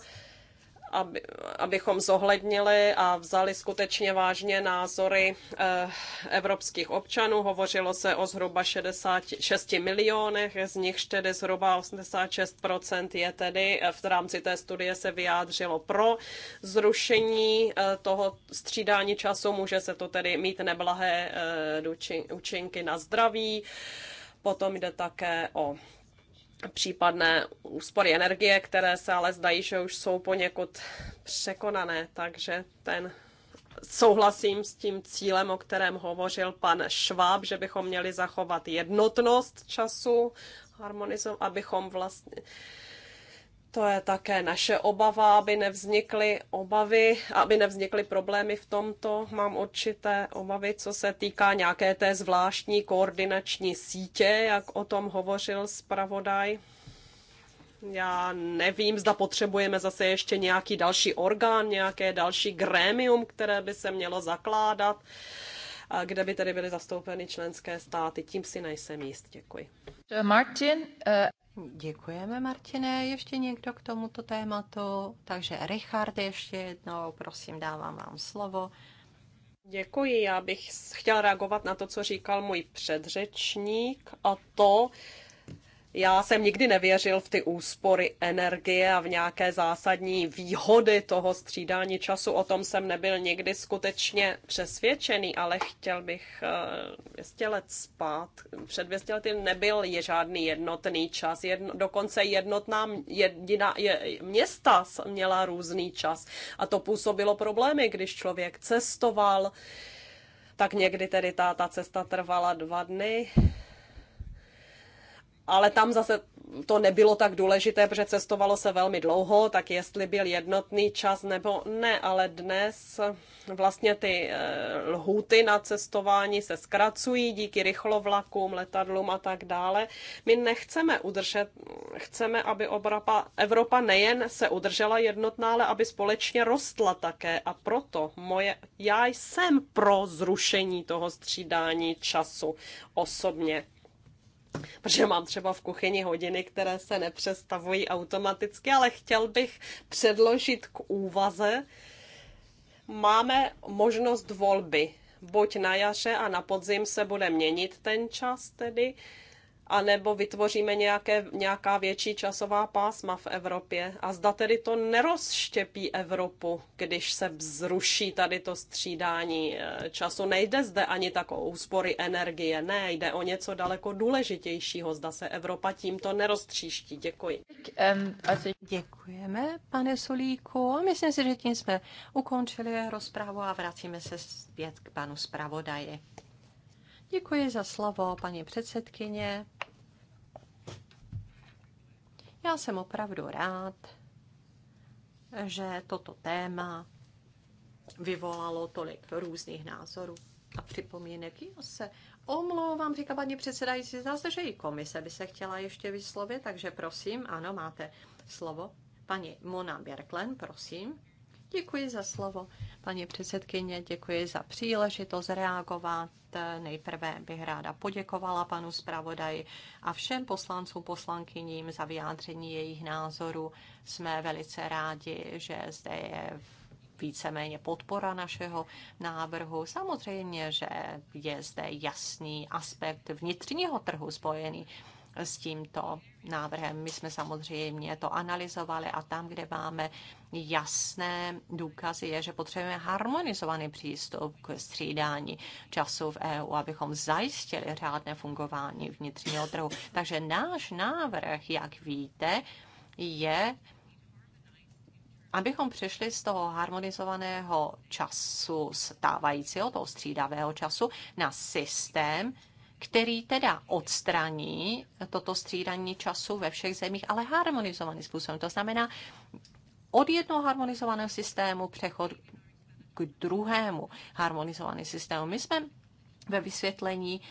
aby, abychom zohlednili a vzali skutečně vážně názory eh, evropských občanů. Hovořilo se o zhruba 66 milionech, z nichž tedy zhruba 86% je tedy eh, v rámci té studie se vyjádřilo pro zrušení eh, toho střídání času. Může se to tedy mít neblahé účinky na zdraví. Potom jde také o případné úspory energie, které se ale zdají, že už jsou poněkud překonané, takže ten souhlasím s tím cílem, o kterém hovořil pan Šváb, že bychom měli zachovat jednotnost času, harmonizovat, abychom vlastně to je také naše obava, aby nevznikly obavy, aby nevznikly problémy v tomto. Mám určité obavy, co se týká nějaké té zvláštní koordinační sítě, jak o tom hovořil zpravodaj. Já nevím, zda potřebujeme zase ještě nějaký další orgán, nějaké další grémium, které by se mělo zakládat, kde by tedy byly zastoupeny členské státy. Tím si nejsem jist. Děkuji. Martin, uh... Děkujeme, Martine. Ještě někdo k tomuto tématu? Takže Richard, ještě jednou, prosím, dávám vám slovo. Děkuji. Já bych chtěl reagovat na to, co říkal můj předřečník a to, já jsem nikdy nevěřil v ty úspory energie a v nějaké zásadní výhody toho střídání času. O tom jsem nebyl nikdy skutečně přesvědčený, ale chtěl bych 200 eh, let spát. Před 200 lety nebyl je žádný jednotný čas. Jedno, dokonce jednotná jedina, je, města měla různý čas. A to působilo problémy, když člověk cestoval, tak někdy tedy ta, ta cesta trvala dva dny ale tam zase to nebylo tak důležité, protože cestovalo se velmi dlouho, tak jestli byl jednotný čas nebo ne, ale dnes vlastně ty eh, lhuty na cestování se zkracují díky rychlovlakům, letadlům a tak dále. My nechceme udržet, chceme, aby Evropa, Evropa nejen se udržela jednotná, ale aby společně rostla také a proto moje, já jsem pro zrušení toho střídání času osobně protože mám třeba v kuchyni hodiny, které se nepřestavují automaticky, ale chtěl bych předložit k úvaze. Máme možnost volby. Buď na jaře a na podzim se bude měnit ten čas tedy, anebo vytvoříme nějaké, nějaká větší časová pásma v Evropě. A zda tedy to nerozštěpí Evropu, když se zruší tady to střídání eh, času. Nejde zde ani tak o úspory energie, ne, jde o něco daleko důležitějšího. Zda se Evropa tímto neroztříští. Děkuji. Děkujeme, pane Sulíku. A myslím si, že tím jsme ukončili rozprávu a vracíme se zpět k panu zpravodaji. Děkuji za slovo, paní předsedkyně. Já jsem opravdu rád, že toto téma vyvolalo tolik různých názorů a připomínek. Já se omlouvám, říká paní předsedající, zdá se, že i komise by se chtěla ještě vyslovit, takže prosím, ano, máte slovo. Paní Mona Bjerklen, prosím. Děkuji za slovo, paní předsedkyně, děkuji za příležitost reagovat Eh, nejprve bych ráda poděkovala panu zpravodaji a všem poslancům poslankyním za vyjádření jejich názoru. Jsme velice rádi, že zde je víceméně podpora našeho návrhu. Samozřejmě, že je zde jasný aspekt vnitřního trhu spojený s tímto návrhem. My jsme samozřejmě to analyzovali a tam, kde máme jasné důkazy, je, že potřebujeme harmonizovaný přístup k střídání času v EU, abychom zajistili řádné fungování vnitřního trhu. Takže náš návrh, jak víte, je abychom přešli z toho harmonizovaného času stávajícího, toho střídavého času, na systém, který teda odstraní toto střídání času ve všech zemích, ale harmonizovaným způsobem. To znamená od jednoho harmonizovaného systému přechod k druhému harmonizovanému systému. My jsme ve vysvětlení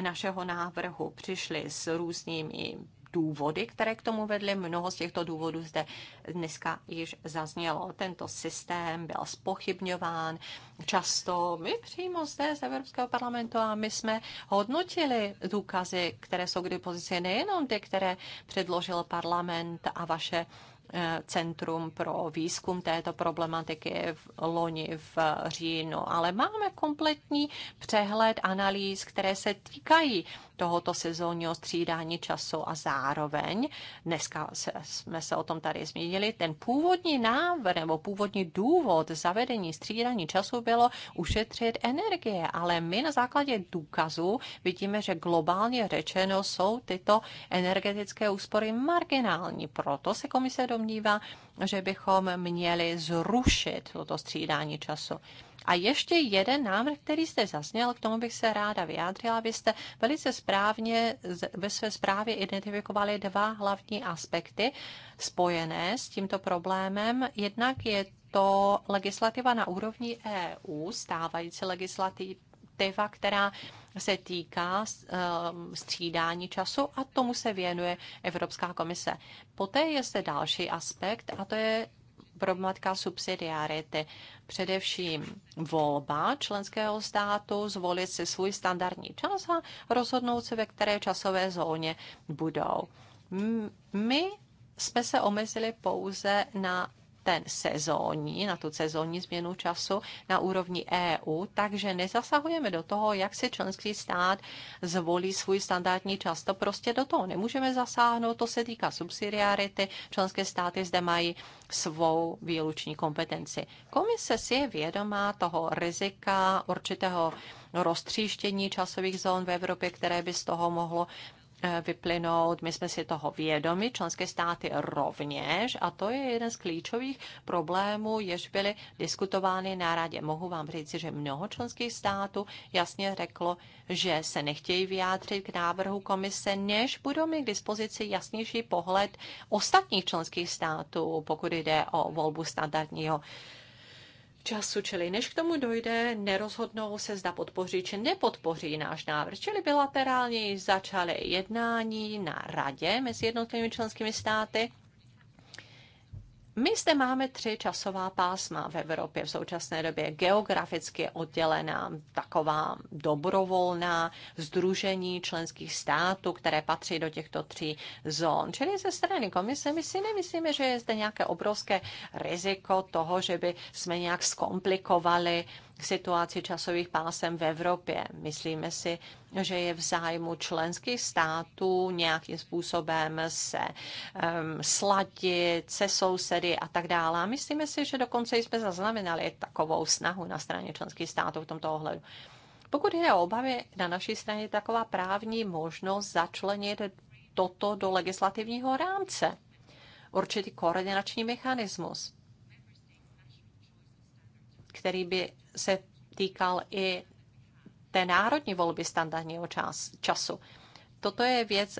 našeho návrhu přišli s různými důvody, které k tomu vedly. Mnoho z těchto důvodů zde dneska již zaznělo. Tento systém byl spochybňován často my přímo zde z Evropského parlamentu a my jsme hodnotili důkazy, které jsou k dispozici, nejenom ty, které předložil parlament a vaše Eh, Centrum pro výzkum této problematiky v loni v říjnu, ale máme kompletní přehled analýz, které se týkají tohoto sezónního střídání času a zároveň, dneska se, jsme se o tom tady zmínili, ten původní návrh nebo původní důvod zavedení střídání času bylo ušetřit energie, ale my na základě důkazu vidíme, že globálně řečeno jsou tyto energetické úspory marginální. Proto se komise do domnívá, že bychom měli zrušit toto střídání času. A ještě jeden návrh, který jste zazněl, k tomu bych se ráda vyjádřila. Vy jste velice správně ve své zprávě identifikovali dva hlavní aspekty spojené s tímto problémem. Jednak je to legislativa na úrovni EU, stávající legislativa aktiva, která se týká ehm, střídání času a tomu se věnuje Evropská komise. Poté je zde další aspekt a to je problematika subsidiarity. Především volba členského státu, zvolit si svůj standardní čas a rozhodnout se, ve které časové zóně budou. My jsme se omezili pouze na ten sezónní, na tu sezónní změnu času na úrovni EU, takže nezasahujeme do toho, jak si členský stát zvolí svůj standardní čas. To prostě do toho nemůžeme zasáhnout, to se týká subsidiarity, členské státy zde mají svou výluční kompetenci. Komise si je vědomá toho rizika určitého roztříštění časových zón v Evropě, které by z toho mohlo Eh, vyplynout. My jsme si toho vědomi, členské státy rovněž, a to je jeden z klíčových problémů, jež byly diskutovány na radě. Mohu vám říct, že mnoho členských států jasně řeklo, že se nechtějí vyjádřit k návrhu komise, než budou mít k dispozici jasnější pohled ostatních členských států, pokud jde o volbu standardního času, čili než k tomu dojde, nerozhodnou se zda podpoří či nepodpoří náš návrh. Čili bilaterálně začaly jednání na radě mezi jednotlivými členskými státy my zde máme tři časová pásma v Evropě v současné době, geograficky oddělená, taková dobrovolná združení členských států, které patří do těchto tří zón. Čili ze strany komise my si nemyslíme, že je zde nějaké obrovské riziko toho, že by jsme nějak zkomplikovali uh, k situaci časových pásem v Evropě. Myslíme si, že je v zájmu členských států nějakým způsobem se um, sladit se sousedy a tak dále. A myslíme si, že dokonce jsme zaznamenali takovou snahu na straně členských států v tomto ohledu. Pokud jde o obavy, na naší straně je taková právní možnost začlenit toto do legislativního rámce. Určitý koordinační mechanismus, který by se týkal i té národní volby standardního čas, času. Toto je věc,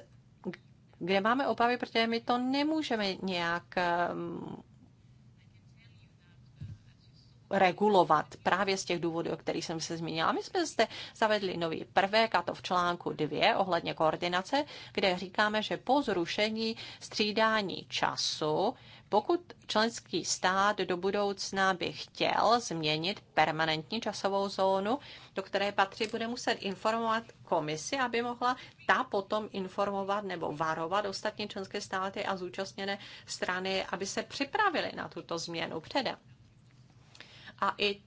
kde máme obavy, protože my to nemůžeme nějak um, regulovat právě z těch důvodů, o kterých jsem se zmínila. My jsme zde zavedli nový prvek, a to v článku 2 ohledně koordinace, kde říkáme, že po zrušení střídání času pokud členský stát do budoucna by chtěl změnit permanentní časovou zónu, do které patří, bude muset informovat komisi, aby mohla ta potom informovat nebo varovat ostatní členské státy a zúčastněné strany, aby se připravili na tuto změnu předem. A i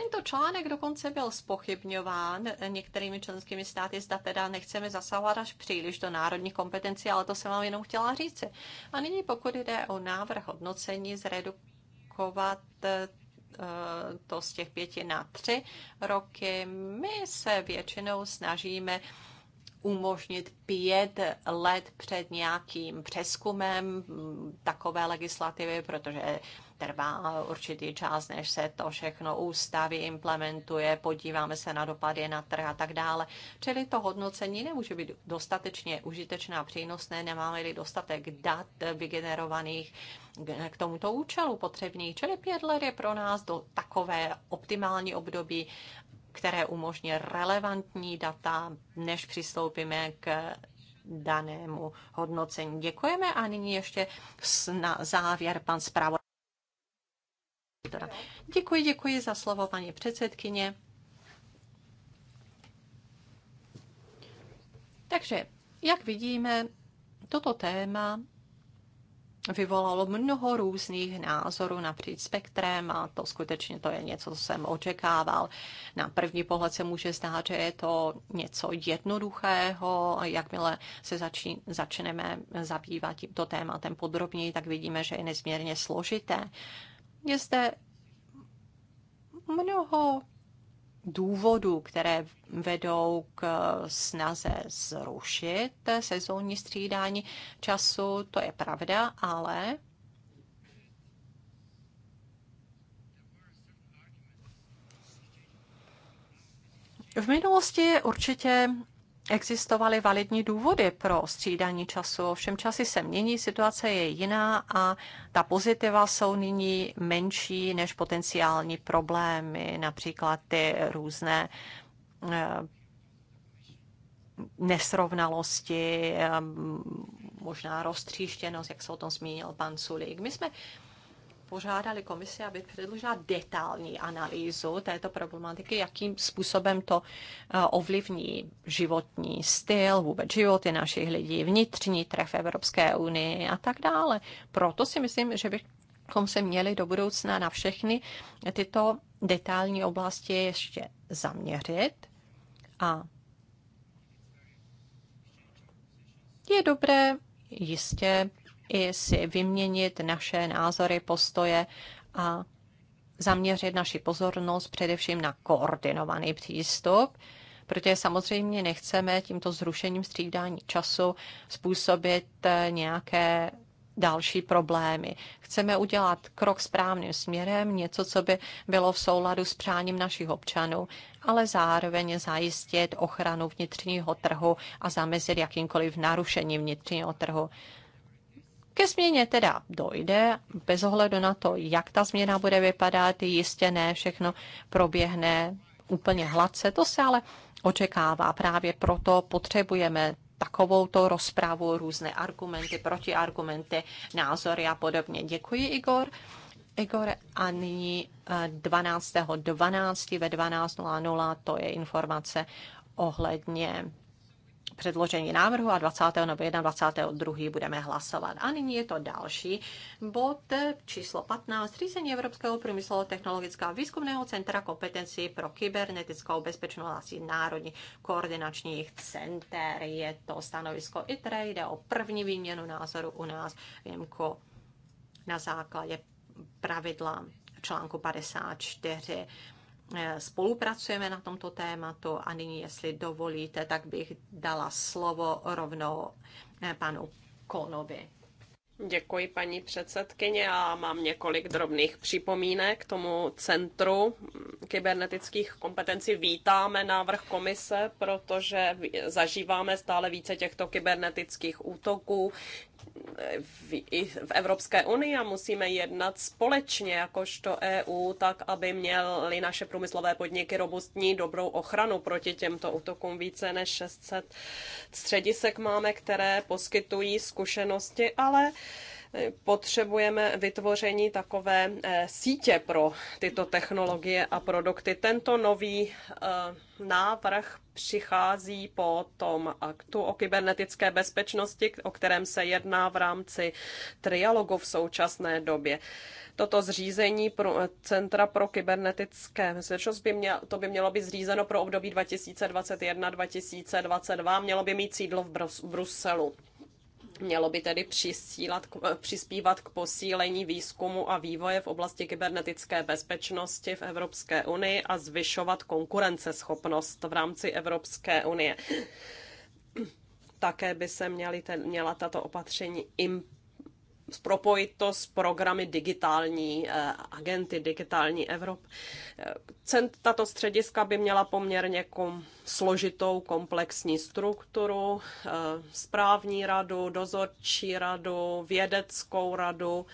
tento článek dokonce byl spochybňován některými členskými státy, zda teda nechceme zasahovat až příliš do národní kompetenci, ale to jsem vám jenom chtěla říct. A nyní pokud jde o návrh hodnocení zredukovat eh, to z těch pěti na tři roky. My se většinou snažíme umožnit pět let před nějakým přeskumem takové legislativy, protože trvá určitý čas, než se to všechno ústaví, implementuje, podíváme se na dopady na trh a tak dále. Čili to hodnocení nemůže být dostatečně užitečné a přínosné, nemáme-li dostatek dat vygenerovaných k tomuto účelu potřebných. Čili pět let je pro nás do takové optimální období které umožní relevantní data, než přistoupíme k danému hodnocení. Děkujeme a nyní ještě na závěr pan zpravodaj. Děkuji, děkuji za slovo, paní předsedkyně. Takže, jak vidíme, toto téma vyvolalo mnoho různých názorů napříč spektrem a to skutečně to je něco, co jsem očekával. Na první pohled se může zdát, že je to něco jednoduchého a jakmile se začí, začneme zabývat tímto tématem podrobněji, tak vidíme, že je nezměrně složité. Je zde mnoho důvodů, které vedou k snaze zrušit sezónní střídání času, to je pravda, ale v minulosti určitě existovaly validní důvody pro střídání času. Ovšem časy se mění, situace je jiná a ta pozitiva jsou nyní menší než potenciální problémy, například ty různé eh, nesrovnalosti, eh, možná roztříštěnost, jak se o tom zmínil pan Sulík. My jsme požádali komisi, aby předložila detailní analýzu této problematiky, jakým způsobem to eh, ovlivní životní styl, vůbec životy našich lidí, vnitřní trh v Evropské unii a tak dále. Proto si myslím, že bych bychom se měli do budoucna na všechny tyto detailní oblasti ještě zaměřit. A je dobré jistě i si vyměnit naše názory, postoje a zaměřit naši pozornost především na koordinovaný přístup, protože samozřejmě nechceme tímto zrušením střídání času způsobit eh, nějaké další problémy. Chceme udělat krok správným směrem, něco, co by bylo v souladu s přáním našich občanů, ale zároveň zajistit ochranu vnitřního trhu a zamezit jakýmkoliv narušením vnitřního trhu. Ke změně teda dojde, bez ohledu na to, jak ta změna bude vypadat, jistě ne, všechno proběhne úplně hladce, to se ale očekává. Právě proto potřebujeme takovouto rozpravu, různé argumenty, protiargumenty, názory a podobně. Děkuji, Igor. Igor a nyní 12.12. Eh, 12. ve 12.00 to je informace ohledně předložení návrhu a 20. nebo 21. 22. budeme hlasovat. A nyní je to další bod číslo 15. Řízení Evropského průmyslu technologického výzkumného centra kompetenci pro kybernetickou bezpečnost a národní koordinačních center. Je to stanovisko ITRE, jde o první výměnu názoru u nás, výjimku na základě pravidla článku 54 Eh, spolupracujeme na tomto tématu a nyní, jestli dovolíte, tak bych dala slovo rovnou eh, panu Konovi. Děkuji, paní předsedkyně. A mám několik drobných připomínek k tomu centru kybernetických kompetencí. Vítáme návrh komise, protože zažíváme stále více těchto kybernetických útoků, v, i v Evropské unii a musíme jednat společně, jakožto EU, tak, aby měly naše průmyslové podniky robustní dobrou ochranu proti těmto útokům. Více než 600 středisek máme, které poskytují zkušenosti, ale uh, potřebujeme vytvoření takové eh, sítě pro tyto technologie a produkty. Tento nový eh, návrh přichází po tom aktu o kybernetické bezpečnosti, o kterém se jedná v rámci trialogu v současné době. Toto zřízení pro eh, Centra pro kybernetické bezpečnost by mělo, to by mělo být zřízeno pro období 2021-2022, mělo by mít sídlo v Bruselu. Mělo by tedy přisílat, přispívat k posílení výzkumu a vývoje v oblasti kybernetické bezpečnosti v Evropské unii a zvyšovat konkurenceschopnost v rámci Evropské unie. Také by se měly, měla tato opatření implementovat propojit to s programy digitální eh, agenty, digitální Evrop. Eh, tato střediska by měla poměrně složitou komplexní strukturu, eh, správní radu, dozorčí radu, vědeckou radu,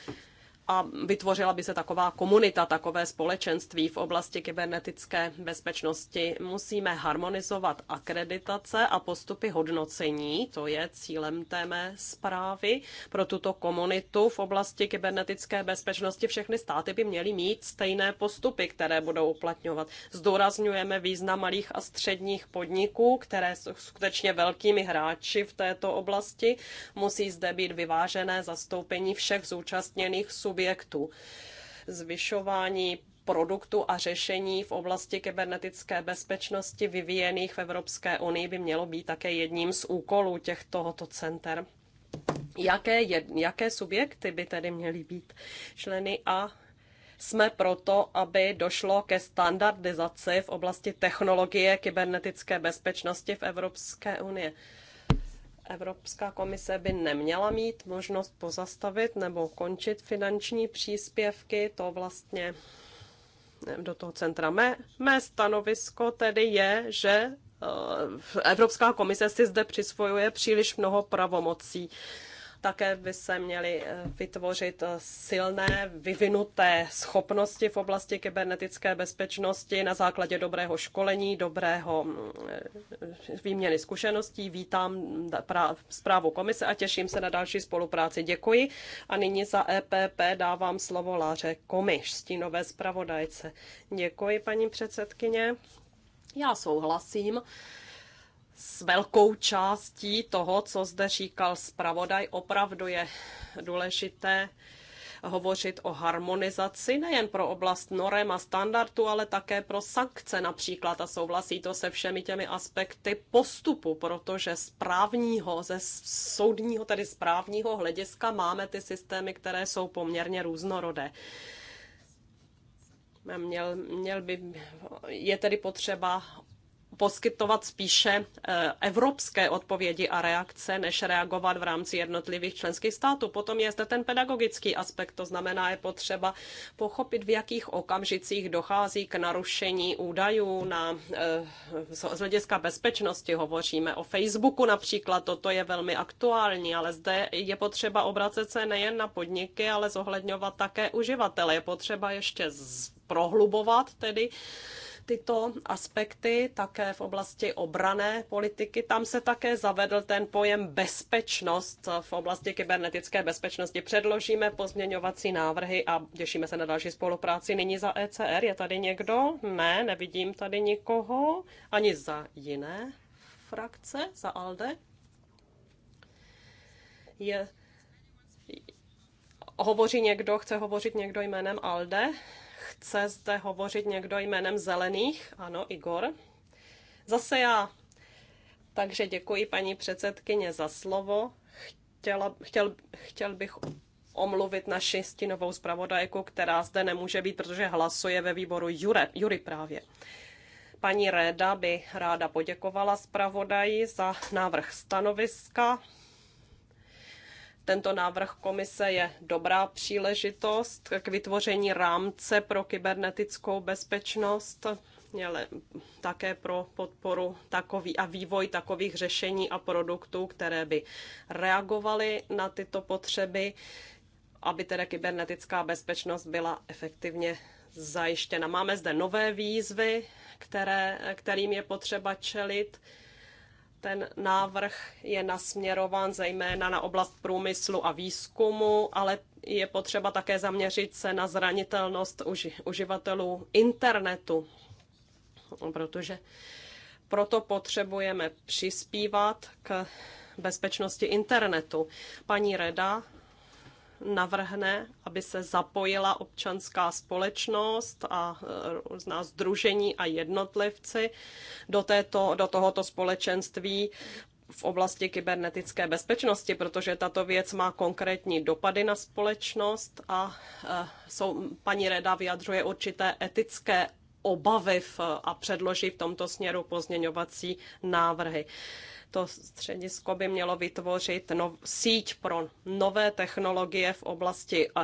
a vytvořila by se taková komunita, takové společenství v oblasti kybernetické bezpečnosti. Musíme harmonizovat akreditace a postupy hodnocení, to je cílem té mé zprávy. Pro tuto komunitu v oblasti kybernetické bezpečnosti všechny státy by měly mít stejné postupy, které budou uplatňovat. Zdůrazňujeme význam malých a středních podniků, které jsou skutečně velkými hráči v této oblasti. Musí zde být vyvážené zastoupení všech zúčastněných subjektů subjektů. Zvyšování produktu a řešení v oblasti kybernetické bezpečnosti vyvíjených v Evropské unii by mělo být také jedním z úkolů těch tohoto center. Jaké, jed, jaké subjekty by tedy měly být členy a jsme proto, aby došlo ke standardizaci v oblasti technologie kybernetické bezpečnosti v Evropské unii. Evropská komise by neměla mít možnost pozastavit nebo končit finanční příspěvky, to vlastně do toho centra. Mé, mé stanovisko tedy je, že eh, Evropská komise si zde přisvojuje příliš mnoho pravomocí. Také by se měly eh, vytvořit eh, silné, vyvinuté schopnosti v oblasti kybernetické bezpečnosti na základě dobrého školení, dobrého mm, eh, výměny zkušeností. Vítám zprávu komise a těším se na další spolupráci. Děkuji. A nyní za EPP dávám slovo Láře Komiš, stínové zpravodajce. Děkuji, paní předsedkyně. Já souhlasím s velkou částí toho, co zde říkal zpravodaj, opravdu je důležité hovořit o harmonizaci nejen pro oblast norem a standardů, ale také pro sankce například a souhlasí to se všemi těmi aspekty postupu, protože z právního, ze soudního, tedy z právního hlediska máme ty systémy, které jsou poměrně různorodé. Měl, měl by, je tedy potřeba poskytovat spíše eh, evropské odpovědi a reakce, než reagovat v rámci jednotlivých členských států. Potom je zde ten pedagogický aspekt, to znamená, je potřeba pochopit, v jakých okamžicích dochází k narušení údajů na, eh, z hlediska bezpečnosti. Hovoříme o Facebooku například, toto je velmi aktuální, ale zde je potřeba obracet se nejen na podniky, ale zohledňovat také uživatele. Je potřeba ještě prohlubovat tedy tyto aspekty, také v oblasti obrané politiky. Tam se také zavedl ten pojem bezpečnost v oblasti kybernetické bezpečnosti. Předložíme pozměňovací návrhy a těšíme se na další spolupráci. Nyní za ECR je tady někdo? Ne, nevidím tady nikoho, ani za jiné frakce, za ALDE. Je, hovoří někdo, chce hovořit někdo jménem ALDE? Chce zde hovořit někdo jménem zelených? Ano, Igor. Zase já. Takže děkuji paní předsedkyně za slovo. Chtěla, chtěl, chtěl bych omluvit naši stinovou zpravodajku, která zde nemůže být, protože hlasuje ve výboru Jure, Jury právě. Paní Réda by ráda poděkovala zpravodaji za návrh stanoviska tento návrh komise je dobrá příležitost k vytvoření rámce pro kybernetickou bezpečnost, ale také pro podporu takový a vývoj takových řešení a produktů, které by reagovaly na tyto potřeby, aby tedy kybernetická bezpečnost byla efektivně zajištěna. Máme zde nové výzvy, které, kterým je potřeba čelit ten návrh je nasměrován zejména na oblast průmyslu a výzkumu, ale je potřeba také zaměřit se na zranitelnost uži- uživatelů internetu, protože proto potřebujeme přispívat k bezpečnosti internetu. Paní Reda navrhne, aby se zapojila občanská společnost a e, různá združení a jednotlivci do, této, do tohoto společenství v oblasti kybernetické bezpečnosti, protože tato věc má konkrétní dopady na společnost a e, jsou, paní Reda vyjadřuje určité etické obavy v, a předloží v tomto směru pozměňovací návrhy to středisko by mělo vytvořit no, síť pro nové technologie v oblasti eh,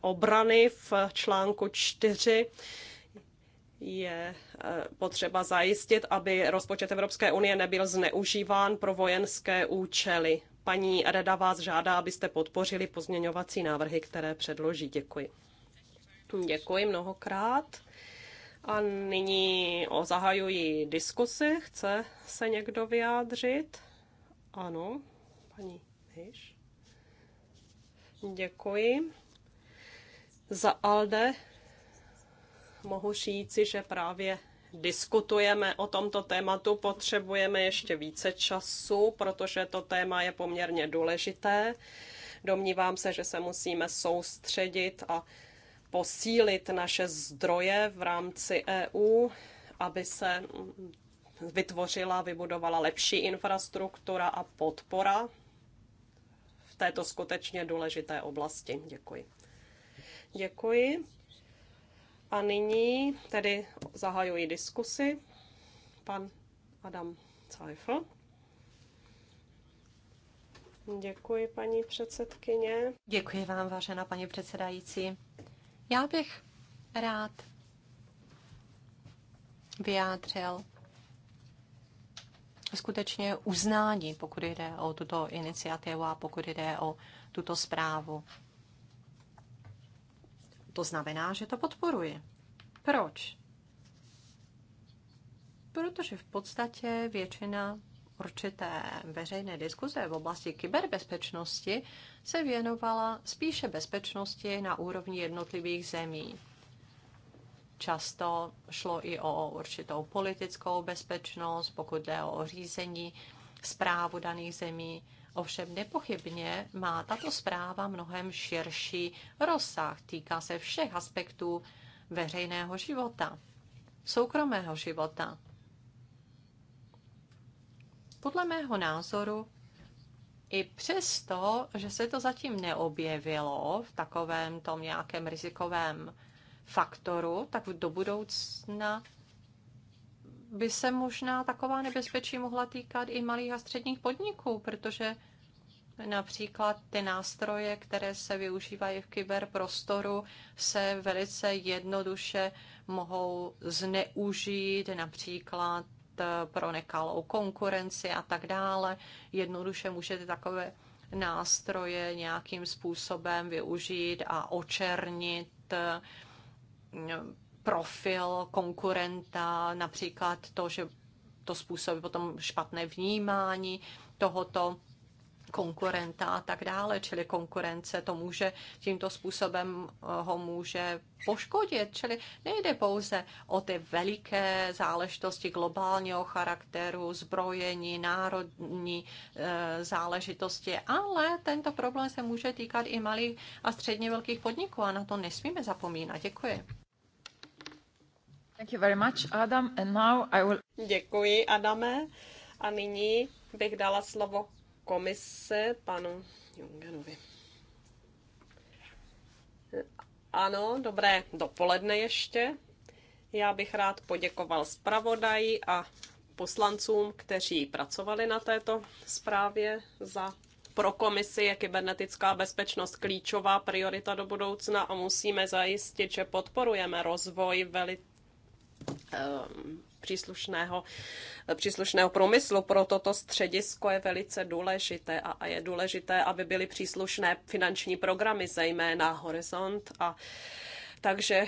obrany v článku 4 je eh, potřeba zajistit, aby rozpočet Evropské unie nebyl zneužíván pro vojenské účely. Paní Reda vás žádá, abyste podpořili pozměňovací návrhy, které předloží. Děkuji. Děkuji mnohokrát. A nyní o zahajuji diskusy. Chce se někdo vyjádřit? Ano, paní Hyš. Děkuji. Za Alde mohu říci, že právě diskutujeme o tomto tématu, potřebujeme ještě více času, protože to téma je poměrně důležité. Domnívám se, že se musíme soustředit a posílit naše zdroje v rámci EU, aby se vytvořila, vybudovala lepší infrastruktura a podpora v této skutečně důležité oblasti. Děkuji. Děkuji. A nyní tedy zahajuji diskusi. Pan Adam Ceifl. Děkuji, paní předsedkyně. Děkuji vám, vážená paní předsedající. Já bych rád vyjádřil skutečně uznání, pokud jde o tuto iniciativu a pokud jde o tuto zprávu. To znamená, že to podporuji. Proč? Protože v podstatě většina určité veřejné diskuze v oblasti kyberbezpečnosti se věnovala spíše bezpečnosti na úrovni jednotlivých zemí. Často šlo i o určitou politickou bezpečnost, pokud jde o řízení zprávu daných zemí. Ovšem nepochybně má tato zpráva mnohem širší rozsah. Týká se všech aspektů veřejného života, soukromého života, podle mého názoru i přesto, že se to zatím neobjevilo v takovém tom nějakém rizikovém faktoru, tak do budoucna by se možná taková nebezpečí mohla týkat i malých a středních podniků, protože například ty nástroje, které se využívají v kyberprostoru, se velice jednoduše mohou zneužít například Eh, pro nekalou konkurenci a tak dále. Jednoduše můžete takové nástroje nějakým způsobem využít a očernit eh, profil konkurenta, například to, že to způsobí potom špatné vnímání tohoto konkurenta a tak dále, čili konkurence to může tímto způsobem eh, ho může poškodit, čili nejde pouze o ty veliké záležitosti globálního charakteru, zbrojení, národní e, záležitosti, ale tento problém se může týkat i malých a středně velkých podniků a na to nesmíme zapomínat. Děkuji. Thank you very much, Adam. And now I will... Děkuji, Adame. A nyní bych dala slovo komise panu Jungenovi. Ano, dobré dopoledne ještě. Já bych rád poděkoval zpravodaji a poslancům, kteří pracovali na této zprávě za pro komisi je kybernetická bezpečnost klíčová priorita do budoucna a musíme zajistit, že podporujeme rozvoj veli, ehm, příslušného, příslušného průmyslu. Proto to středisko je velice důležité a, a je důležité, aby byly příslušné finanční programy, zejména Horizont a takže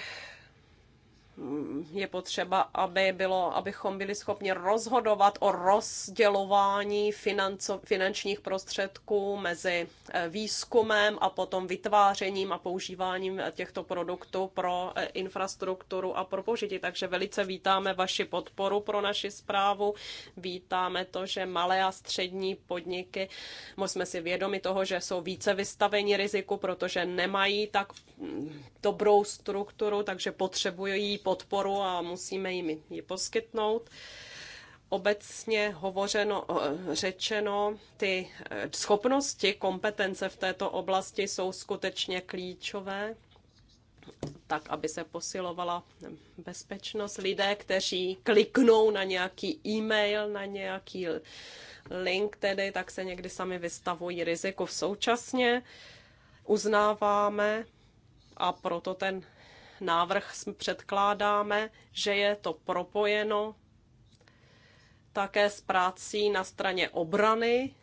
je potřeba, aby bylo, abychom byli schopni rozhodovat o rozdělování financo, finančních prostředků mezi eh, výzkumem a potom vytvářením a používáním eh, těchto produktů pro eh, infrastrukturu a pro použití. Takže velice vítáme vaši podporu pro naši zprávu. Vítáme to, že malé a střední podniky, my jsme si vědomi toho, že jsou více vystaveni riziku, protože nemají tak mm, dobrou strukturu, takže potřebují podporu a musíme jim ji poskytnout obecně hovořeno, eh, řečeno, ty eh, schopnosti, kompetence v této oblasti jsou skutečně klíčové, tak aby se posilovala bezpečnost. Lidé, kteří kliknou na nějaký e-mail, na nějaký link, tedy, tak se někdy sami vystavují riziku. V současně uznáváme a proto ten návrh předkládáme, že je to propojeno také s prácí na straně obrany,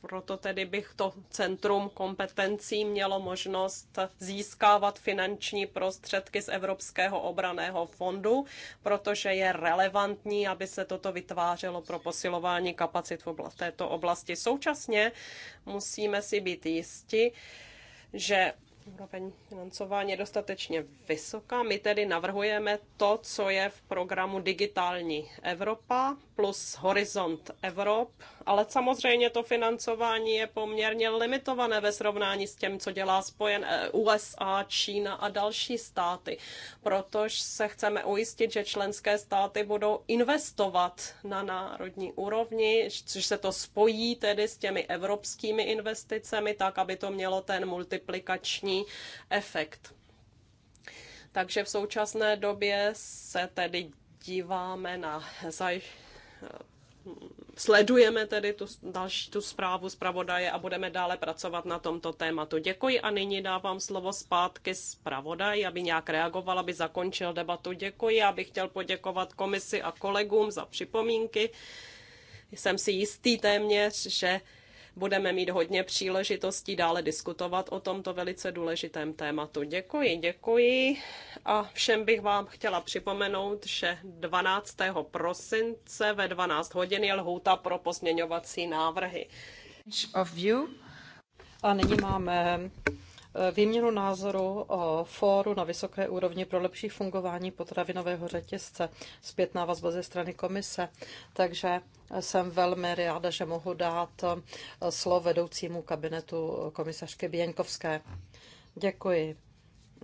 proto tedy bych to centrum kompetencí mělo možnost získávat finanční prostředky z Evropského obraného fondu, protože je relevantní, aby se toto vytvářelo pro posilování kapacit v této oblasti. Současně musíme si být jisti, že úroveň financování je dostatečně vysoká. My tedy navrhujeme to, co je v programu Digitální Evropa plus Horizont Evrop, ale samozřejmě to financování je poměrně limitované ve srovnání s tím, co dělá spojen eh, USA, Čína a další státy, protože se chceme ujistit, že členské státy budou investovat na národní úrovni, což se to spojí tedy s těmi evropskými investicemi, tak aby to mělo ten multiplikační pozitivní efekt. Takže v současné době se tedy díváme na zaj... sledujeme tedy tu další tu zprávu zpravodaje a budeme dále pracovat na tomto tématu. Děkuji a nyní dávám slovo zpátky zpravodaj, aby nějak reagoval, aby zakončil debatu. Děkuji, bych chtěl poděkovat komisi a kolegům za připomínky. Jsem si jistý téměř, že budeme mít hodně příležitostí dále diskutovat o tomto velice důležitém tématu. Děkuji, děkuji a všem bych vám chtěla připomenout, že 12. prosince ve 12 hodin je lhůta pro pozměňovací návrhy. A nyní máme výměnu názoru o fóru na vysoké úrovni pro lepší fungování potravinového řetězce. Zpětná vazba ze strany komise. Takže jsem velmi ráda, že mohu dát slovo vedoucímu kabinetu komisařky Běňkovské. Děkuji.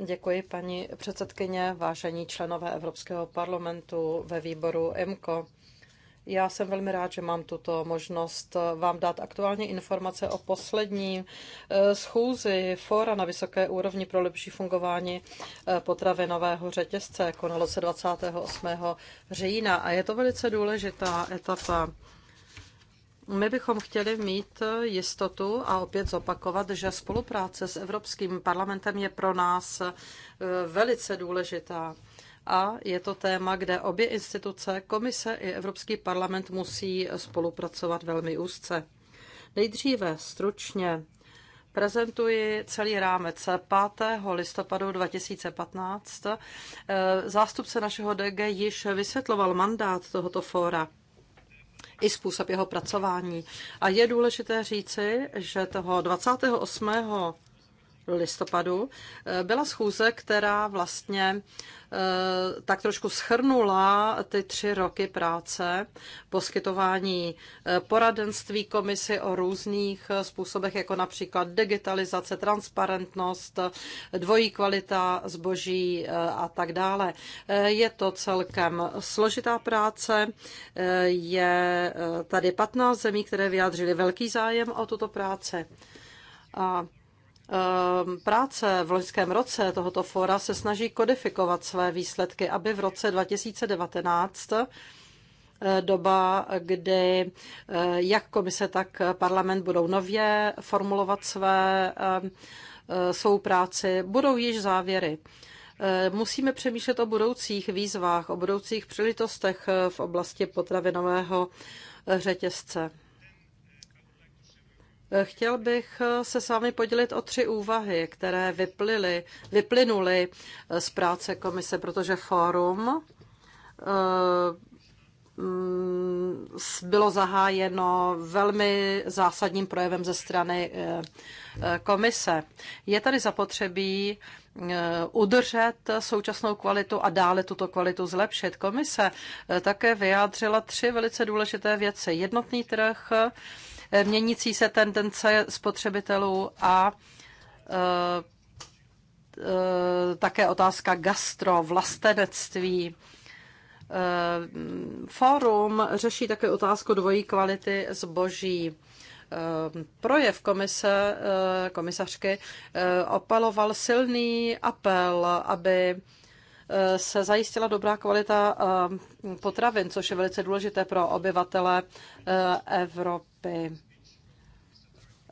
Děkuji, paní předsedkyně, vážení členové Evropského parlamentu ve výboru EMKO. Já jsem velmi rád, že mám tuto možnost eh, vám dát aktuálně informace o poslední eh, schůzi Fóra na vysoké úrovni pro lepší fungování eh, potravinového řetězce. Konalo se 28. října a je to velice důležitá etapa. My bychom chtěli mít jistotu a opět zopakovat, že spolupráce s Evropským parlamentem je pro nás velice důležitá a je to téma, kde obě instituce, komise i Evropský parlament musí spolupracovat velmi úzce. Nejdříve stručně prezentuji celý rámec 5. listopadu 2015. Eh, zástupce našeho DG již vysvětloval mandát tohoto fóra i způsob jeho pracování. A je důležité říci, že toho 28 listopadu eh, byla schůze, která vlastně eh, tak trošku schrnula ty tři roky práce, poskytování eh, poradenství komisy o různých způsobech, jako například digitalizace, transparentnost, dvojí kvalita zboží a tak dále. Je to celkem složitá práce. Je tady 15 zemí, které vyjádřily velký zájem o tuto práci. A Ehm, práce v loňském roce tohoto fóra se snaží kodifikovat své výsledky, aby v roce 2019 eh, doba, kdy eh, jak komise, tak parlament budou nově formulovat své ehm, eh, svou práci, budou již závěry. Musíme přemýšlet o budoucích výzvách, o budoucích příležitostech v oblasti potravinového řetězce. Chtěl bych se s vámi podělit o tři úvahy, které vyplily, vyplynuly z práce komise, protože fórum eh, mm, bylo zahájeno velmi zásadním projevem ze strany eh, komise. Je tady zapotřebí eh, udržet současnou kvalitu a dále tuto kvalitu zlepšit. Komise také vyjádřila tři velice důležité věci. Jednotný trh, Eh, měnící se tendence spotřebitelů a eh, eh, také otázka gastro, vlastenectví. Fórum řeší také otázku dvojí kvality zboží. Projev komise, komisařky opaloval silný apel, aby se zajistila dobrá kvalita potravin, což je velice důležité pro obyvatele Evropy. Evropy.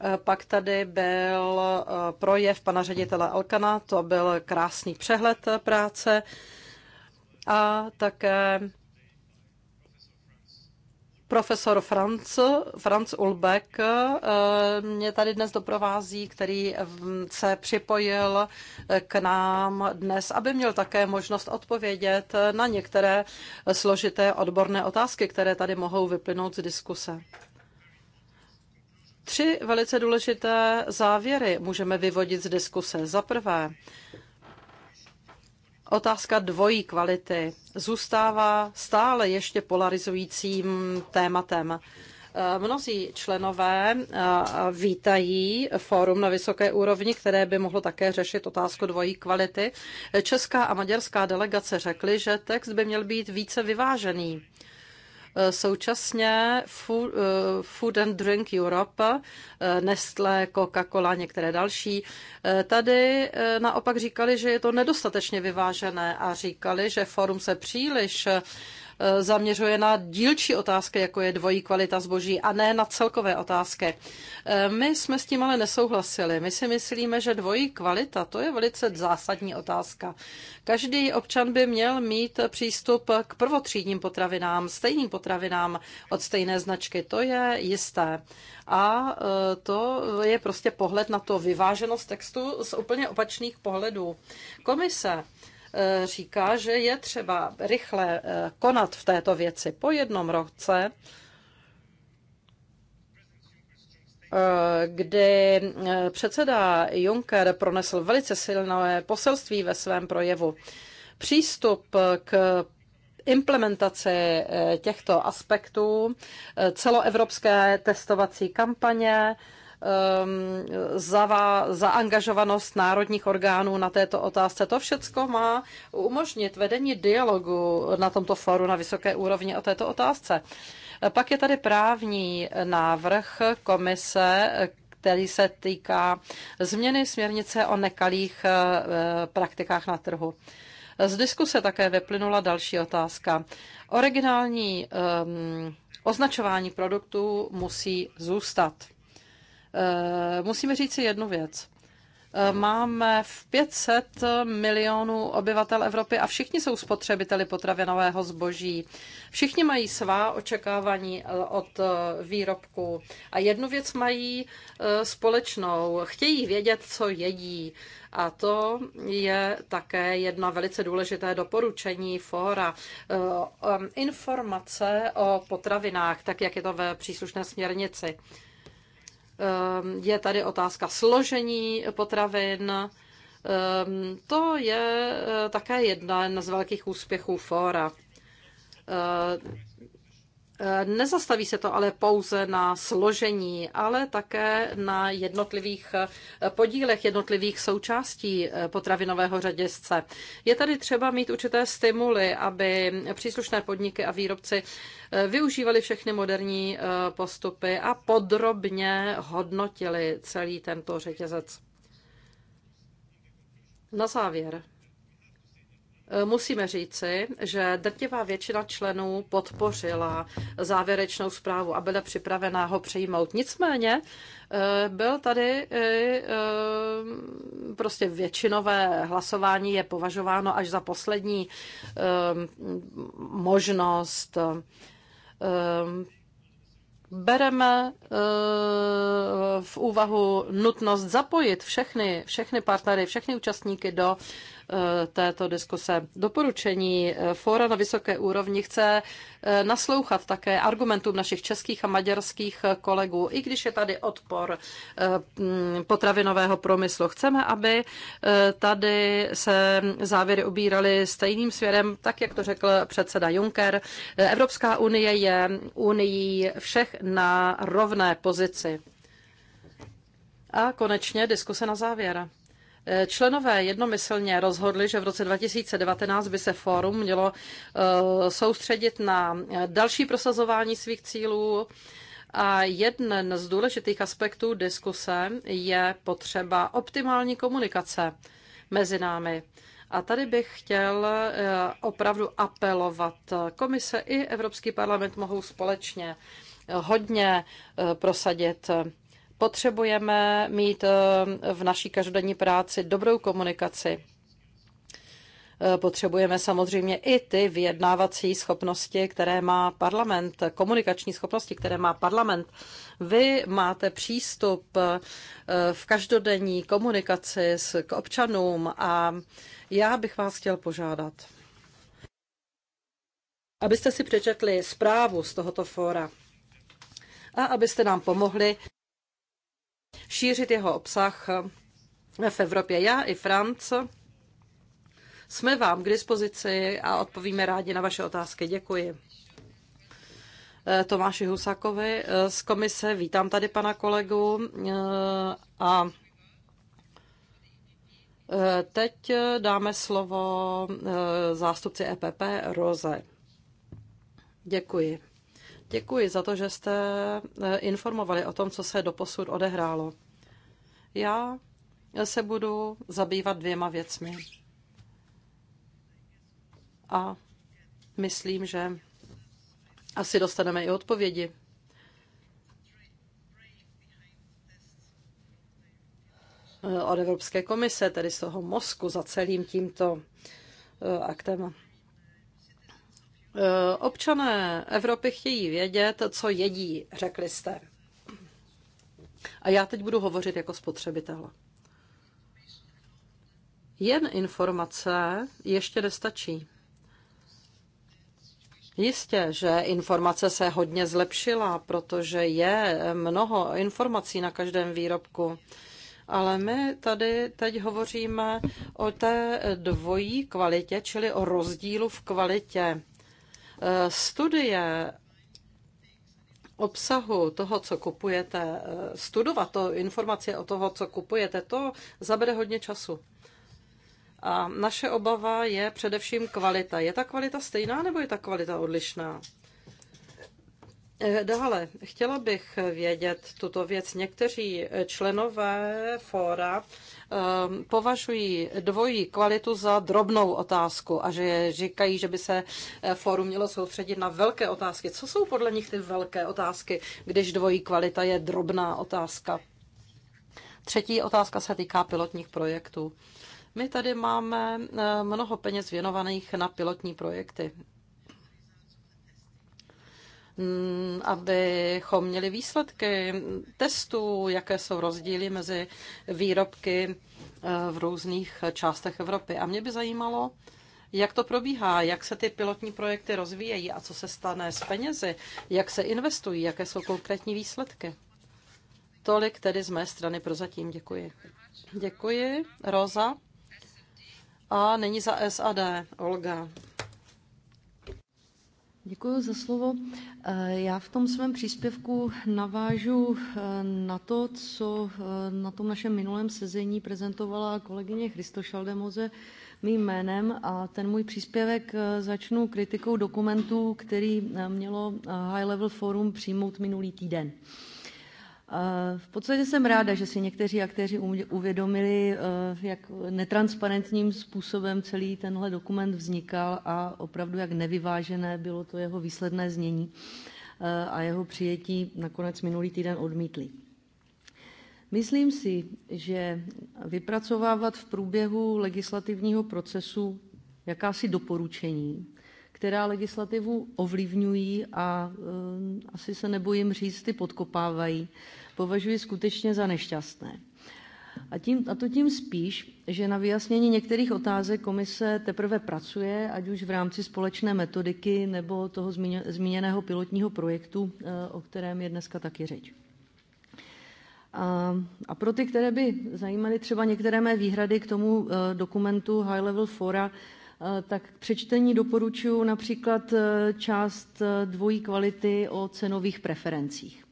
Eh, pak tady byl eh, projev pana ředitele Alkana, to byl krásný přehled práce a také Profesor Franz, Franz Ulbeck eh, mě tady dnes doprovází, který se připojil k nám dnes, aby měl také možnost odpovědět na některé složité odborné otázky, které tady mohou vyplynout z diskuse. Tři velice důležité závěry můžeme vyvodit z diskuse. Za prvé, otázka dvojí kvality zůstává stále ještě polarizujícím tématem. Eh, mnozí členové eh, vítají fórum na vysoké úrovni, které by mohlo také řešit otázku dvojí kvality. Česká a maďarská delegace řekly, že text by měl být více vyvážený. Eh, současně eh, Food and Drink Europe, eh, Nestlé, Coca-Cola, některé další, tady naopak říkali, že je to nedostatečně vyvážené a říkali, že forum se příliš Eh, zaměřuje na dílčí otázky, jako je dvojí kvalita zboží, a ne na celkové otázky. Eh, my jsme s tím ale nesouhlasili. My si myslíme, že dvojí kvalita to je velice zásadní otázka. Každý občan by měl mít přístup k prvotřídním potravinám, stejným potravinám od stejné značky. To je jisté. A eh, to je prostě pohled na to vyváženost textu z úplně opačných pohledů. Komise Eh, říká, že je třeba rychle eh, konat v této věci. Po jednom roce eh, kdy předseda Juncker pronesl velice silné poselství ve svém projevu. Přístup k implementaci těchto aspektů, celoevropské testovací kampaně, Um, zaangažovanost národních orgánů na této otázce. To všecko má umožnit vedení dialogu na tomto foru na vysoké úrovni o této otázce. Pak je tady právní návrh komise, který se týká změny směrnice o nekalých eh, praktikách na trhu. Z diskuse také vyplynula další otázka. Originální um, označování produktů musí zůstat. Eh, musíme říct si jednu věc. Eh, máme v 500 milionů obyvatel Evropy a všichni jsou spotřebiteli potravinového zboží. Všichni mají svá očekávání od eh, výrobku a jednu věc mají společnou. Chtějí vědět, co jedí. A to je také jedno velice důležité doporučení fora. Informace o potravinách, tak jak je to ve příslušné směrnici. Ehm, je tady otázka složení potravin. Ehm, to je eh, také jedna z velkých úspěchů fóra. Ehm, Nezastaví se to ale pouze na složení, ale také na jednotlivých podílech, jednotlivých součástí potravinového řetězce. Je tady třeba mít určité stimuly, aby příslušné podniky a výrobci využívali všechny moderní eh, postupy a podrobně hodnotili celý tento řetězec. Na závěr Eh, musíme říci, že drtivá většina členů podpořila závěrečnou zprávu a byla připravená ho přijmout. Nicméně eh, byl tady eh, prostě většinové hlasování je považováno až za poslední možnost bereme v úvahu nutnost zapojit všechny, všechny partnery, všechny účastníky do Eh, této diskuse. Doporučení eh, fóra na vysoké úrovni chce eh, naslouchat také argumentům našich českých a maďarských kolegů, i když je tady odpor mm, potravinového promyslu. Chceme, aby tady se závěry ubíraly stejným směrem, tak jak to řekl předseda Juncker. Evropská unie je unii všech na rovné pozici. A konečně diskuse na závěr. Členové jednomyslně rozhodli, že v roce 2019 by se fórum mělo eh, soustředit na další prosazování svých cílů. A jeden z důležitých aspektů diskuse je potřeba optimální komunikace mezi námi. A tady bych chtěl eh, opravdu apelovat. Komise i Evropský parlament mohou společně eh, hodně prosadit Potřebujeme mít eh, v naší každodenní práci dobrou komunikaci. Eh, potřebujeme samozřejmě i ty vyjednávací schopnosti, které má parlament, komunikační schopnosti, které má parlament. Vy máte přístup eh, v každodenní komunikaci s, k občanům a já bych vás chtěl požádat, abyste si přečetli zprávu z tohoto fóra a abyste nám pomohli šířit jeho obsah v Evropě. Já i Franc jsme vám k dispozici a odpovíme rádi na vaše otázky. Děkuji. Tomáši Husakovi z komise. Vítám tady pana kolegu a teď dáme slovo zástupci EPP Roze. Děkuji. Děkuji za to, že jste eh, informovali o tom, co se doposud odehrálo. Já se budu zabývat dvěma věcmi. A myslím, že asi dostaneme i odpovědi. Eh, od Evropské komise, tedy z toho mozku za celým tímto eh, aktem. Eh, občané Evropy chtějí vědět, co jedí, řekli jste. A já teď budu hovořit jako spotřebitel. Jen informace ještě nestačí. Jistě, že informace se hodně zlepšila, protože je mnoho informací na každém výrobku. Ale my tady teď hovoříme o té dvojí kvalitě, čili o rozdílu v kvalitě Eh, studie obsahu toho, co kupujete, eh, studovat to informace o toho, co kupujete, to zabere hodně času. A naše obava je především kvalita. Je ta kvalita stejná nebo je ta kvalita odlišná? Eh, dále, chtěla bych vědět tuto věc. Někteří členové fóra Ehm, považují dvojí kvalitu za drobnou otázku a že říkají, že by se eh, fórum mělo soustředit na velké otázky. Co jsou podle nich ty velké otázky, když dvojí kvalita je drobná otázka? Třetí otázka se týká pilotních projektů. My tady máme eh, mnoho peněz věnovaných na pilotní projekty. Mm, abychom měli výsledky testů, jaké jsou rozdíly mezi výrobky eh, v různých částech Evropy. A mě by zajímalo, jak to probíhá, jak se ty pilotní projekty rozvíjejí a co se stane s penězi, jak se investují, jaké jsou konkrétní výsledky. Tolik tedy z mé strany prozatím. Děkuji. Děkuji, Roza. A není za SAD, Olga. Děkuji za slovo. Eh, já v tom svém příspěvku navážu eh, na to, co eh, na tom našem minulém sezení prezentovala kolegyně Christo Šaldemoze mým jménem a ten můj příspěvek začnu kritikou dokumentu, který mělo High Level Forum přijmout minulý týden. Eh, v podstatě jsem ráda, že si někteří aktéři uvědomili, eh, jak netransparentním způsobem celý tenhle dokument vznikal a opravdu jak nevyvážené bylo to jeho výsledné znění eh, a jeho přijetí nakonec minulý týden odmítli. Myslím si, že vypracovávat v průběhu legislativního procesu jakási doporučení, která legislativu ovlivňují a asi se nebojím říct, ty podkopávají, považuji skutečně za nešťastné. A, tím, a to tím spíš, že na vyjasnění některých otázek komise teprve pracuje, ať už v rámci společné metodiky nebo toho zmíněného pilotního projektu, eh, o kterém je dneska taky řeč. A, a pro ty, které by zajímaly třeba některé mé výhrady k tomu eh, dokumentu High Level Fora, eh, tak k přečtení doporučuji například část dvojí kvality o cenových preferencích.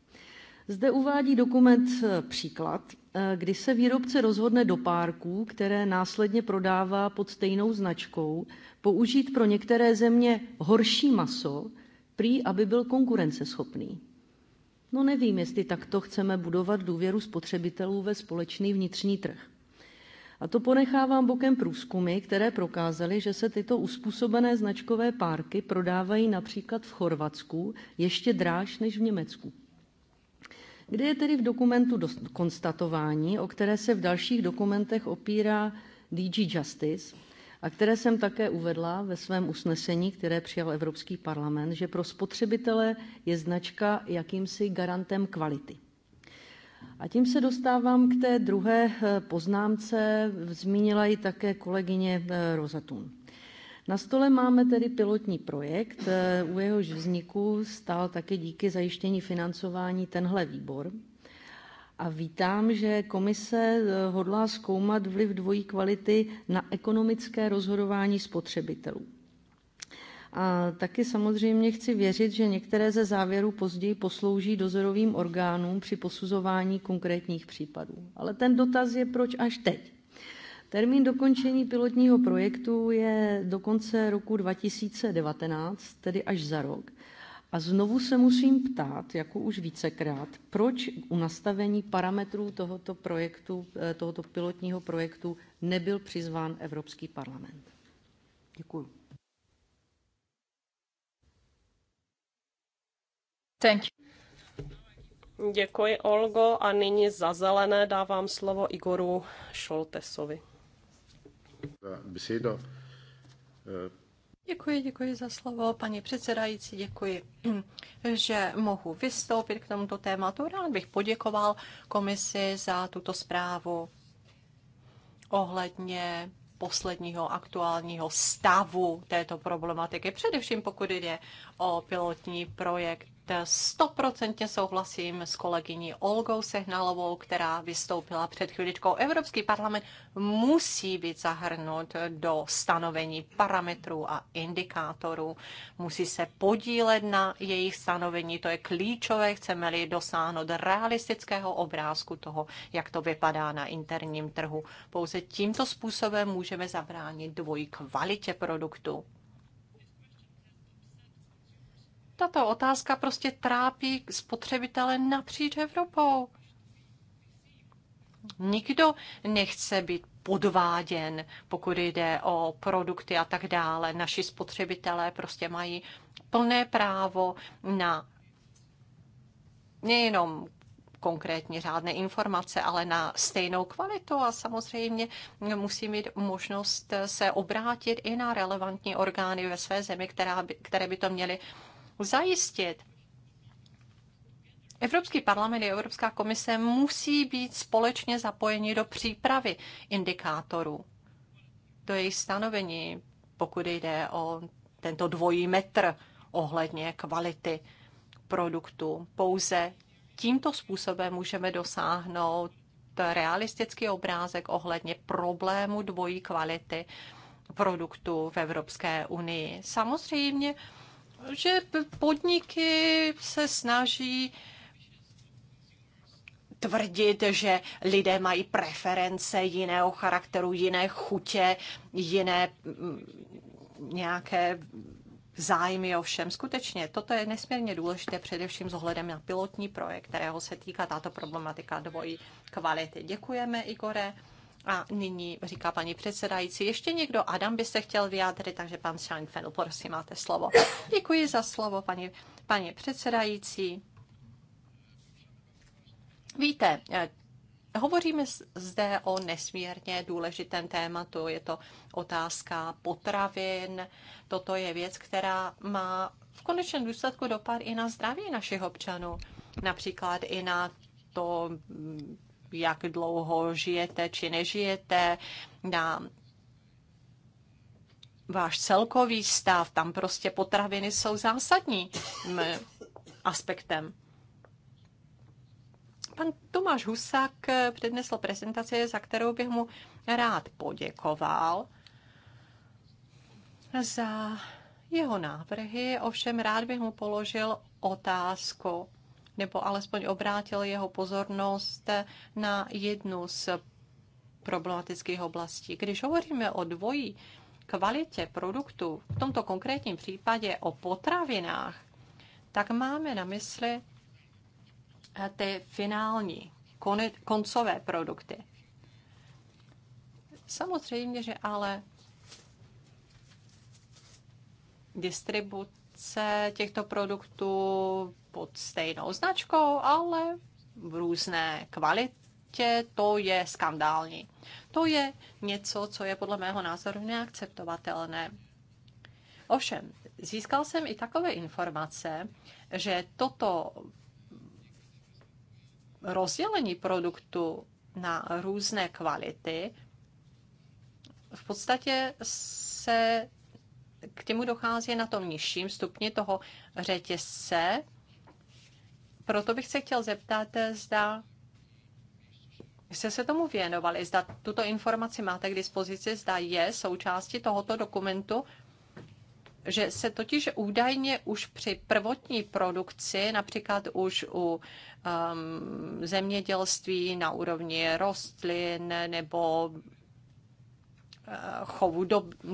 Zde uvádí dokument eh, příklad, eh, kdy se výrobce rozhodne do párků, které následně prodává pod stejnou značkou, použít pro některé země horší maso, prý aby byl konkurenceschopný. No nevím, jestli takto chceme budovat důvěru spotřebitelů ve společný vnitřní trh. A to ponechávám bokem průzkumy, které prokázaly, že se tyto uspůsobené značkové párky prodávají například v Chorvatsku ještě dráž než v Německu kde je tedy v dokumentu dost konstatování, o které se v dalších dokumentech opírá DG Justice a které jsem také uvedla ve svém usnesení, které přijal Evropský parlament, že pro spotřebitele je značka jakýmsi garantem kvality. A tím se dostávám k té druhé eh, poznámce, zmínila ji také kolegyně eh, Rozatun. Na stole máme tedy pilotní projekt, eh, u jehož vzniku stál také díky zajištění financování tenhle výbor. A vítám, že komise eh, hodlá zkoumat vliv dvojí kvality na ekonomické rozhodování spotřebitelů. A taky samozřejmě chci věřit, že některé ze závěrů později poslouží dozorovým orgánům při posuzování konkrétních případů. Ale ten dotaz je, proč až teď? Termín dokončení pilotního projektu je do konce roku 2019, tedy až za rok. A znovu se musím ptát, jako už vícekrát, proč u nastavení parametrů tohoto, projektu, eh, tohoto pilotního projektu nebyl přizván Evropský parlament. Děkuji. Thank you. Děkuji, Olgo. A nyní za zelené dávám slovo Igoru Šoltesovi. Besedo. Děkuji, děkuji za slovo, paní předsedající, děkuji, že mohu vystoupit k tomuto tématu. Rád bych poděkoval komisi za tuto zprávu ohledně posledního aktuálního stavu této problematiky, především pokud jde o pilotní projekt stoprocentně souhlasím s kolegyní Olgou Sehnalovou, která vystoupila před chvíličkou. Evropský parlament musí být zahrnut do stanovení parametrů a indikátorů. Musí se podílet na jejich stanovení. To je klíčové, chceme-li dosáhnout realistického obrázku toho, jak to vypadá na interním trhu. Pouze tímto způsobem můžeme zabránit dvojí kvalitě produktu. Tato otázka prostě trápí spotřebitele napříč Evropou. Nikdo nechce být podváděn, pokud jde o produkty a tak dále. Naši spotřebitelé prostě mají plné právo na nejenom konkrétní řádné informace, ale na stejnou kvalitu a samozřejmě musí mít možnost se obrátit i na relevantní orgány ve své zemi, která by, které by to měly zajistit. Evropský parlament i Evropská komise musí být společně zapojeni do přípravy indikátorů, do jejich stanovení, pokud jde o tento dvojí metr ohledně kvality produktu. Pouze tímto způsobem můžeme dosáhnout realistický obrázek ohledně problému dvojí kvality produktů v Evropské unii. Samozřejmě že podniky se snaží tvrdit, že lidé mají preference jiného charakteru, jiné chutě, jiné mm, nějaké zájmy o všem Skutečně, toto je nesmírně důležité, především s ohledem na pilotní projekt, kterého se týká tato problematika dvojí kvality. Děkujeme, Igore. A nyní říká paní předsedající, ještě někdo, Adam by se chtěl vyjádřit, takže pan Scheinfeld, prosím, máte slovo. Děkuji za slovo, paní, paní předsedající. Víte, eh, hovoříme zde o nesmírně důležitém tématu. Je to otázka potravin. Toto je věc, která má v konečném důsledku dopad i na zdraví našich občanů. Například i na to jak dlouho žijete či nežijete, na váš celkový stav, tam prostě potraviny jsou zásadní aspektem. Pan Tomáš Husák přednesl prezentaci, za kterou bych mu rád poděkoval za jeho návrhy, ovšem rád bych mu položil otázku nebo alespoň obrátil jeho pozornost na jednu z problematických oblastí. Když hovoříme o dvojí kvalitě produktu, v tomto konkrétním případě o potravinách, tak máme na mysli eh, ty finální, koncové produkty. Samozřejmě, že ale distribuce těchto produktů pod stejnou značkou, ale v různé kvalitě, to je skandální. To je něco, co je podle mého názoru neakceptovatelné. Ovšem, získal jsem i takové informace, že toto rozdělení produktu na různé kvality v podstatě se k těmu dochází na tom nižším stupni toho řetězce proto bych se chtěl zeptat, zda jste se tomu věnovali, zda tuto informaci máte k dispozici, zda je součástí tohoto dokumentu, že se totiž údajně už při prvotní produkci, například už u um, zemědělství na úrovni rostlin nebo uh, chovu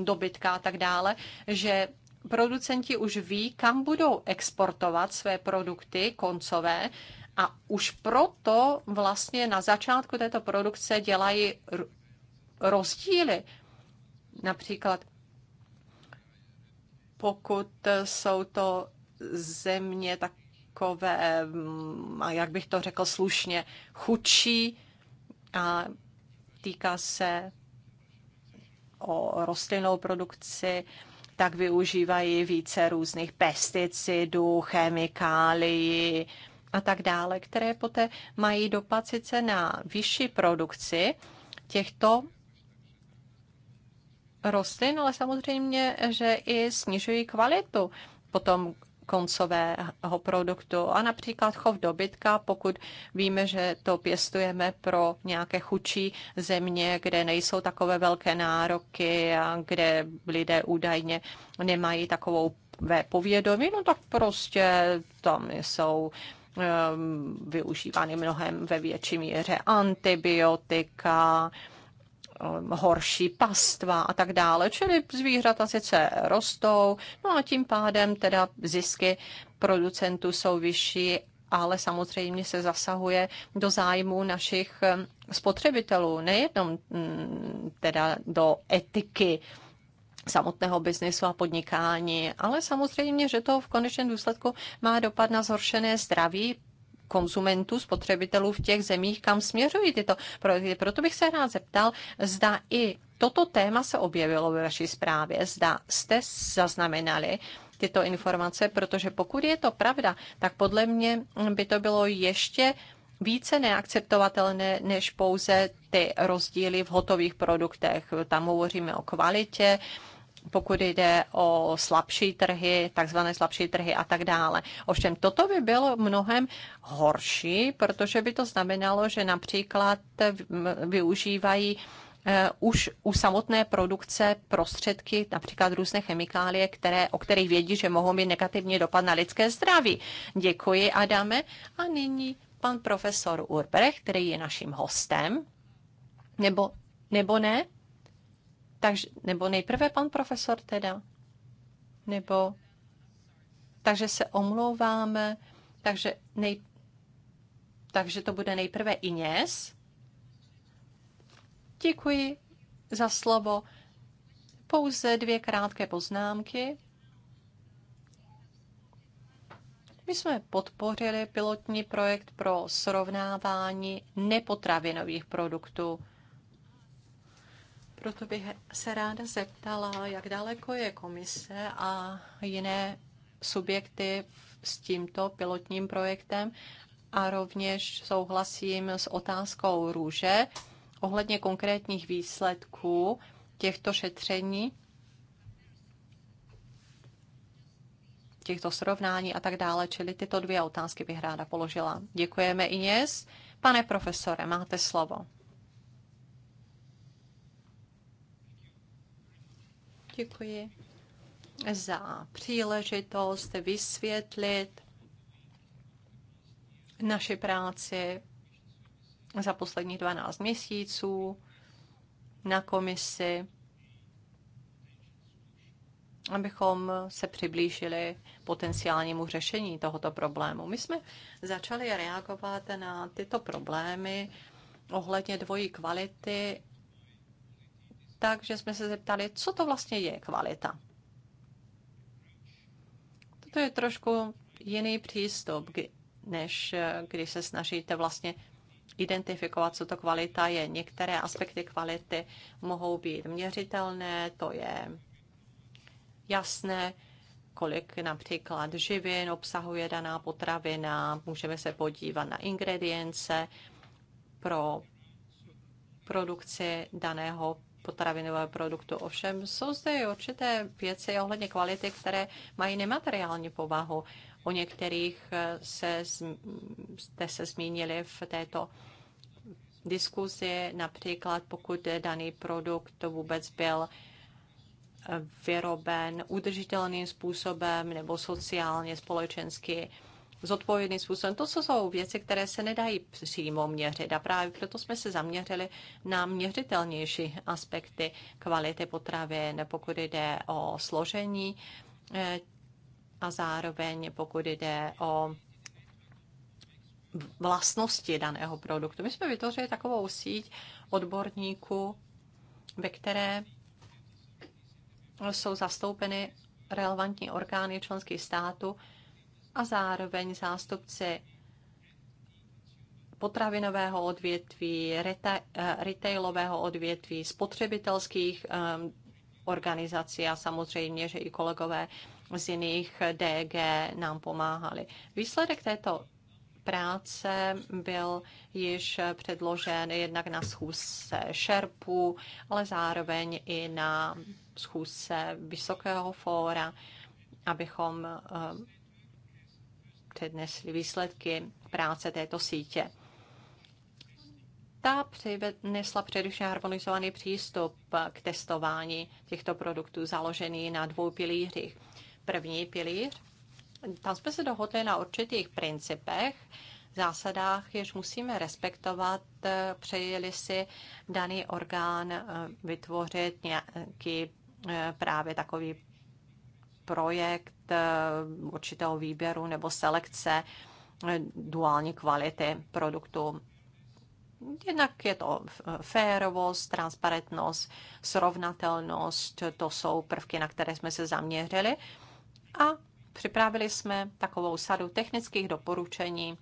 dobytka a tak dále, že producenti už ví, kam budou exportovat své produkty koncové a už proto vlastně na začátku této produkce dělají rozdíly. Například pokud jsou to země takové, mm, a jak bych to řekl slušně, chudší a týká se o rostlinnou produkci, tak využívají více různých pesticidů, chemikálií a tak dále, které poté mají dopad sice na vyšší produkci těchto rostlin, ale samozřejmě, že i snižují kvalitu potom koncového produktu. A například chov dobytka, pokud víme, že to pěstujeme pro nějaké chudší země, kde nejsou takové velké nároky a kde lidé údajně nemají takovou povědomí, no tak prostě tam jsou um, využívány mnohem ve větší míře antibiotika, Um, horší pastva a tak dále. Čili zvířata sice rostou, no a tím pádem teda zisky producentů jsou vyšší, ale samozřejmě se zasahuje do zájmu našich um, spotřebitelů, nejenom mm, teda do etiky samotného biznesu a podnikání, ale samozřejmě, že to v konečném důsledku má dopad na zhoršené zdraví konzumentů, spotřebitelů v těch zemích, kam směřují tyto projekty. Proto bych se rád zeptal, zda i toto téma se objevilo ve vaší zprávě, zda jste zaznamenali tyto informace, protože pokud je to pravda, tak podle mě by to bylo ještě více neakceptovatelné než pouze ty rozdíly v hotových produktech. Tam hovoříme o kvalitě, pokud jde o slabší trhy, takzvané slabší trhy a tak dále. Ovšem toto by bylo mnohem horší, protože by to znamenalo, že například využívají eh, už u samotné produkce prostředky, například různé chemikálie, které, o kterých vědí, že mohou mít negativní dopad na lidské zdraví. Děkuji, Adame. A nyní pan profesor Urbrecht, který je naším hostem. Nebo, nebo ne? Takže, nebo nejprve pan profesor teda, nebo, takže se omlouváme, takže, nej, takže to bude nejprve Iněs. Děkuji za slovo. Pouze dvě krátké poznámky. My jsme podpořili pilotní projekt pro srovnávání nepotravinových produktů proto bych se ráda zeptala, jak daleko je komise a jiné subjekty s tímto pilotním projektem a rovněž souhlasím s otázkou růže ohledně konkrétních výsledků těchto šetření, těchto srovnání a tak dále. Čili tyto dvě otázky bych ráda položila. Děkujeme Ines. Pane profesore, máte slovo. Děkuji za příležitost vysvětlit naši práci za posledních 12 měsíců na komisi, abychom se přiblížili potenciálnímu řešení tohoto problému. My jsme začali reagovat na tyto problémy ohledně dvojí kvality tak, že jsme se zeptali, co to vlastně je kvalita. To je trošku jiný přístup, než eh, když se snažíte vlastně identifikovat, co to kvalita je. Některé aspekty kvality mohou být měřitelné, to je jasné, kolik například živin obsahuje daná potravina, můžeme se podívat na ingredience pro produkci daného potravinové produktu. Ovšem jsou zde i určité věci ohledně kvality, které mají nemateriální povahu. O některých eh, se, jste se zmínili v této diskuzi, například pokud daný produkt vůbec byl eh, vyroben udržitelným způsobem nebo sociálně, společensky zodpovědným způsobem. To jsou věci, které se nedají přímo měřit a právě proto jsme se zaměřili na měřitelnější aspekty kvality potravy, pokud jde o složení eh, a zároveň pokud jde o vlastnosti daného produktu. My jsme vytvořili takovou síť odborníků, ve které jsou zastoupeny relevantní orgány členských států, a zároveň zástupci potravinového odvětví, eh, retailového odvětví, spotřebitelských eh, organizací a samozřejmě, že i kolegové z jiných DG nám pomáhali. Výsledek této práce byl již předložen jednak na schůzce šerpu, ale zároveň i na schůzce Vysokého fóra, abychom eh, přednesli výsledky práce této sítě. Ta přinesla především harmonizovaný přístup k testování těchto produktů založený na dvou pilířích. První pilíř, tam jsme se dohodli na určitých principech, zásadách, jež musíme respektovat, přejeli si daný orgán eh, vytvořit nějaký eh, právě takový projekt eh, určitého výběru nebo selekce eh, duální kvality produktu. Jednak je to férovost, transparentnost, srovnatelnost, to jsou prvky, na které jsme se zaměřili. A připravili jsme takovou sadu technických doporučení,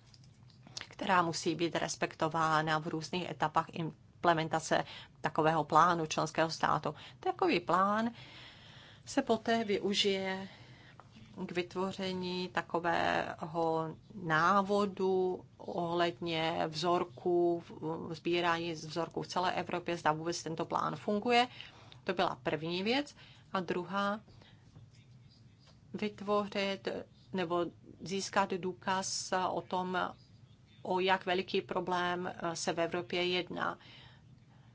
která musí být respektována v různých etapách implementace takového plánu členského státu. Takový plán se poté využije k vytvoření takového návodu ohledně vzorků, sbírání vzorků v celé Evropě, zda vůbec tento plán funguje. To byla první věc. A druhá, vytvořit nebo získat důkaz o tom, o jak veliký problém se v Evropě jedná.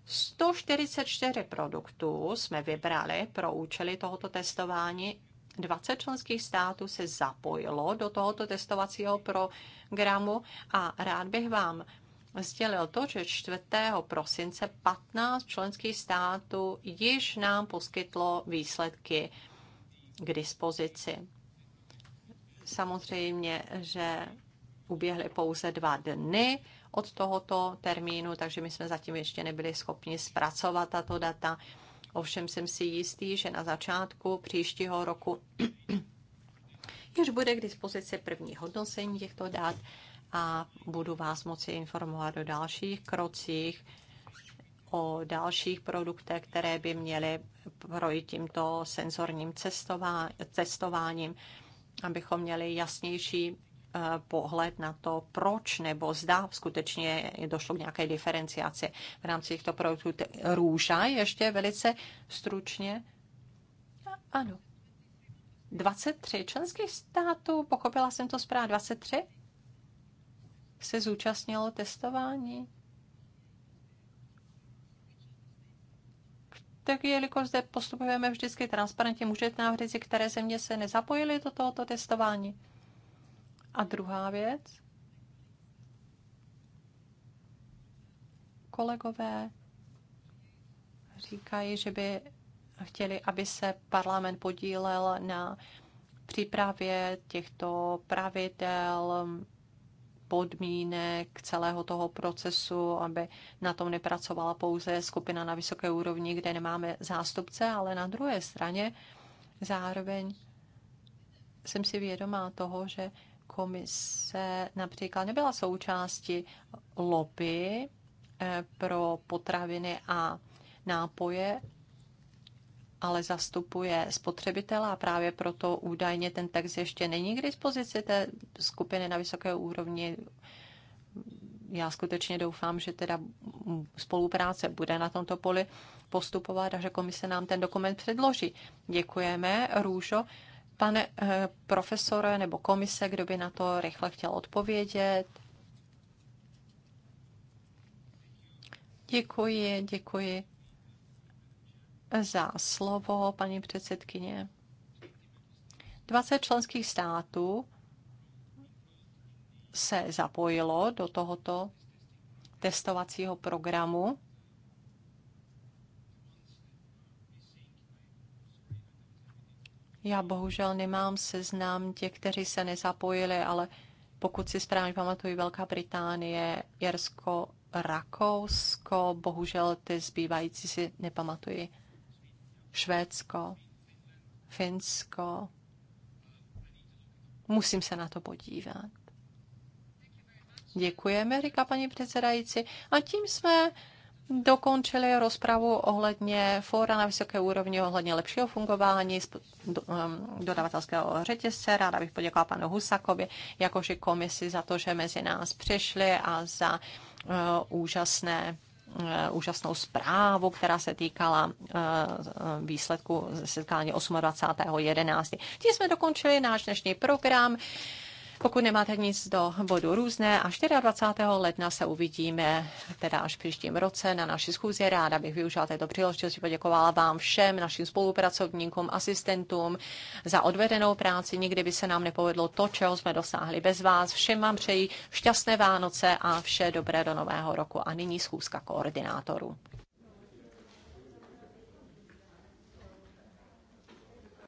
144 produktů jsme vybrali pro účely tohoto testování. 20 členských států se zapojilo do tohoto testovacího programu a rád bych vám sdělil to, že 4. prosince 15 členských států již nám poskytlo výsledky k dispozici. Samozřejmě, že uběhly pouze dva dny od tohoto termínu, takže my jsme zatím ještě nebyli schopni zpracovat tato data. Ovšem jsem si jistý, že na začátku příštího roku již bude k dispozici první hodnocení těchto dat a budu vás moci informovat o dalších krocích, o dalších produktech, které by měly projít tímto senzorním cestová, testováním, abychom měli jasnější Eh, pohled na to, proč nebo zda skutečně došlo k nějaké diferenciaci v rámci těchto produktů. Růža ještě velice stručně. Ano. 23 členských států, pochopila jsem to správně, 23 se zúčastnilo testování. tak jelikož zde postupujeme vždycky transparentně, můžete nám říct, které země se nezapojily do tohoto testování? A druhá věc, kolegové říkají, že by chtěli, aby se parlament podílel na přípravě těchto pravidel, podmínek celého toho procesu, aby na tom nepracovala pouze skupina na vysoké úrovni, kde nemáme zástupce, ale na druhé straně zároveň jsem si vědomá toho, že komise například nebyla součástí lobby eh, pro potraviny a nápoje, ale zastupuje spotřebitela a právě proto údajně ten text ještě není k dispozici té skupiny na vysoké úrovni. Já skutečně doufám, že teda spolupráce bude na tomto poli postupovat a že komise nám ten dokument předloží. Děkujeme, Růžo. Pane eh, profesore nebo komise, kdo by na to rychle chtěl odpovědět? Děkuji, děkuji za slovo, paní předsedkyně. 20 členských států se zapojilo do tohoto testovacího programu Já bohužel nemám seznam těch, kteří se nezapojili, ale pokud si správně pamatuju, Velká Británie, Jersko, Rakousko, bohužel ty zbývající si nepamatuji. Švédsko, Finsko. Musím se na to podívat. Děkujeme, říká paní předsedající. A tím jsme dokončili rozpravu ohledně fóra na vysoké úrovni, ohledně lepšího fungování um, dodavatelského řetězce. Ráda bych poděkovala panu Husakovi, jakož i komisi za to, že mezi nás přišli a za uh, úžasné uh, úžasnou zprávu, která se týkala uh, výsledku setkání 28.11. Tím jsme dokončili náš dnešní program. Pokud nemáte nic do bodu různé, a 24. ledna se uvidíme, teda až příštím roce na naší schůzi. Ráda bych využila této příležitosti, poděkovala vám všem, našim spolupracovníkům, asistentům za odvedenou práci. Nikdy by se nám nepovedlo to, čeho jsme dosáhli bez vás. Všem vám přeji šťastné Vánoce a vše dobré do nového roku. A nyní schůzka koordinátorů.